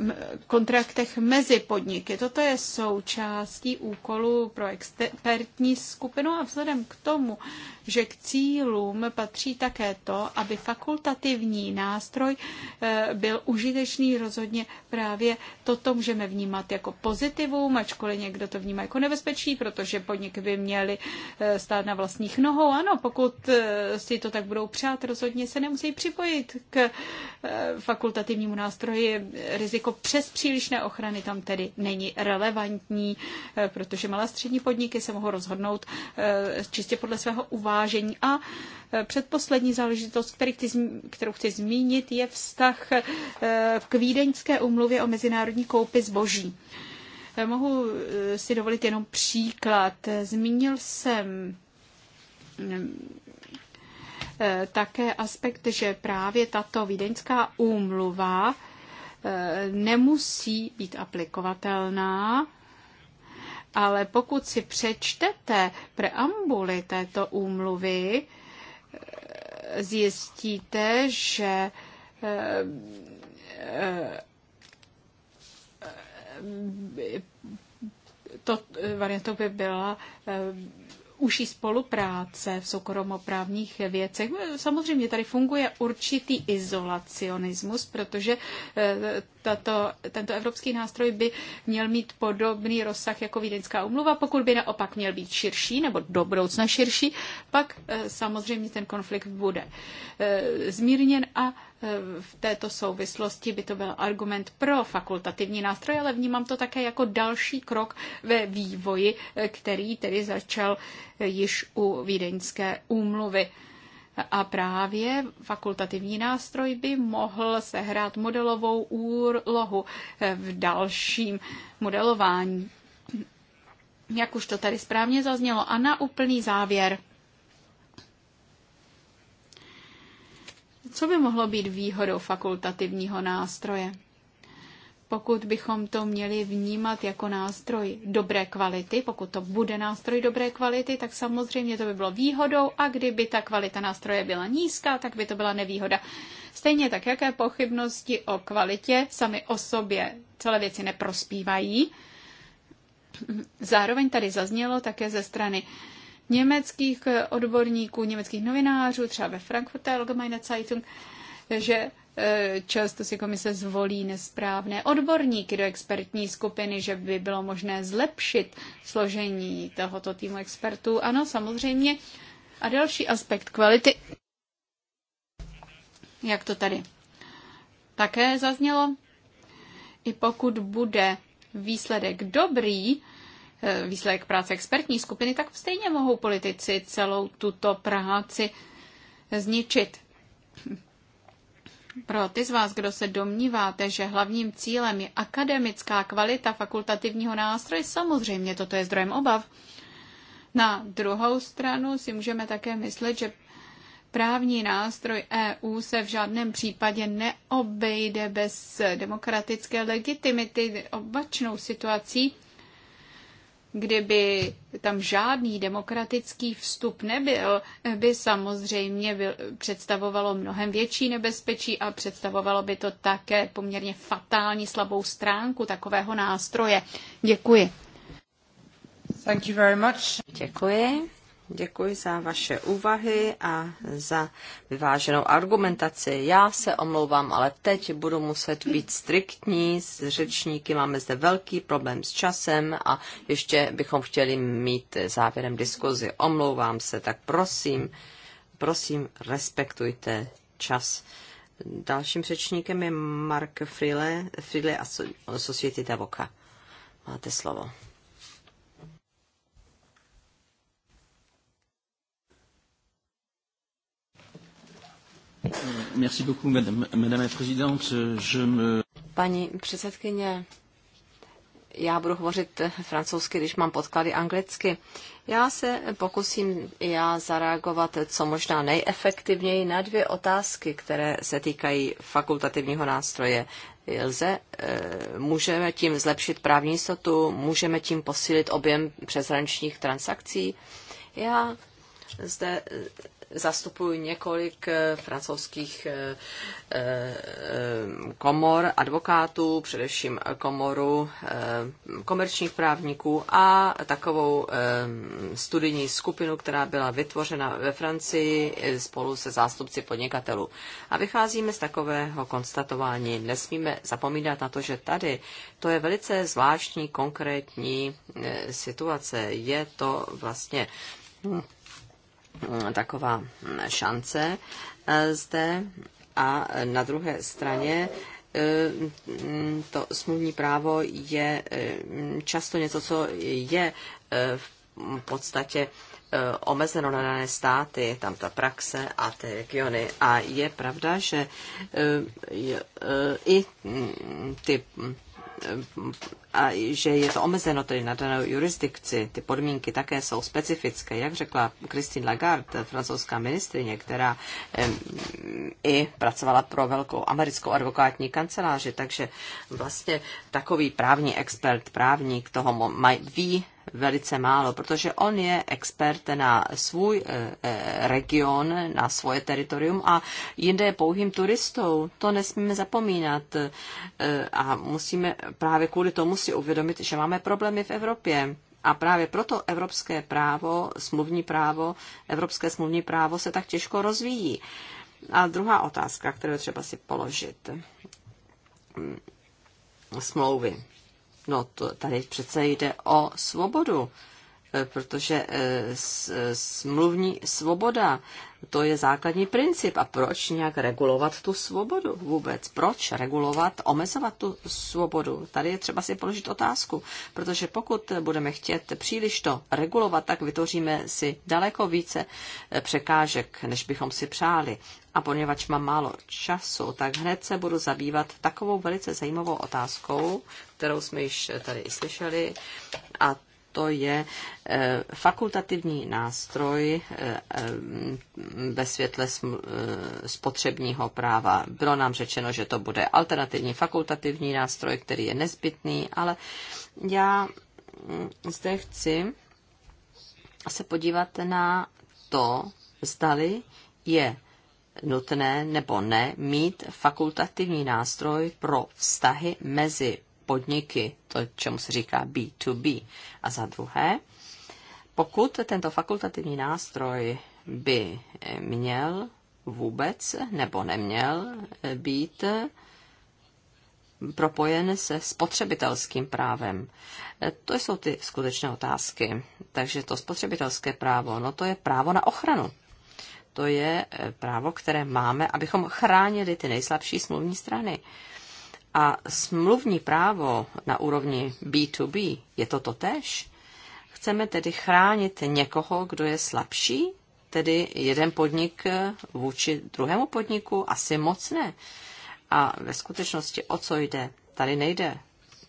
kontraktech mezi podniky. Toto je součástí úkolu pro expertní skupinu a vzhledem k tomu, že k cílům patří také to, aby fakultativní nástroj e, byl užitečný rozhodně právě toto můžeme vnímat jako pozitivum, ačkoliv někdo to vnímá jako nebezpečí, protože podniky by měly e, stát na vlastních nohou. Ano, pokud e, si to tak budou přát, rozhodně se nemusí připojit k fakultativnímu nástroji nástroji. Riziko přes přílišné ochrany tam tedy není relevantní, eh, protože malé střední podniky se mohou rozhodnout eh, čistě podle svého uvážení. A eh, předposlední záležitost, který chci, kterou chci zmínit, je vztah k Vídeňské umluvě o mezinárodní koupi zboží. Mohu si dovolit jenom příklad. Zmínil jsem mm, také aspekt, že právě tato vídeňská úmluva E, nemusí být aplikovatelná, ale pokud si přečtete preambuly této úmluvy, e, zjistíte, že e, to variantou by byla užší spolupráce v soukromoprávních věcech. Samozřejmě tady funguje určitý izolacionismus, protože eh, tato, tento evropský nástroj by měl mít podobný rozsah jako Vídeňská umluva. Pokud by naopak měl být širší nebo do budoucna širší, pak eh, samozřejmě ten konflikt bude eh, zmírněn a eh, v této souvislosti by to byl argument pro fakultativní nástroj, ale vnímám to také jako další krok ve vývoji, který tedy začal již u Vídeňské úmluvy. A právě fakultativní nástroj by mohl sehrát modelovou úlohu v dalším modelování. Jak už to tady správně zaznělo. A na úplný závěr. Co by mohlo být výhodou fakultativního nástroje? pokud bychom to měli vnímat jako nástroj dobré kvality, pokud to bude nástroj dobré kvality, tak samozřejmě to by bylo výhodou a kdyby ta kvalita nástroje byla nízká, tak by to byla nevýhoda. Stejně tak, jaké pochybnosti o kvalitě sami o sobě celé věci neprospívají. Zároveň tady zaznělo také ze strany německých odborníků, německých novinářů, třeba ve Frankfurter Allgemeine Zeitung, že Eh, často si komise zvolí nesprávné odborníky do expertní skupiny, že by bylo možné zlepšit složení tohoto týmu expertů. Ano, samozřejmě. A další aspekt kvality. Jak to tady také zaznělo, i pokud bude výsledek dobrý, eh, výsledek práce expertní skupiny, tak stejně mohou politici celou tuto práci zničit. Pro ty z vás, kdo se domníváte, že hlavním cílem je akademická kvalita fakultativního nástroje, samozřejmě toto je zdrojem obav. Na druhou stranu si můžeme také myslet, že právní nástroj EU se v žádném případě neobejde bez demokratické legitimity. obačnou situací Kdyby tam žádný demokratický vstup nebyl, by samozřejmě představovalo mnohem větší nebezpečí a představovalo by to také poměrně fatální slabou stránku takového nástroje. Děkuji. Thank you very much. Děkuji. Děkuji za vaše úvahy a za vyváženou argumentaci. Já se omlouvám, ale teď budu muset být striktní s řečníky. Máme zde velký problém s časem a ještě bychom chtěli mít závěrem diskuzi. Omlouvám se, tak prosím, prosím, respektujte čas. Dalším řečníkem je Mark Frile, Frile a Society Davoka. Máte slovo. Paní předsedkyně, já budu hovořit francouzsky, když mám podklady anglicky. Já se pokusím já zareagovat co možná nejefektivněji na dvě otázky, které se týkají fakultativního nástroje. Lze, eh, můžeme tím zlepšit právní jistotu, můžeme tím posílit objem přeshraničních transakcí. Já zde zastupuji několik eh, francouzských eh, eh, komor advokátů, především komoru komerčních právníků a takovou studijní skupinu, která byla vytvořena ve Francii spolu se zástupci podnikatelů. A vycházíme z takového konstatování. Nesmíme zapomínat na to, že tady to je velice zvláštní konkrétní situace. Je to vlastně hm, Mm, taková šance eh, zde a na druhé straně eh, mm, to smluvní právo je eh, často něco, co je v podstatě omezeno na dané státy, tam ta praxe a ty regiony. A je pravda, že i mm, ty a že je to omezeno tedy na danou jurisdikci. Ty podmínky také jsou specifické. Jak řekla Christine Lagarde, francouzská ministrině, která i pracovala pro velkou americkou advokátní kanceláři, takže vlastně takový právní expert, právník toho ví velice málo, protože on je expert na svůj e, e, region, na svoje teritorium a jinde je pouhým turistou. To nesmíme zapomínat e, a musíme právě kvůli tomu si uvědomit, že máme problémy v Evropě. A právě proto evropské právo, smluvní právo, evropské smluvní právo se tak těžko rozvíjí. A druhá otázka, kterou třeba si položit. Smlouvy. No, to, tady přece jde o svobodu Eh, protože eh, eh, smluvní svoboda, to je základní princip. A proč nějak regulovat tu svobodu vůbec? Proč regulovat, omezovat tu svobodu? Tady je třeba si položit otázku, protože pokud budeme chtět příliš to regulovat, tak vytvoříme si daleko více překážek, než bychom si přáli. A poněvadž mám málo času, tak hned se budu zabývat takovou velice zajímavou otázkou, kterou jsme již tady i slyšeli, a to je eh, fakultativní nástroj eh, ve světle eh, spotřebního práva. Bylo nám řečeno, že to bude alternativní fakultativní nástroj, který je nezbytný, ale já mm, zde chci se podívat na to, zdali je nutné nebo ne mít fakultativní nástroj pro vztahy mezi podniky, to, čemu se říká B2B. A za druhé, pokud tento fakultativní nástroj by eh, měl vůbec nebo neměl eh, být eh, propojen se spotřebitelským právem. To jsou ty skutečné otázky. Takže to spotřebitelské právo, no to je právo na ochranu. To je právo, které máme, abychom chránili ty nejslabší smluvní strany. A smluvní právo na úrovni B2B je to totéž? Chceme tedy chránit někoho, kdo je slabší? Tedy jeden podnik vůči druhému podniku? Asi moc ne. A ve skutečnosti o co jde? Tady nejde.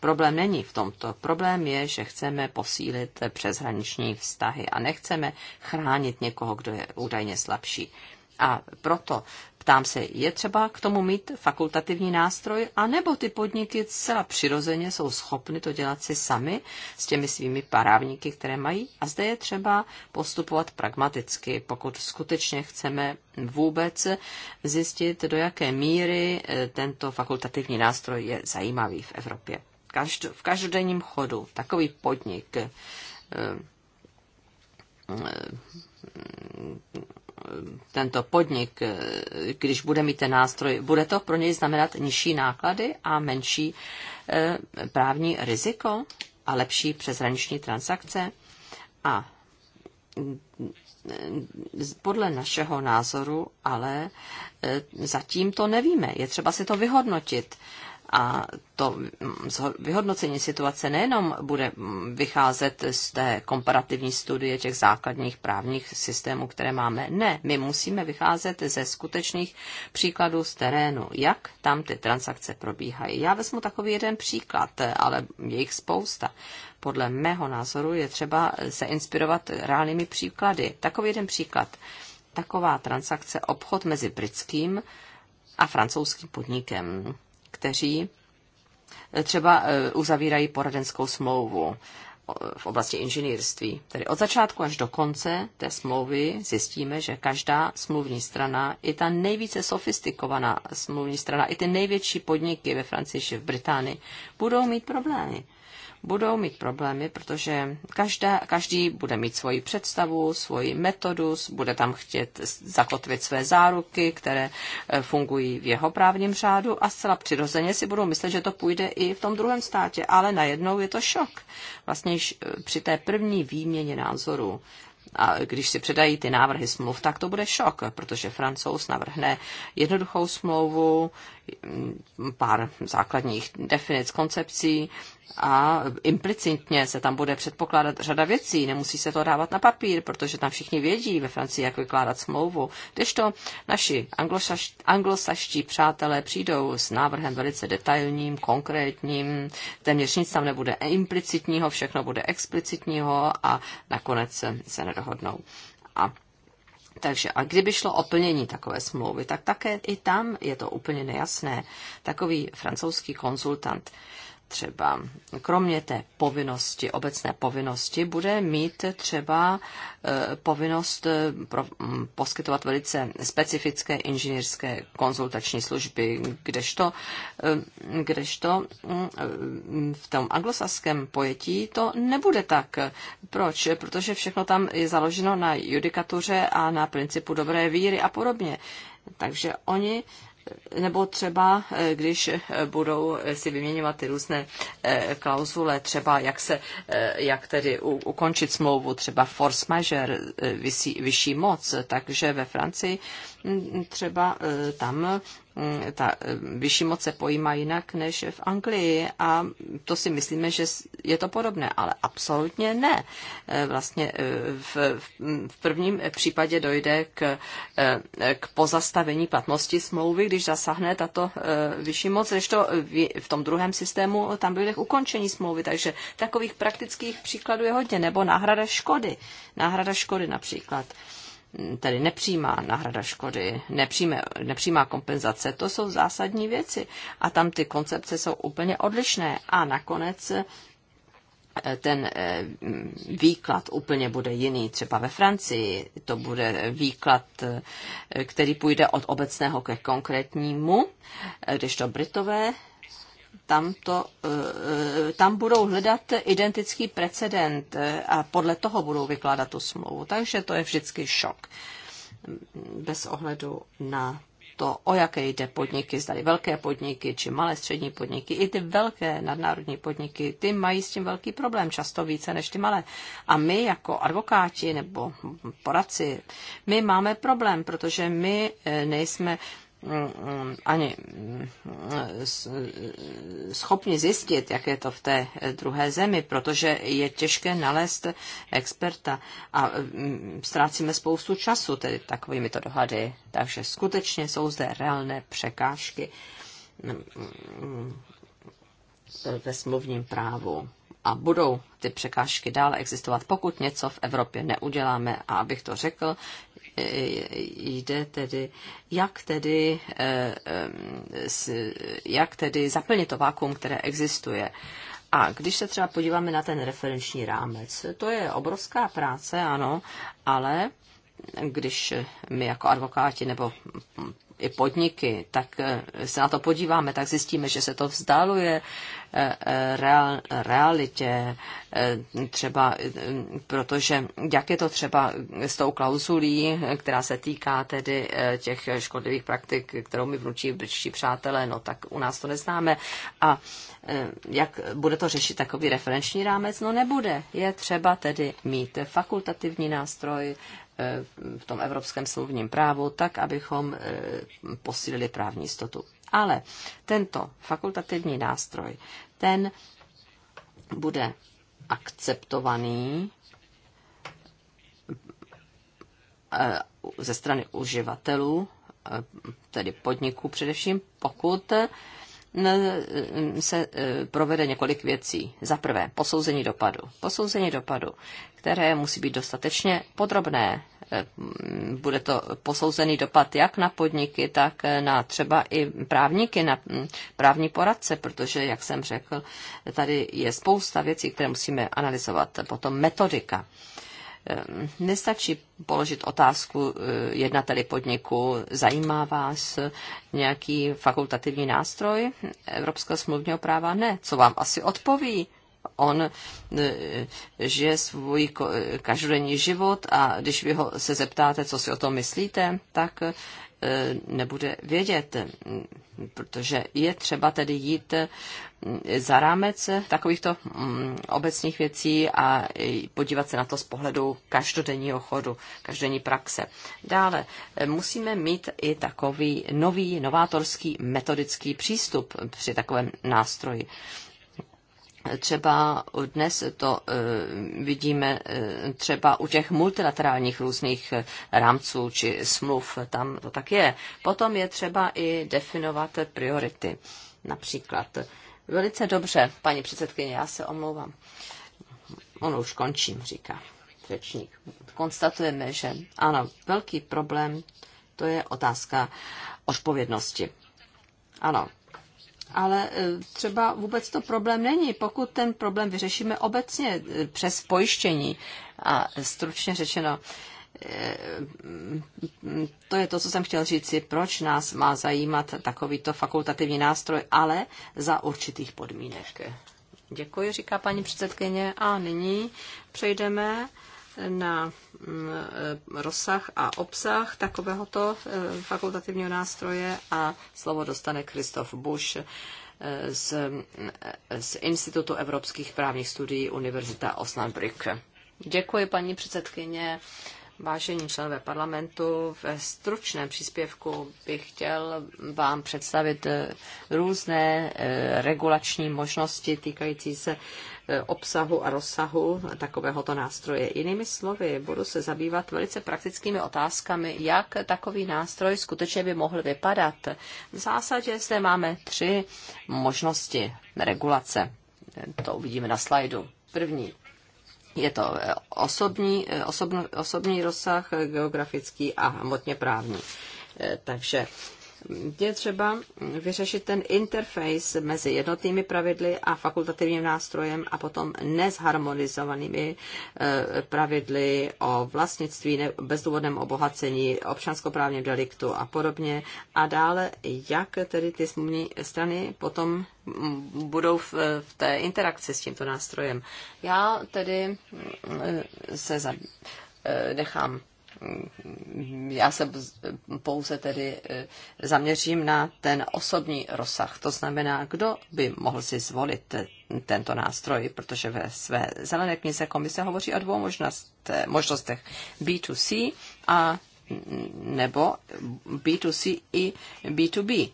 Problém není v tomto. Problém je, že chceme posílit přeshraniční vztahy a nechceme chránit někoho, kdo je údajně slabší. A proto ptám se, je třeba k tomu mít fakultativní nástroj, anebo ty podniky zcela přirozeně jsou schopny to dělat si sami s těmi svými parávníky, které mají. A zde je třeba postupovat pragmaticky, pokud skutečně chceme vůbec zjistit, do jaké míry eh, tento fakultativní nástroj je zajímavý v Evropě. V každodenním chodu takový podnik eh, eh, tento podnik, eh, když bude mít ten nástroj, bude to pro něj znamenat nižší náklady a menší eh, právní riziko a lepší přeshraniční transakce. A eh, podle našeho názoru, ale zatím to nevíme. Je třeba si to vyhodnotit. A to vyhodnocení situace nejenom bude vycházet z té komparativní studie těch základních právních systémů, které máme. Ne, my musíme vycházet ze skutečných příkladů z terénu, jak tam ty transakce probíhají. Já vezmu takový jeden příklad, ale je jich spousta. Podle mého názoru je třeba se inspirovat reálnými příklady. Takový jeden příklad. Taková transakce obchod mezi britským a francouzským podnikem kteří eh, třeba eh, uzavírají poradenskou smlouvu v oblasti inženýrství. Tedy od začátku až do konce té smlouvy zjistíme, že každá smluvní strana, i ta nejvíce sofistikovaná smluvní strana, i ty největší podniky ve Francii či v Británii, budou mít problémy budou mít problémy, protože každá, každý bude mít svoji představu, svoji metodu, bude tam chtět zakotvit své záruky, které eh, fungují v jeho právním řádu a zcela přirozeně si budou myslet, že to půjde i v tom druhém státě, ale najednou je to šok. Vlastně eh, při té první výměně názorů a když si předají ty návrhy smluv, tak to bude šok, protože francouz navrhne jednoduchou smlouvu, pár základních definic, koncepcí a implicitně se tam bude předpokládat řada věcí. Nemusí se to dávat na papír, protože tam všichni vědí ve Francii, jak vykládat smlouvu. to naši anglosaští přátelé přijdou s návrhem velice detailním, konkrétním, téměř nic tam nebude implicitního, všechno bude explicitního a nakonec se, se nedohodnou. A takže a kdyby šlo o plnění takové smlouvy, tak také i tam je to úplně nejasné. Takový francouzský konzultant třeba kromě té povinnosti, obecné povinnosti, bude mít třeba e, povinnost e, pro, poskytovat velice specifické inženýrské konzultační služby, kdežto, e, kdežto v tom anglosaském pojetí to nebude tak. Proč? Protože všechno tam je založeno na judikatuře a na principu dobré víry a podobně. Takže oni nebo třeba, eh, když eh, budou eh, si vyměňovat ty různé klauzule, třeba jak, se, jak tedy ukončit smlouvu, třeba force majeure, vyšší moc, takže ve Francii mm, třeba tam Eh, ta eh, vyšší moc se pojímá jinak než v Anglii a to si myslíme, že je to podobné, ale absolutně ne. Eh, vlastně v, v prvním případě dojde k, k pozastavení platnosti smlouvy, když zasáhne tato vyšší moc, než to v tom druhém systému tam dojde k ukončení smlouvy, takže takových praktických příkladů je hodně, nebo náhrada škody. Náhrada škody například tedy nepřímá náhrada škody, nepřímá, nepřímá kompenzace, to jsou zásadní věci. A tam ty koncepce jsou úplně odlišné. A nakonec eh, ten eh, výklad úplně bude jiný. Třeba ve Francii to bude výklad, eh, který půjde od obecného ke konkrétnímu, když to Britové tam, to, eh, eh, tam budou hledat identický precedent eh, a podle toho budou vykládat tu smlouvu. Takže to je vždycky šok. Bez ohledu na to, o jaké jde podniky, zdali velké podniky či malé střední podniky, i ty velké nadnárodní podniky, ty mají s tím velký problém, často více než ty malé. A my jako advokáti nebo poradci, my máme problém, protože my nejsme ani schopni zjistit, jak je to v té druhé zemi, protože je těžké nalézt experta a mm, ztrácíme spoustu času tedy takovými to dohady. Takže skutečně jsou zde reálné překážky mm, ve smluvním právu a budou ty překážky dále existovat, pokud něco v Evropě neuděláme. A abych to řekl, jde tedy, jak tedy, eh, eh, jak tedy zaplnit to vákuum, které existuje. A když se třeba podíváme na ten referenční rámec, to je obrovská práce, ano, ale když my jako advokáti nebo i podniky, tak eh, se na to podíváme, tak zjistíme, že se to vzdáluje Eh, eh, real, realitě, eh, třeba protože jak je to třeba s tou klauzulí, která se týká tedy těch škodlivých praktik, kterou mi vnučí britští přátelé, no tak u nás to neznáme. A jak bude to řešit takový referenční rámec? No nebude. Je třeba tedy mít fakultativní nástroj, v tom evropském slovním právu, tak abychom posílili právní jistotu. Ale tento fakultativní nástroj, ten bude akceptovaný eh, ze strany uživatelů, eh, tedy podniků především, pokud se eh, provede několik věcí. Za prvé, posouzení dopadu. Posouzení dopadu, které musí být dostatečně podrobné. Eh, bude to posouzený dopad jak na podniky, tak eh, na třeba i právníky, na mm, právní poradce, protože, jak jsem řekl, tady je spousta věcí, které musíme analyzovat. Potom metodika. Ehm, nestačí položit otázku eh, jednateli podniku, zajímá vás nějaký fakultativní nástroj Evropského smluvního práva? Ne. Co vám asi odpoví? On eh, žije svůj eh, každodenní život a když vy ho se zeptáte, co si o tom myslíte, tak nebude vědět protože je třeba tedy jít mm, za rámec takovýchto mm, obecných věcí a podívat se na to z pohledu každodenního chodu, každodenní praxe. Dále eh, musíme mít i takový nový, novátorský metodický přístup při takovém nástroji třeba dnes to eh, vidíme eh, třeba u těch multilaterálních různých eh, rámců či smluv, tam to tak je. Potom je třeba i definovat priority. Například. Velice dobře, paní předsedkyně, já se omlouvám. Ono už končím, říká řečník. Konstatujeme, že ano, velký problém to je otázka odpovědnosti. Ano, ale e, třeba vůbec to problém není, pokud ten problém vyřešíme obecně e, přes pojištění. A stručně řečeno, e, to je to, co jsem chtěl říct si, proč nás má zajímat takovýto fakultativní nástroj, ale za určitých podmínek. Děkuji, říká paní předsedkyně. A nyní přejdeme na mm, e, rozsah a obsah takovéhoto e, fakultativního nástroje a slovo dostane Kristof Bush e, z, z Institutu evropských právních studií Univerzita Osnabrück. Děkuji, paní předsedkyně. Vážení členové parlamentu, ve stručném příspěvku bych chtěl vám představit eh, různé eh, regulační možnosti týkající se eh, obsahu a rozsahu takovéhoto nástroje. Jinými slovy, budu se zabývat velice praktickými otázkami, jak takový nástroj skutečně by mohl vypadat. V zásadě zde máme tři možnosti regulace. To uvidíme na slajdu. První je to eh, osobní, eh, osobno, osobní rozsah, eh, geografický a hmotně právní. Takže je třeba vyřešit ten interface mezi jednotnými pravidly a fakultativním nástrojem a potom nezharmonizovanými eh, pravidly o vlastnictví, bezdůvodném obohacení, občanskoprávním deliktu a podobně. A dále, jak tedy ty smluvní strany potom budou v, v té interakci s tímto nástrojem. Já tedy mm, eh, se za, eh, nechám já se pouze tedy e, zaměřím na ten osobní rozsah. To znamená, kdo by mohl si zvolit tento nástroj, protože ve své zelené knize komise hovoří o dvou možnostech B2C a nebo B2C i B2B.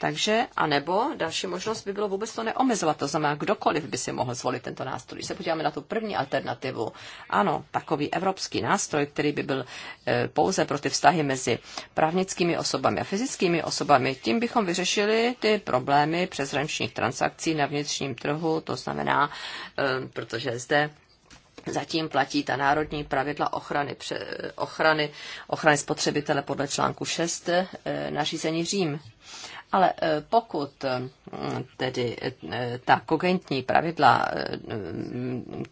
Takže, anebo další možnost by bylo vůbec to neomezovat, to znamená, kdokoliv by si mohl zvolit tento nástroj. Když se podíváme na tu první alternativu, ano, takový evropský nástroj, který by byl e, pouze pro ty vztahy mezi právnickými osobami a fyzickými osobami, tím bychom vyřešili ty problémy přeshraničních transakcí na vnitřním trhu, to znamená, e, protože zde Zatím platí ta národní pravidla ochrany, ochrany, ochrany spotřebitele podle článku 6 e, nařízení Řím. Ale eh, pokud eh, tedy eh, ta kogentní pravidla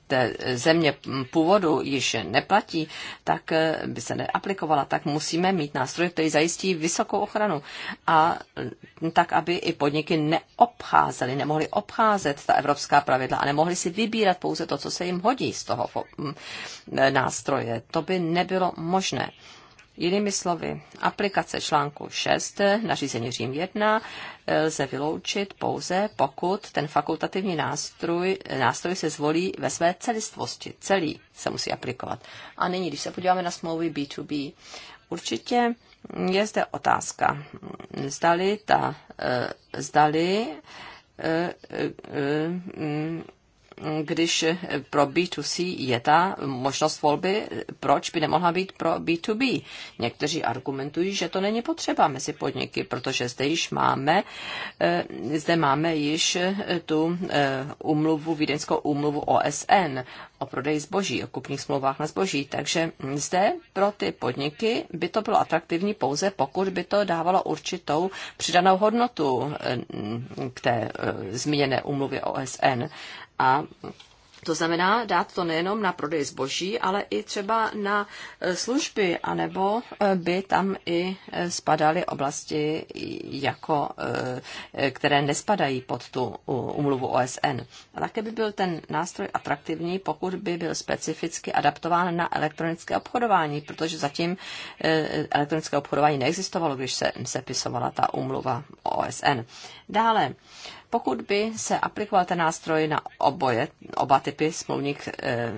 té země původu již neplatí, tak by se neaplikovala, tak musíme mít nástroj, který zajistí vysokou ochranu. A tak, aby i podniky neobcházely, nemohly obcházet ta evropská pravidla a nemohly si vybírat pouze to, co se jim hodí z toho mm, nástroje. To by nebylo možné. Jinými slovy, aplikace článku 6 nařízení Řím 1 lze vyloučit pouze, pokud ten fakultativní nástroj, nástroj se zvolí ve své celistvosti. Celý se musí aplikovat. A nyní, když se podíváme na smlouvy B2B, určitě je zde otázka, zdali, ta, eh, zdali eh, eh, mm, když pro B2C je ta možnost volby, proč by nemohla být pro B2B? Někteří argumentují, že to není potřeba mezi podniky, protože zde již máme, eh, zde máme již eh, tu eh, umluvu, vídeňskou umluvu OSN o prodeji zboží, o kupních smlouvách na zboží. Takže zde pro ty podniky by to bylo atraktivní pouze, pokud by to dávalo určitou přidanou hodnotu k té zmíněné umluvě OSN. A to znamená dát to nejenom na prodej zboží, ale i třeba na e, služby, anebo e, by tam i e, spadaly oblasti, jako, které nespadají pod tu umluvu OSN. A také by byl ten nástroj atraktivní, pokud by byl specificky adaptován na elektronické obchodování, protože zatím elektronické obchodování neexistovalo, když se sepisovala ta umluva OSN. Dále, pokud by se aplikoval ten nástroj na oboje, oba typy smluvních eh,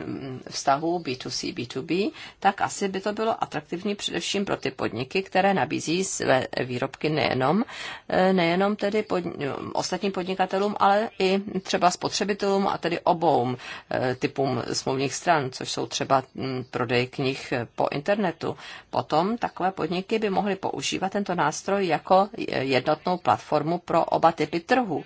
vztahů B2C, B2B, tak asi by to bylo atraktivní především pro ty podniky, které nabízí své výrobky nejenom, eh, nejenom tedy pod, ostatním podnikatelům, ale i třeba spotřebitelům a tedy obou eh, typům smluvních stran, což jsou třeba hm, prodej knih po internetu. Potom takové podniky by mohly používat tento nástroj jako jednotnou platformu pro oba typy trhu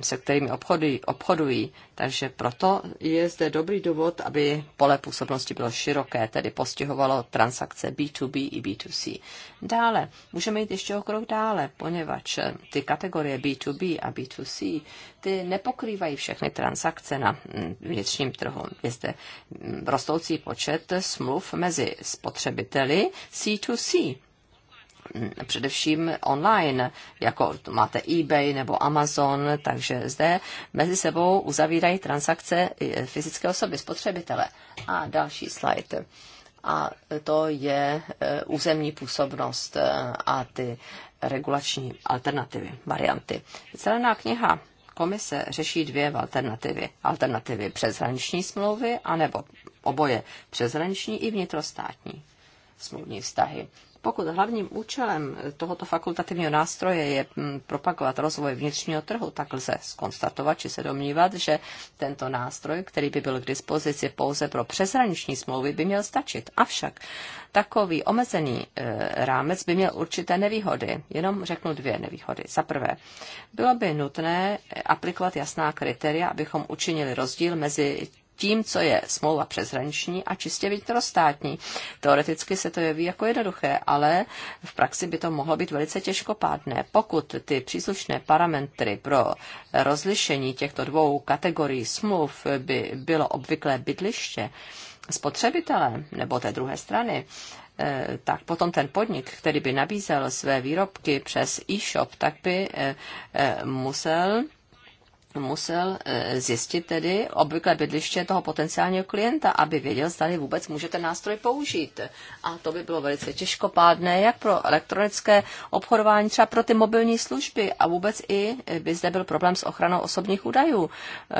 se kterými obchodují, obchodují. Takže proto je zde dobrý důvod, aby pole působnosti bylo široké, tedy postihovalo transakce B2B i B2C. Dále můžeme jít ještě o krok dále, poněvadž ty kategorie B2B a B2C ty nepokrývají všechny transakce na vnitřním trhu. Je zde rostoucí počet smluv mezi spotřebiteli C2C Eh, především online, jako máte eBay nebo Amazon, takže zde mezi sebou uzavírají transakce eh, fyzické osoby, spotřebitele. A další slide a to je eh, územní působnost a ty regulační alternativy, varianty. Zelená kniha komise řeší dvě alternativy. Alternativy přeshraniční smlouvy anebo oboje přeshraniční i vnitrostátní smluvní vztahy. Pokud hlavním účelem tohoto fakultativního nástroje je mm, propagovat rozvoj vnitřního trhu, tak lze skonstatovat či se domnívat, že tento nástroj, který by byl k dispozici pouze pro přeshraniční smlouvy, by měl stačit. Avšak takový omezený e, rámec by měl určité nevýhody. Jenom řeknu dvě nevýhody. Za prvé, bylo by nutné aplikovat jasná kritéria, abychom učinili rozdíl mezi tím, co je smlouva přeshraniční a čistě vnitrostátní. Teoreticky se to jeví jako jednoduché, ale v praxi by to mohlo být velice těžkopádné. Pokud ty příslušné parametry pro rozlišení těchto dvou kategorií smluv by bylo obvyklé bydliště spotřebitele nebo té druhé strany, eh, tak potom ten podnik, který by nabízel své výrobky přes e-shop, tak by eh, eh, musel musel e, zjistit tedy obvyklé bydliště toho potenciálního klienta, aby věděl, zda vůbec může ten nástroj použít. A to by bylo velice těžkopádné, jak pro elektronické obchodování, třeba pro ty mobilní služby. A vůbec i by zde byl problém s ochranou osobních údajů, e,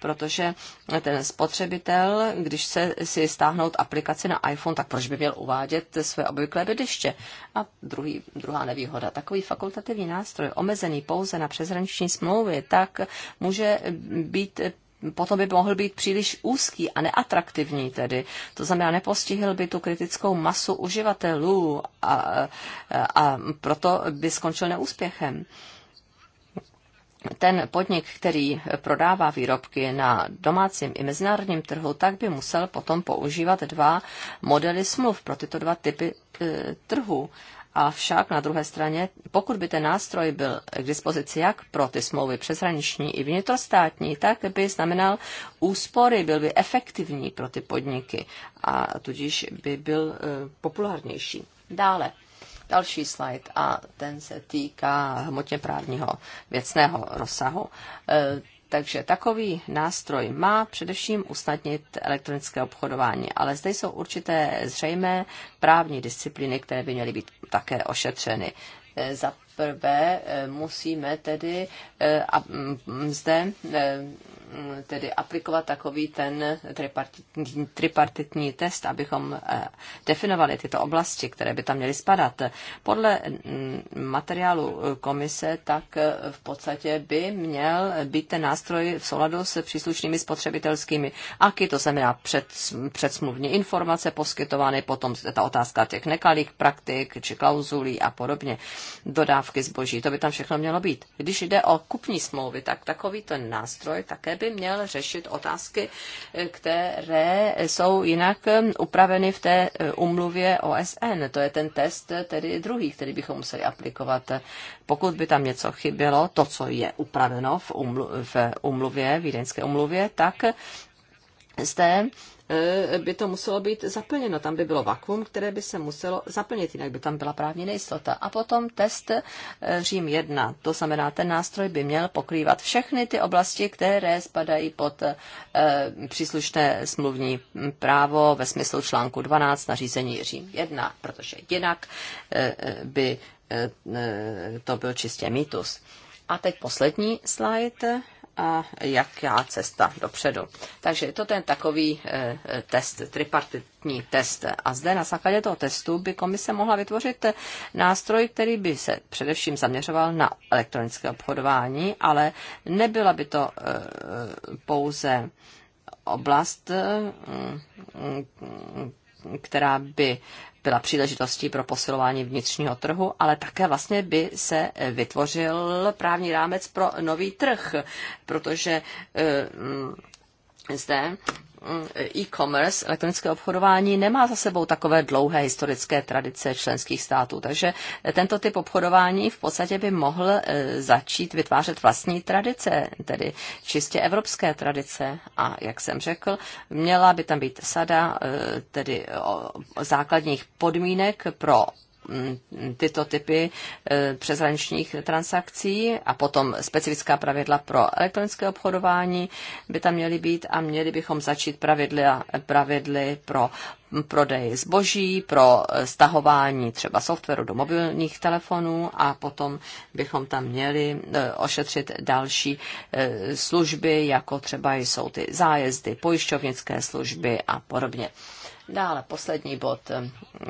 protože ten spotřebitel, když se si stáhnout aplikaci na iPhone, tak proč by měl uvádět své obvyklé bydliště? A druhý, druhá nevýhoda, takový fakultativní nástroj, omezený pouze na přeshraniční smlouvy, tak může být potom by mohl být příliš úzký a neatraktivní tedy. To znamená, nepostihl by tu kritickou masu uživatelů a, a, proto by skončil neúspěchem ten podnik, který prodává výrobky na domácím i mezinárodním trhu, tak by musel potom používat dva modely smluv pro tyto dva typy e, trhu. Avšak na druhé straně, pokud by ten nástroj byl k dispozici jak pro ty smlouvy přeshraniční i vnitrostátní, tak by znamenal úspory, byl by efektivní pro ty podniky a tudíž by byl eh, populárnější. Dále, další slide a ten se týká hmotně právního věcného rozsahu. Eh, takže takový nástroj má především usnadnit elektronické obchodování, ale zde jsou určité zřejmé právní disciplíny, které by měly být také ošetřeny. Eh, za prvé eh, musíme tedy eh, mm, zde tedy aplikovat takový ten tripartitní, tripartitní test, abychom eh, definovali tyto oblasti, které by tam měly spadat. Podle mm, materiálu eh, komise, tak eh, v podstatě by měl být ten nástroj v souladu s příslušnými spotřebitelskými aky, to znamená před, předsmluvní informace poskytovány, potom ta otázka těch nekalých praktik či klauzulí a podobně, dodávky zboží, to by tam všechno mělo být. Když jde o kupní smlouvy, tak takový ten nástroj také by měl řešit otázky, které jsou jinak eh, upraveny v té umluvě eh, OSN. To je ten test eh, tedy druhý, který bychom museli aplikovat. Pokud by tam něco chybělo, to, co je upraveno v, v umluvě, v vídeňské umluvě, tak zde Eh, by to muselo být zaplněno. Tam by bylo vakuum, které by se muselo zaplnit, jinak by tam byla právní nejistota. A potom test eh, Řím 1. To znamená, ten nástroj by měl pokrývat všechny ty oblasti, které spadají pod eh, příslušné smluvní právo ve smyslu článku 12 na řízení Řím 1, protože jinak by to byl čistě mýtus. A teď poslední slide a jaká cesta dopředu. Takže to ten takový eh, test, tripartitní test. A zde na základě toho testu by komise mohla vytvořit eh, nástroj, který by se především zaměřoval na elektronické obchodování, ale nebyla by to eh, pouze oblast, která by byla příležitostí pro posilování vnitřního trhu, ale také vlastně by se e, vytvořil právní rámec pro nový trh, protože e, zde Eh, e-commerce, elektronické obchodování, nemá za sebou takové dlouhé historické tradice členských států. Takže tento typ obchodování v podstatě by mohl eh, začít vytvářet vlastní tradice, tedy čistě evropské tradice. A jak jsem řekl, měla by tam být sada eh, tedy základních podmínek pro Mm, tyto typy eh, přeshraničních transakcí a potom specifická pravidla pro elektronické obchodování by tam měly být a měli bychom začít pravidly, pravidly pro prodej zboží, pro eh, stahování třeba softwaru do mobilních telefonů a potom bychom tam měli eh, ošetřit další služby, jako třeba jsou ty zájezdy, pojišťovnické služby a podobně. Dále poslední bod,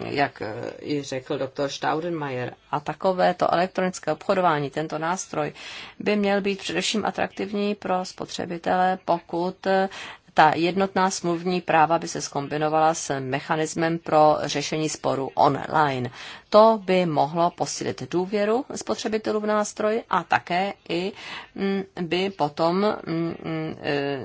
jak i řekl doktor Staudenmayer, a takové to elektronické obchodování, tento nástroj, by měl být především atraktivní pro spotřebitele, pokud ta jednotná smluvní práva by se skombinovala s mechanismem pro řešení sporu online. To by mohlo posílit důvěru spotřebitelů v nástroj a také i mm, by potom mm,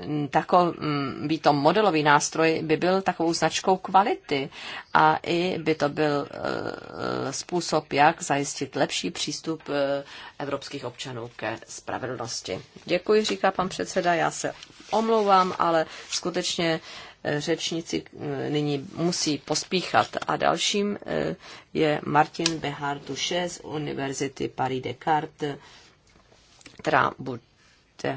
mm, takový to modelový nástroj by byl takovou značkou kvality a i by to byl eh, způsob, jak zajistit lepší přístup eh, evropských občanů ke spravedlnosti. Děkuji, říká pan předseda, já se omlouvám, ale skutečně řečníci eh, nyní musí pospíchat. A dalším eh, je Martin Behar Tuše z Univerzity Paris Descartes, která bude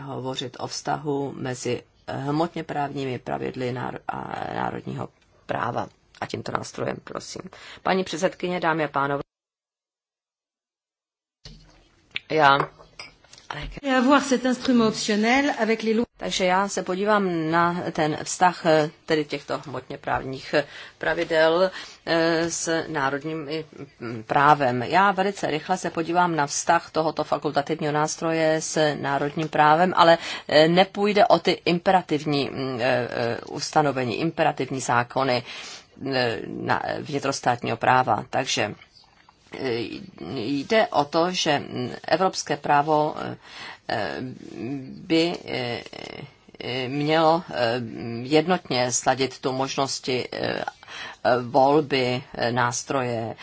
hovořit o vztahu mezi hmotně právními pravidly a národního práva a tímto nástrojem, prosím. Paní předsedkyně, dámy a pánové, já. Avoir cet instrument optionnel avec les takže já se podívám na ten vztah eh, tedy těchto hmotně právních eh, pravidel eh, s národním právem. Já velice rychle se podívám na vztah tohoto fakultativního nástroje s národním právem, ale nepůjde o ty imperativní mm, ustanovení, imperativní zákony vnitrostátního práva. Takže jde o to, že evropské právo eh, by eh, mělo eh, jednotně sladit tu možnosti volby nástroje,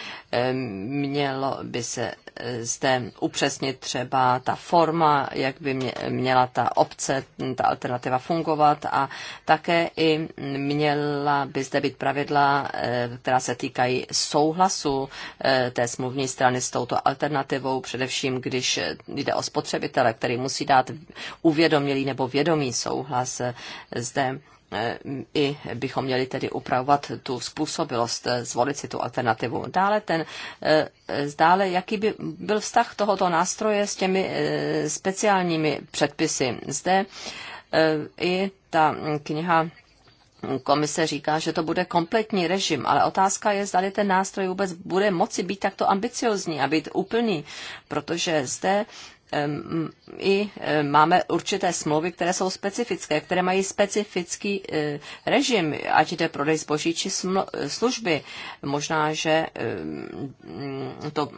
mělo by se zde upřesnit třeba ta forma, jak by měla ta obce, ta alternativa fungovat a také i měla by zde být pravidla, eh, která se týkají souhlasu eh, té smluvní strany s touto alternativou, především když jde o spotřebitele, který musí dát uvědomělý nebo vědomý souhlas. Eh, zde i bychom měli tedy upravovat tu způsobilost, eh, zvolit si tu alternativu. Dále ten, zdále eh, eh, jaký by byl vztah tohoto nástroje s těmi speciálními předpisy. Zde i ta kniha Komise říká, že to bude kompletní režim, ale otázka je, zda ten nástroj vůbec bude moci být takto ambiciozní a být úplný, protože zde Ehm, i ehm, máme určité smlouvy, které jsou specifické, které mají specifický eh, režim, ať jde prodej zboží či eh, služby. Možná, že ehm, to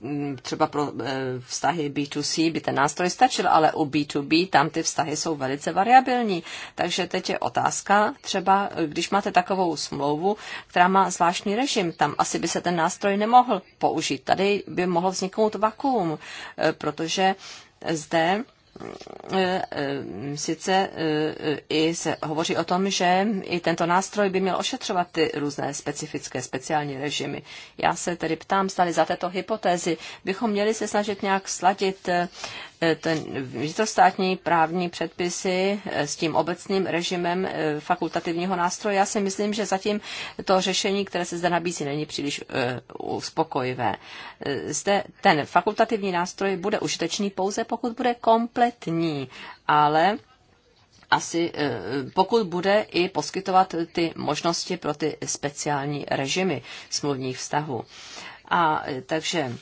mm, třeba pro eh, vztahy B2C by ten nástroj stačil, ale u B2B tam ty vztahy jsou velice variabilní. Takže teď je otázka, třeba když máte takovou smlouvu, která má zvláštní režim, tam asi by se ten nástroj nemohl použít. Tady by mohl vzniknout vakuum, protože protože zde e, e, sice e, i se hovoří o tom, že i tento nástroj by měl ošetřovat ty různé specifické, speciální režimy. Já se tedy ptám, stali za této hypotézy bychom měli se snažit nějak sladit Eh, ten vnitrostátní právní předpisy eh, s tím obecným režimem eh, fakultativního nástroje. Já si myslím, že zatím to řešení, které se zde nabízí, není příliš uspokojivé. Zde ten fakultativní nástroj bude užitečný pouze, pokud bude kompletní, ale asi, pokud bude i poskytovat ty možnosti pro ty speciální režimy smluvních vztahů. A takže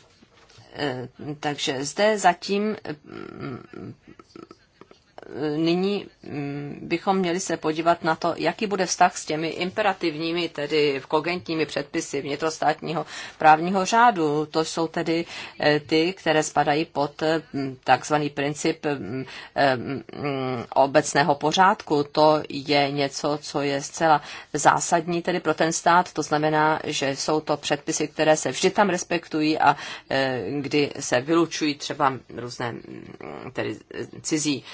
Eh, takže zde zatím mm, nyní mm, bychom měli se podívat na to, jaký bude vztah s těmi imperativními, tedy kogentními předpisy vnitrostátního právního řádu. To jsou tedy eh, ty, které spadají pod mm, takzvaný princip mm, eh, obecného pořádku. To je něco, co je zcela zásadní tedy pro ten stát. To znamená, že jsou to předpisy, které se vždy tam respektují a eh, kdy se vylučují třeba různé tedy cizí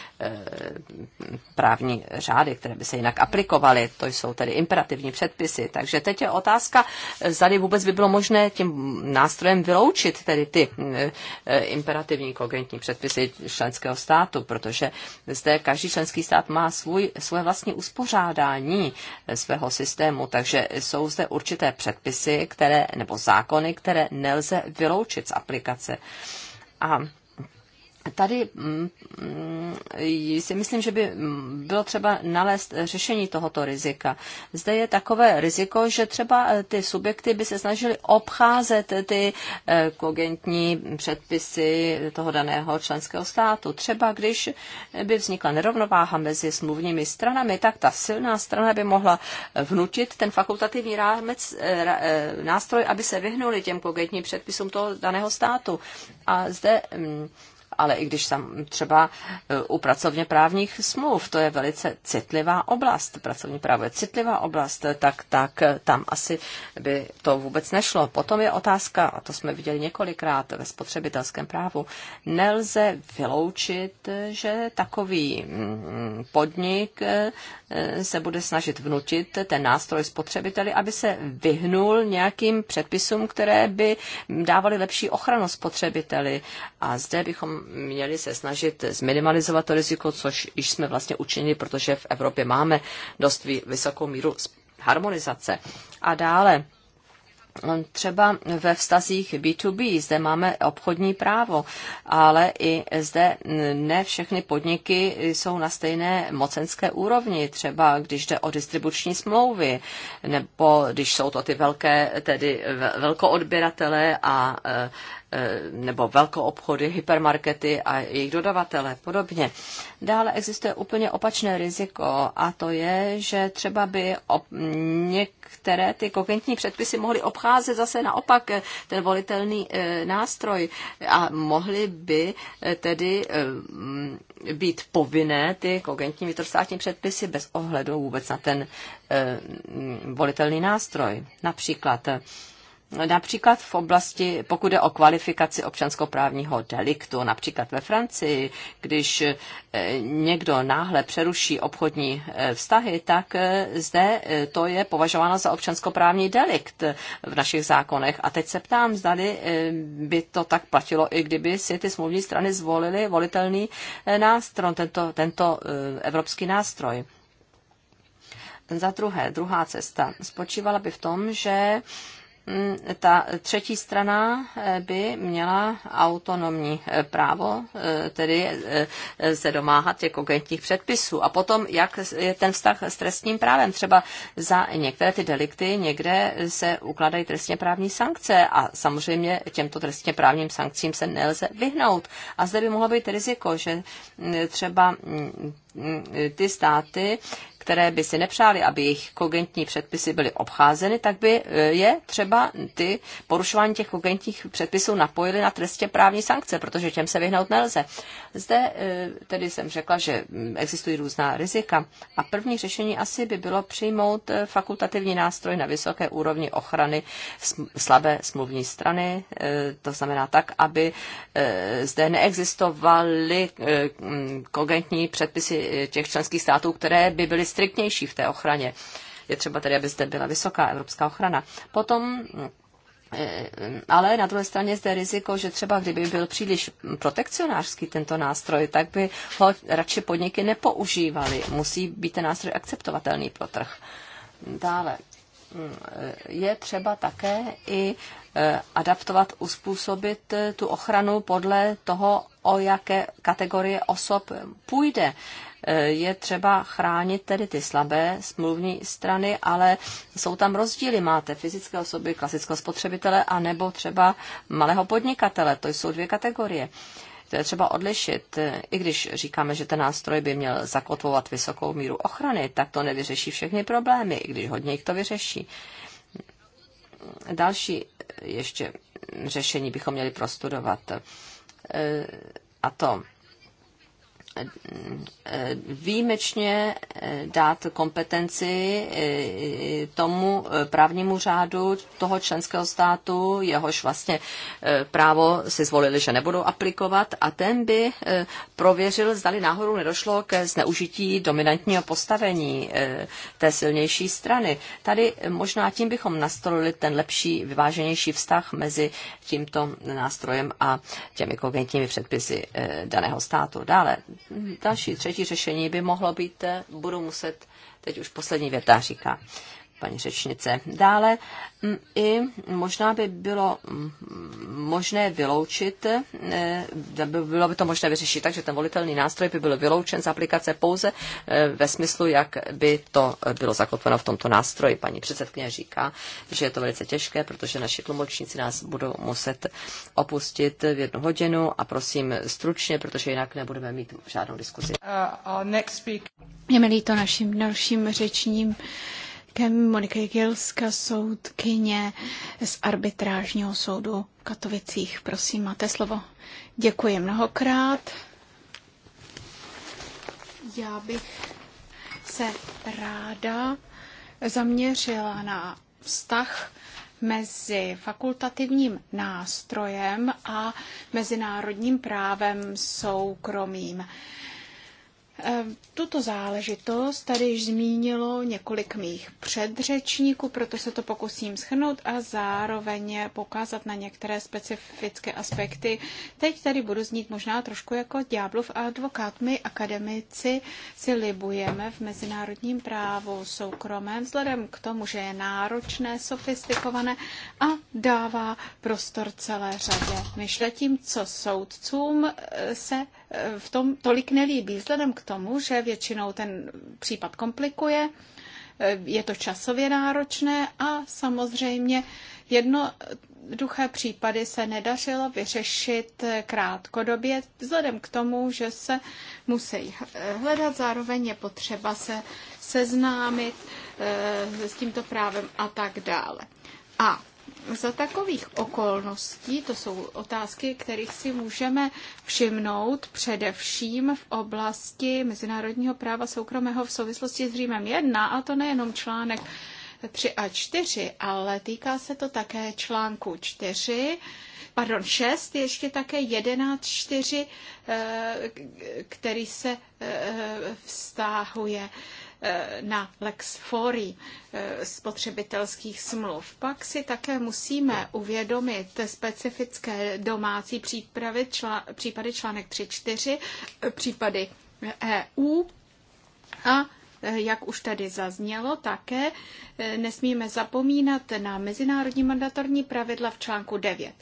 Eh, právní řády, které by se jinak aplikovaly. To jsou tedy imperativní předpisy. Takže teď je otázka, eh, zda vůbec by bylo možné tím nástrojem vyloučit tedy ty eh, imperativní kogentní předpisy členského státu, protože zde každý členský stát má svůj, svoje vlastní uspořádání svého systému, takže jsou zde určité předpisy, které, nebo zákony, které nelze vyloučit z aplikace. A tady mm, mm, si myslím, že by bylo třeba nalézt řešení tohoto rizika. Zde je takové riziko, že třeba e, ty subjekty by se snažili obcházet ty e, kogentní předpisy toho daného členského státu. Třeba když by vznikla nerovnováha mezi smluvními stranami, tak ta silná strana by mohla vnutit ten fakultativní rámec, e, nástroj, aby se vyhnuli těm kogentním předpisům toho daného státu. A zde mm, ale i když sam, třeba eh, u pracovně právních smluv, to je velice citlivá oblast, pracovní právo je citlivá oblast, eh, tak, tak eh, tam asi by to vůbec nešlo. Potom je otázka, a to jsme viděli několikrát ve spotřebitelském právu, nelze vyloučit, že takový mm, podnik se bude snažit vnutit ten nástroj spotřebiteli, aby se vyhnul nějakým předpisům, které by dávaly lepší ochranu spotřebiteli. A zde bychom měli se snažit zminimalizovat to riziko, což již jsme vlastně učinili, protože v Evropě máme dost vysokou míru harmonizace. A dále třeba ve vztazích B2B. Zde máme obchodní právo, ale i zde ne všechny podniky jsou na stejné mocenské úrovni, třeba když jde o distribuční smlouvy, nebo když jsou to ty velké, tedy velkoodběratele a Eh, nebo velkou obchody, hypermarkety a jejich dodavatele podobně. Dále existuje úplně opačné riziko a to je, že třeba by některé ty kogentní předpisy mohly obcházet zase naopak eh, ten volitelný eh, nástroj a mohly by tedy být povinné ty kogentní vnitrostátní předpisy bez ohledu vůbec na ten volitelný nástroj. Například Například v oblasti, pokud jde o kvalifikaci občanskoprávního deliktu, například ve Francii, když eh, někdo náhle přeruší obchodní eh, vztahy, tak eh, zde to je považováno za občanskoprávní delikt v našich zákonech. A teď se ptám, zda by to tak platilo, i kdyby si ty smluvní strany zvolily volitelný nástroj, tento, tento evropský nástroj. Za druhé, druhá cesta spočívala by v tom, že Mm, ta třetí strana eh, by měla autonomní eh, právo, eh, tedy se domáhat těch kogentních předpisů. A potom, jak je ten vztah s trestním právem. Třeba za některé ty delikty někde se ukladají trestně právní sankce a samozřejmě těmto trestně právním sankcím se nelze vyhnout. A zde by mohlo být riziko, že mm, třeba mm, ty státy, které by si nepřáli, aby jejich kogentní předpisy byly obcházeny, tak by e, je třeba ty porušování těch kogentních předpisů napojili na trestě právní sankce, protože těm se vyhnout nelze. Zde e, tedy jsem řekla, že mm, existují různá rizika a první řešení asi by bylo přijmout e, fakultativní nástroj na vysoké úrovni ochrany slabé smluvní strany, to znamená tak, aby zde neexistovaly mm, kogentní předpisy těch členských států, které by byly striktnější v té ochraně. Je třeba tedy, aby zde byla vysoká evropská ochrana. Potom eh, ale na druhé straně zde riziko, že třeba kdyby byl příliš protekcionářský tento nástroj, tak by ho radši podniky nepoužívaly. Musí být ten nástroj akceptovatelný pro trh. Dále hm, je třeba také i eh, adaptovat, uspůsobit eh, tu ochranu podle toho, o jaké kategorie osob půjde. Eh, je třeba chránit tedy ty slabé smluvní strany, ale jsou tam rozdíly. Máte fyzické osoby, klasického spotřebitele a nebo třeba malého podnikatele. To jsou dvě kategorie. To je třeba odlišit. Eh, I když říkáme, že ten nástroj by měl zakotvovat vysokou míru ochrany, tak to nevyřeší všechny problémy, i když hodně jich to vyřeší. Další eh, ještě mm, řešení bychom měli prostudovat. A to výjimečně eh, dát kompetenci eh, tomu eh, právnímu řádu toho členského státu, jehož vlastně právo si zvolili, že nebudou aplikovat a ten by prověřil, zdali náhodou nedošlo ke zneužití dominantního postavení té silnější strany. Tady možná tím bychom nastolili ten lepší, vyváženější vztah mezi tímto nástrojem a těmi kognitními předpisy daného státu. Dále další, třetí řešení by mohlo být, eh, budu muset, teď už poslední věta říká, paní řečnice. Dále mm, i možná by bylo mm, možné vyloučit, eh, bylo by to možné vyřešit tak, že ten volitelný nástroj by byl vyloučen z aplikace pouze eh, ve smyslu, jak by to eh, bylo zakotveno v tomto nástroji. Paní předsedkyně říká, že je to velice těžké, protože naši tlumočníci nás budou muset opustit v jednu hodinu a prosím stručně, protože jinak nebudeme mít žádnou diskuzi. Uh, next to Je mi líto naším dalším řečním Kem Monika Jigilska, soudkyně z arbitrážního soudu v Katovicích. Prosím, máte slovo. Děkuji mnohokrát. Já bych se ráda zaměřila na vztah mezi fakultativním nástrojem a mezinárodním právem soukromým. Tuto záležitost tady již zmínilo několik mých předřečníků, proto se to pokusím schrnout a zároveň pokázat na některé specifické aspekty. Teď tady budu znít možná trošku jako ďáblův advokát. My akademici si libujeme v mezinárodním právu soukromém vzhledem k tomu, že je náročné, sofistikované a dává prostor celé řadě myšletím, tím co soudcům eh, se v tom tolik nelíbí, vzhledem k tomu, že většinou ten případ komplikuje, je to časově náročné a samozřejmě jednoduché případy se nedařilo vyřešit krátkodobě, vzhledem k tomu, že se musí hledat, zároveň je potřeba se seznámit eh, s tímto právem a tak dále. A za takových okolností, to jsou otázky, kterých si můžeme všimnout především v oblasti mezinárodního práva soukromého v souvislosti s Římem 1, a to nejenom článek 3 a 4, ale týká se to také článku 4, pardon, 6, ještě také 11, 4, eh, který se eh, vztahuje Eh, na Lex Fori eh, spotřebitelských smluv. Pak si také musíme uvědomit specifické domácí přípravy, člá, případy článek 3.4, eh, případy EU a Eh, jak už tady zaznělo, také eh, nesmíme zapomínat na mezinárodní mandatorní pravidla v článku 9.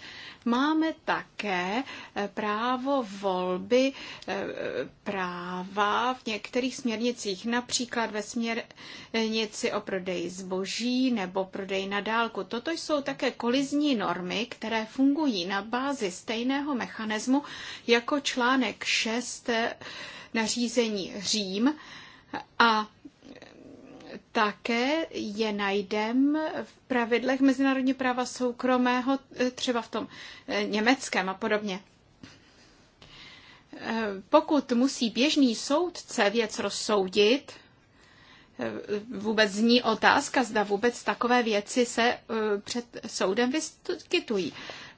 Máme také eh, právo volby práva v některých směrnicích, například ve směrnici o prodeji zboží nebo prodej na dálku. Toto jsou také kolizní normy, které fungují na bázi stejného mechanismu jako článek 6 nařízení Řím, a také je najdem v pravidlech mezinárodní práva soukromého, eh, třeba v tom eh, německém a podobně. Eh, pokud musí běžný soudce věc rozsoudit, vůbec zní otázka, zda vůbec takové věci se před soudem vyskytují.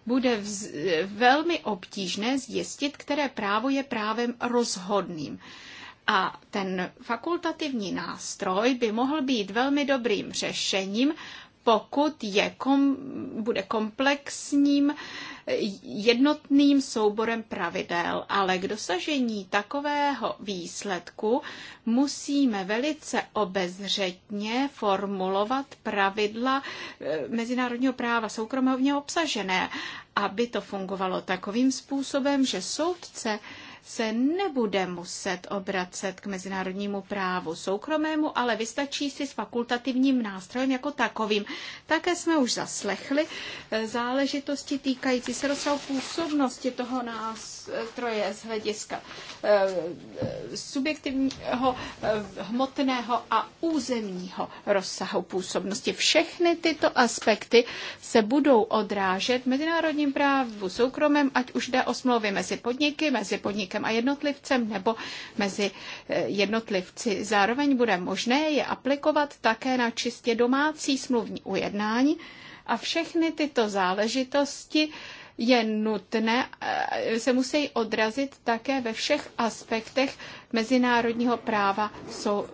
Bude vz, velmi obtížné zjistit, které právo je právem rozhodným. A ten fakultativní nástroj by mohl být velmi dobrým řešením, pokud je kom, bude komplexním jednotným souborem pravidel, ale k dosažení takového výsledku musíme velice obezřetně formulovat pravidla eh, mezinárodního práva soukromovně obsažené, aby to fungovalo takovým způsobem, že soudce se nebude muset obracet k mezinárodnímu právu soukromému, ale vystačí si s fakultativním nástrojem jako takovým. Také jsme už zaslechli eh, záležitosti týkající se rozsahu působnosti toho nástroje z hlediska eh, eh, subjektivního, hmotného a územního rozsahu působnosti. Všechny tyto aspekty se budou odrážet v mezinárodním právu soukromém, ať už jde o smlouvy mezi podniky, mezi podniky institucem a jednotlivcem nebo mezi eh, jednotlivci. Zároveň bude možné je aplikovat také na čistě domácí smluvní ujednání a všechny tyto záležitosti je nutné, eh, se musí odrazit také ve všech aspektech mezinárodního práva sou,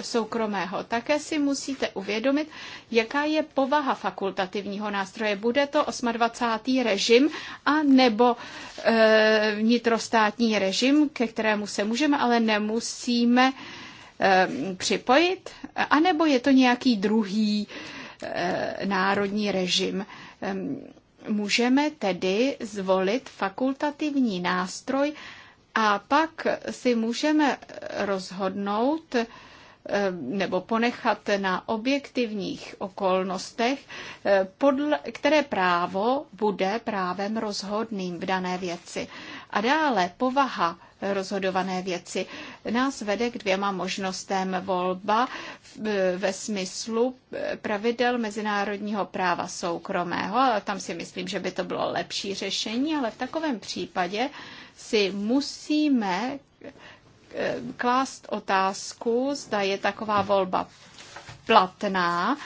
soukromého. Také si musíte uvědomit, jaká je povaha fakultativního nástroje. Bude to 28. režim a nebo e, vnitrostátní režim, ke kterému se můžeme, ale nemusíme e, připojit, nebo je to nějaký druhý e, národní režim. E, můžeme tedy zvolit fakultativní nástroj, a pak si můžeme rozhodnout, Eh, nebo ponechat na objektivních okolnostech, eh, podle, které právo bude právem rozhodným v dané věci. A dále povaha rozhodované věci nás vede k dvěma možnostem volba eh, ve smyslu pravidel mezinárodního práva soukromého. A tam si myslím, že by to bylo lepší řešení, ale v takovém případě si musíme Eh, klást otázku, zda je taková volba platná,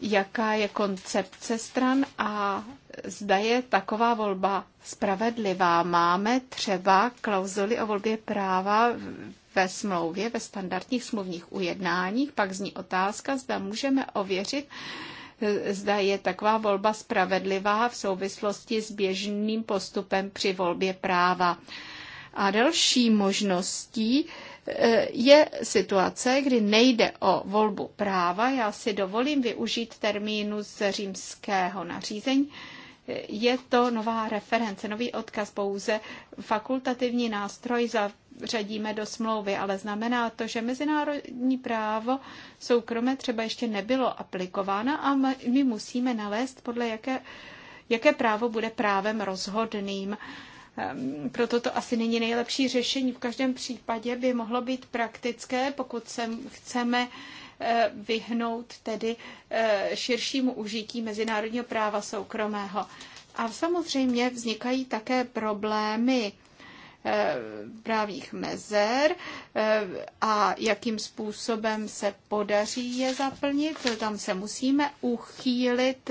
jaká je koncepce stran a zda je taková volba spravedlivá. Máme třeba klauzuly o volbě práva ve smlouvě, ve standardních smluvních ujednáních, pak zní otázka, zda můžeme ověřit, eh, zda je taková volba spravedlivá v souvislosti s běžným postupem při volbě práva. A další možností e, je situace, kdy nejde o volbu práva. Já si dovolím využít termínu z římského nařízení. Je to nová reference, nový odkaz pouze fakultativní nástroj zařadíme do smlouvy, ale znamená to, že mezinárodní právo soukromé třeba ještě nebylo aplikováno a my musíme nalézt, podle jaké, jaké právo bude právem rozhodným. Ehm, proto to asi není nejlepší řešení. V každém případě by mohlo být praktické, pokud se chceme eh, vyhnout tedy eh, širšímu užití mezinárodního práva soukromého. A samozřejmě vznikají také problémy eh, právních mezer a jakým způsobem se podaří je zaplnit. Tam se musíme uchýlit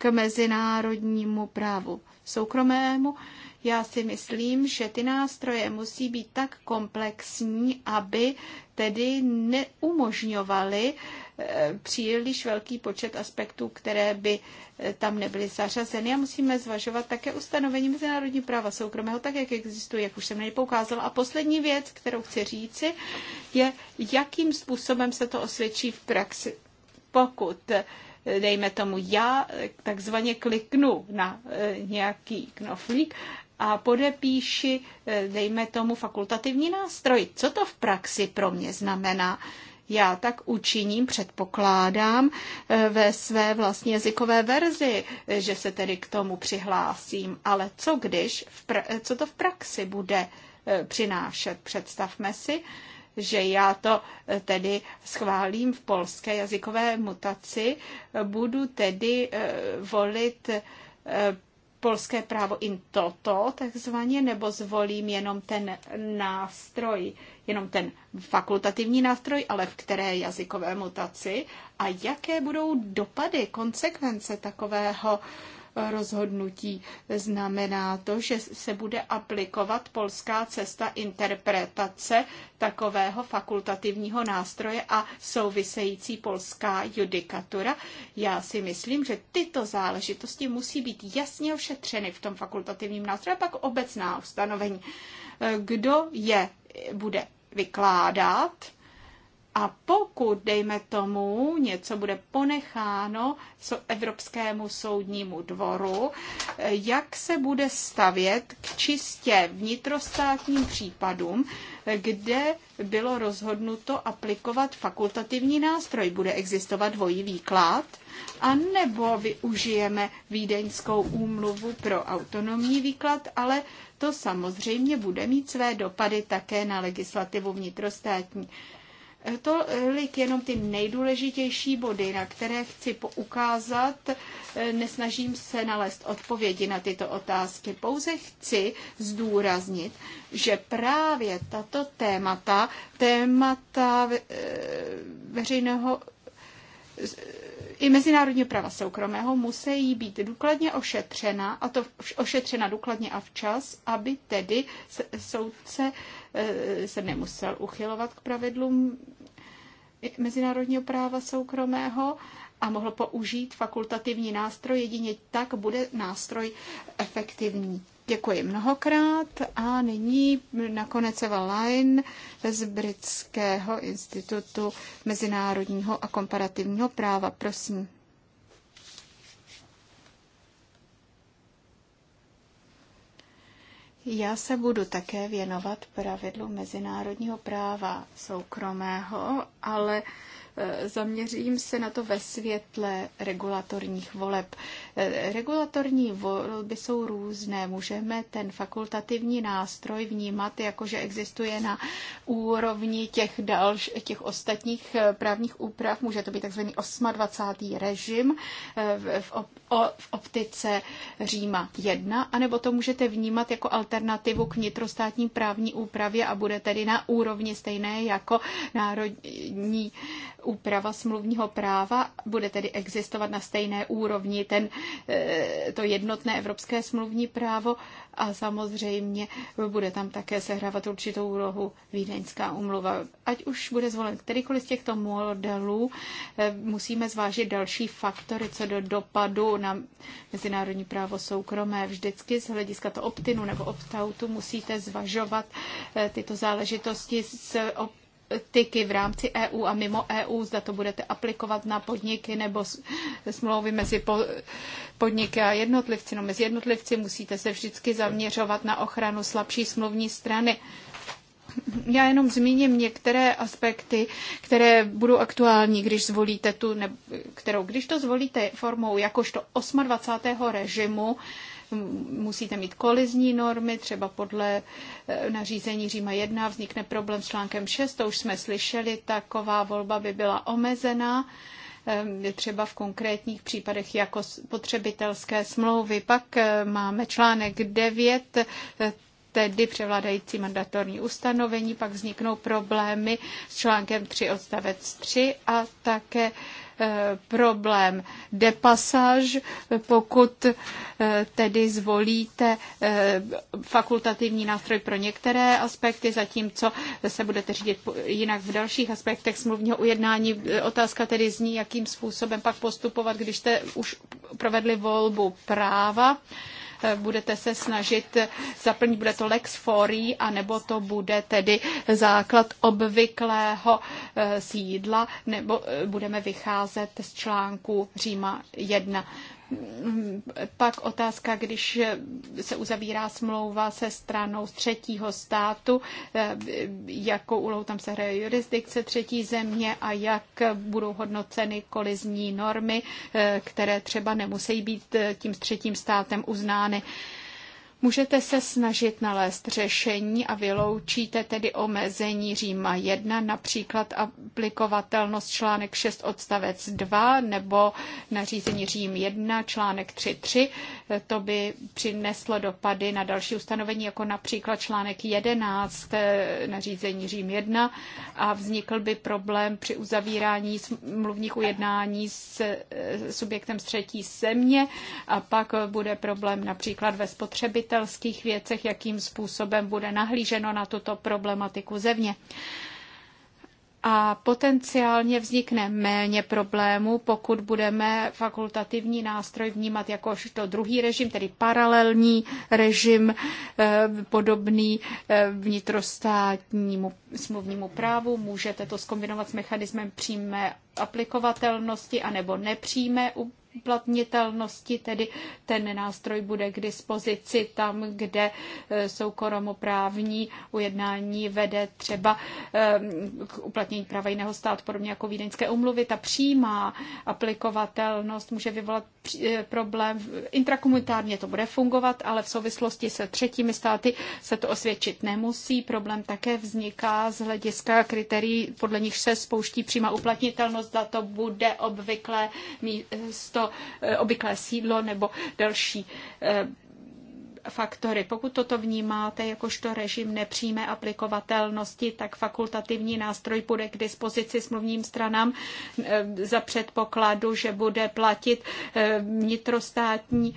k mezinárodnímu právu soukromému. Já si myslím, že ty nástroje musí být tak komplexní, aby tedy neumožňovaly eh, příliš velký počet aspektů, které by eh, tam nebyly zařazeny. A musíme zvažovat také ustanovení mezinárodní práva soukromého, tak jak existuje, jak už jsem na poukázala. A poslední věc, kterou chci říci, je, jakým způsobem se to osvědčí v praxi. Pokud dejme tomu já takzvaně kliknu na e, nějaký knoflík a podepíši, e, dejme tomu, fakultativní nástroj. Co to v praxi pro mě znamená? Já tak učiním, předpokládám e, ve své vlastní jazykové verzi, že se tedy k tomu přihlásím. Ale co když, co to v praxi bude přinášet? Představme si, že já to eh, tedy schválím v polské jazykové mutaci, budu tedy eh, volit eh, polské právo in toto, takzvaně, nebo zvolím jenom ten nástroj, jenom ten fakultativní nástroj, ale v které jazykové mutaci a jaké budou dopady, konsekvence takového uh, rozhodnutí. Znamená to, že se bude aplikovat polská cesta interpretace takového fakultativního nástroje a související polská judikatura. Já si myslím, že tyto záležitosti musí být jasně ošetřeny v tom fakultativním nástroji a pak obecná ustanovení. Kdo je bude vykládat, a pokud, dejme tomu, něco bude ponecháno Evropskému soudnímu dvoru, jak se bude stavět k čistě vnitrostátním případům, kde bylo rozhodnuto aplikovat fakultativní nástroj. Bude existovat dvojí výklad? A nebo využijeme Vídeňskou úmluvu pro autonomní výklad, ale to samozřejmě bude mít své dopady také na legislativu vnitrostátní. Tolik eh, jenom ty nejdůležitější body, na které chci poukázat. Eh, nesnažím se nalézt odpovědi na tyto otázky. Pouze chci zdůraznit, že právě tato témata, témata eh, veřejného i mezinárodního práva soukromého musí být důkladně ošetřena, a to ošetřena důkladně a včas, aby tedy soudce e, se nemusel uchylovat k pravidlům mezinárodního práva soukromého a mohl použít fakultativní nástroj. Jedině tak bude nástroj efektivní. Děkuji mnohokrát a nyní nakonec Eva Line z Britského institutu mezinárodního a komparativního práva. Prosím. Já se budu také věnovat pravidlu mezinárodního práva soukromého, ale Zaměřím se na to ve světle regulatorních voleb. Regulatorní volby jsou různé. Můžeme ten fakultativní nástroj vnímat jako, že existuje na úrovni těch, dalš, těch ostatních eh, právních úprav. Může to být takzvaný 28. režim eh, v, v optice Říma 1, anebo to můžete vnímat jako alternativu k vnitrostátní právní úpravě a bude tedy na úrovni stejné jako národní úprava smluvního práva bude tedy existovat na stejné úrovni ten, eh, to jednotné evropské smluvní právo a samozřejmě bude tam také sehrávat určitou úlohu Vídeňská umluva. Ať už bude zvolen kterýkoliv z těchto modelů, eh, musíme zvážit další faktory co do dopadu na mezinárodní právo soukromé. Vždycky z hlediska to optinu nebo optautu musíte zvažovat eh, tyto záležitosti s politiky v rámci EU a mimo EU, zda to budete aplikovat na podniky nebo smlouvy mezi podniky a jednotlivci. No mezi jednotlivci musíte se vždycky zaměřovat na ochranu slabší smluvní strany. Já jenom zmíním některé aspekty, které budou aktuální, když zvolíte tu, ne, kterou, když to zvolíte formou jakožto 28. režimu, musíte mít kolizní normy, třeba podle eh, nařízení Říma 1 vznikne problém s článkem 6, to už jsme slyšeli, taková volba by byla omezená ehm, třeba v konkrétních případech jako potřebitelské smlouvy. Pak eh, máme článek 9, eh, tedy převládající mandatorní ustanovení, pak vzniknou problémy s článkem 3 odstavec 3 a také Eh, problém de passage, pokud eh, tedy zvolíte eh, fakultativní nástroj pro některé aspekty, zatímco se budete řídit jinak v dalších aspektech smluvního ujednání. Otázka tedy zní, jakým způsobem pak postupovat, když jste už provedli volbu práva Eh, budete se snažit eh, zaplnit, bude to lex forii, anebo to bude tedy základ obvyklého eh, sídla, nebo budeme vycházet z článku Říma 1 pak otázka, když se uzavírá smlouva se stranou z třetího státu, jakou úlohu tam se hraje jurisdikce třetí země a jak budou hodnoceny kolizní normy, které třeba nemusí být tím třetím státem uznány. Můžete se snažit nalézt řešení a vyloučíte tedy omezení Říma 1, například aplikovatelnost článek 6 odstavec 2 nebo nařízení Řím 1 článek 3.3. To by přineslo dopady na další ustanovení, jako například článek 11 eh, nařízení Řím 1 a vznikl by problém při uzavírání mluvních ujednání s eh, subjektem z třetí země a pak bude problém například ve spotřebě spotřebitelských věcech, jakým způsobem bude nahlíženo na tuto problematiku země a potenciálně vznikne méně problémů, pokud budeme fakultativní nástroj vnímat jakožto druhý režim, tedy paralelní režim eh, podobný eh, vnitrostátnímu smluvnímu právu. Můžete to skombinovat s mechanismem přímé aplikovatelnosti anebo nepřímé uplatnitelnosti, tedy ten nástroj bude k dispozici tam, kde e, soukromoprávní ujednání vede třeba e, k uplatnění práva jiného státu, podobně jako vídeňské umluvy. Ta přímá aplikovatelnost může vyvolat e, problém. Intrakomunitárně to bude fungovat, ale v souvislosti se třetími státy se to osvědčit nemusí. Problém také vzniká z hlediska kritérií, podle nich se spouští přímá uplatnitelnost, za to bude obvyklé místo to eh, obyklé sídlo nebo další eh, faktory. Pokud toto vnímáte jakožto režim nepřímé aplikovatelnosti, tak fakultativní nástroj bude k dispozici smluvním stranám eh, za předpokladu, že bude platit vnitrostátní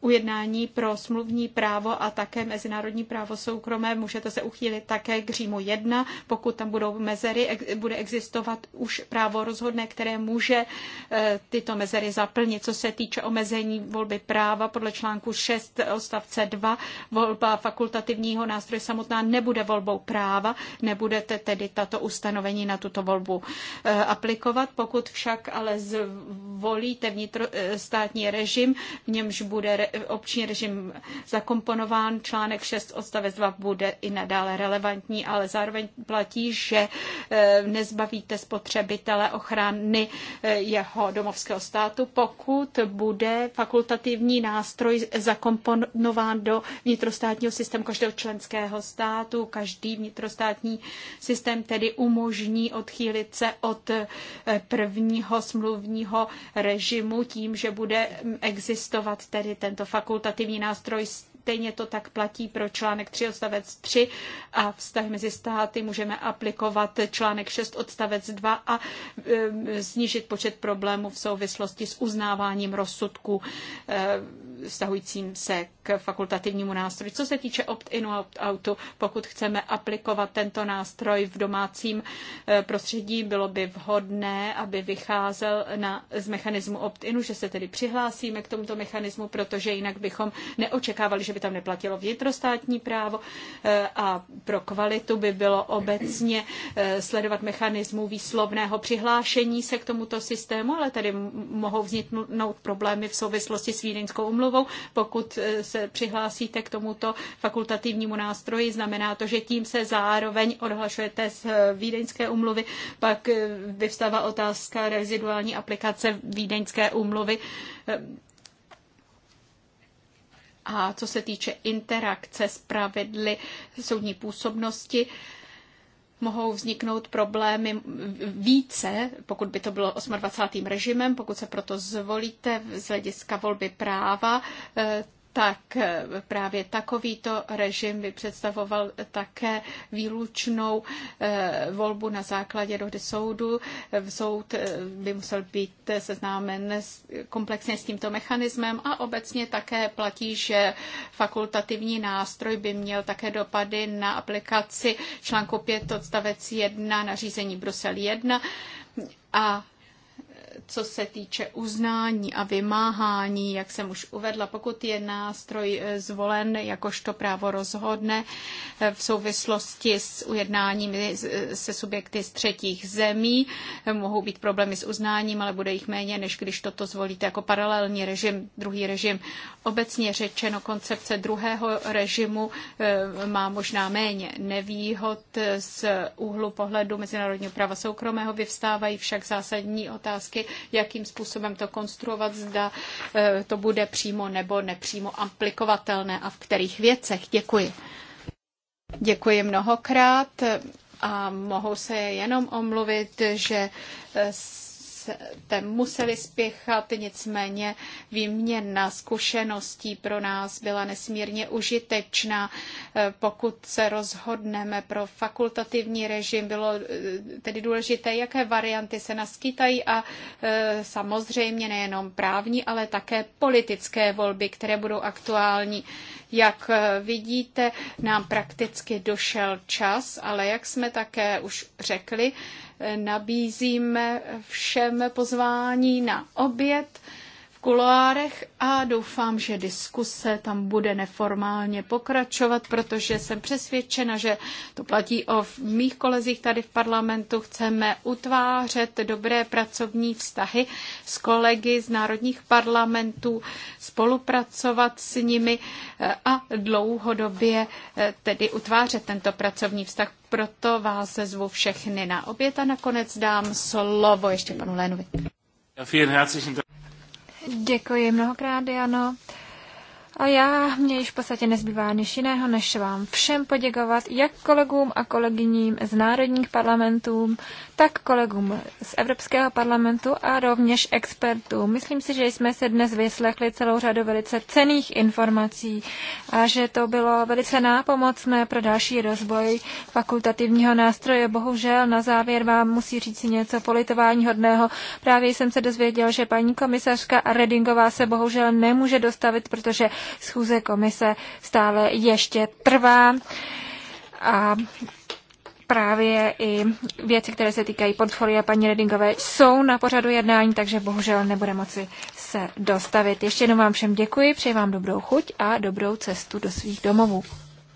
ujednání pro smluvní právo a také mezinárodní právo soukromé. Můžete se uchýlit také k Římu 1, pokud tam budou mezery, bude existovat už právo rozhodné, které může eh, tyto mezery zaplnit. Co se týče omezení volby práva podle článku 6 odstavce 2, volba fakultativního nástroje samotná nebude volbou práva, nebudete tedy tato ustanovení na tuto volbu eh, aplikovat. Pokud však ale zvolíte vnitrostátní eh, režim, v němž bude opční režim zakomponován. Článek 6 odstavec 2 bude i nadále relevantní, ale zároveň platí, že eh, nezbavíte spotřebitele ochrany eh, jeho domovského státu, pokud bude fakultativní nástroj zakomponován do vnitrostátního systému každého členského státu. Každý vnitrostátní systém tedy umožní odchýlit se od eh, prvního smluvního režimu tím, že bude mm, existovat tedy tento tento fakultativní nástroj. Stejně to tak platí pro článek 3 odstavec 3 a vztah mezi státy můžeme aplikovat článek 6 odstavec 2 a e, snížit počet problémů v souvislosti s uznáváním rozsudků. E, vztahujícím se k fakultativnímu nástroji. Co se týče opt-inu a opt-outu, pokud chceme aplikovat tento nástroj v domácím eh, prostředí, bylo by vhodné, aby vycházel na, z mechanismu opt-inu, že se tedy přihlásíme k tomuto mechanismu, protože jinak bychom neočekávali, že by tam neplatilo vnitrostátní právo eh, a pro kvalitu by bylo obecně eh, sledovat mechanismu výslovného přihlášení se k tomuto systému, ale tady mohou vzniknout problémy v souvislosti s Vídeňskou umluvou smlouvou. Pokud eh, se přihlásíte k tomuto fakultativnímu nástroji, znamená to, že tím se zároveň odhlašujete z eh, Vídeňské umluvy, pak eh, vyvstává otázka reziduální aplikace Vídeňské umluvy. A co se týče interakce s pravidly soudní působnosti, mohou vzniknout problémy více, pokud by to bylo 28. režimem, pokud se proto zvolíte z hlediska volby práva, eh, tak eh, právě takovýto režim by představoval také výlučnou eh, volbu na základě dohody soudu. Eh, soud by musel být seznámen komplexně s tímto mechanismem a obecně také platí, že fakultativní nástroj by měl také dopady na aplikaci článku 5 odstavec 1 nařízení Brusel 1 a co se týče uznání a vymáhání, jak jsem už uvedla, pokud je nástroj e, zvolen, jakožto právo rozhodne e, v souvislosti s ujednáními e, se subjekty z třetích zemí, mohou být problémy s uznáním, ale bude jich méně, než když toto zvolíte jako paralelní režim, druhý režim. Obecně řečeno, koncepce druhého režimu má možná méně nevýhod z úhlu pohledu mezinárodního práva soukromého, vyvstávají však zásadní otázky jakým způsobem to konstruovat, zda eh, to bude přímo nebo nepřímo aplikovatelné a v kterých věcech. Děkuji. Děkuji mnohokrát a mohu se jenom omluvit, že jste museli spěchat, nicméně výměna zkušeností pro nás byla nesmírně užitečná. Eh, pokud se rozhodneme pro fakultativní režim, bylo eh, tedy důležité, jaké varianty se naskytají a eh, samozřejmě nejenom právní, ale také politické volby, které budou aktuální. Jak vidíte, nám prakticky došel čas, ale jak jsme také už řekli, Nabízíme všem pozvání na oběd kuloárech a doufám, že diskuse tam bude neformálně pokračovat, protože jsem přesvědčena, že to platí o mých kolezích tady v parlamentu. Chceme utvářet dobré pracovní vztahy s kolegy z národních parlamentů, spolupracovat s nimi eh, a dlouhodobě eh, tedy utvářet tento pracovní vztah. Proto vás zvu všechny na oběd a nakonec dám slovo ještě panu Lénovi. Ja, vielen herzlichen Dank. Děkuji mnohokrát, Jano. A já, mě již v podstatě nezbývá nic jiného, než vám všem poděkovat, jak kolegům a kolegyním z národních parlamentů, tak kolegům z Evropského parlamentu a rovněž expertům. Myslím si, že jsme se dnes vyslechli celou řadu velice cených informací a že to bylo velice nápomocné pro další rozvoj fakultativního nástroje. Bohužel na závěr vám musí říct něco politování hodného. Právě jsem se dozvěděl, že paní komisařka Redingová se bohužel nemůže dostavit, protože schůze komise stále ještě trvá. A právě i věci, které se týkají portfolia paní Redingové, jsou na pořadu jednání, takže bohužel nebude moci se dostavit. Ještě jednou vám všem děkuji, přeji vám dobrou chuť a dobrou cestu do svých domovů.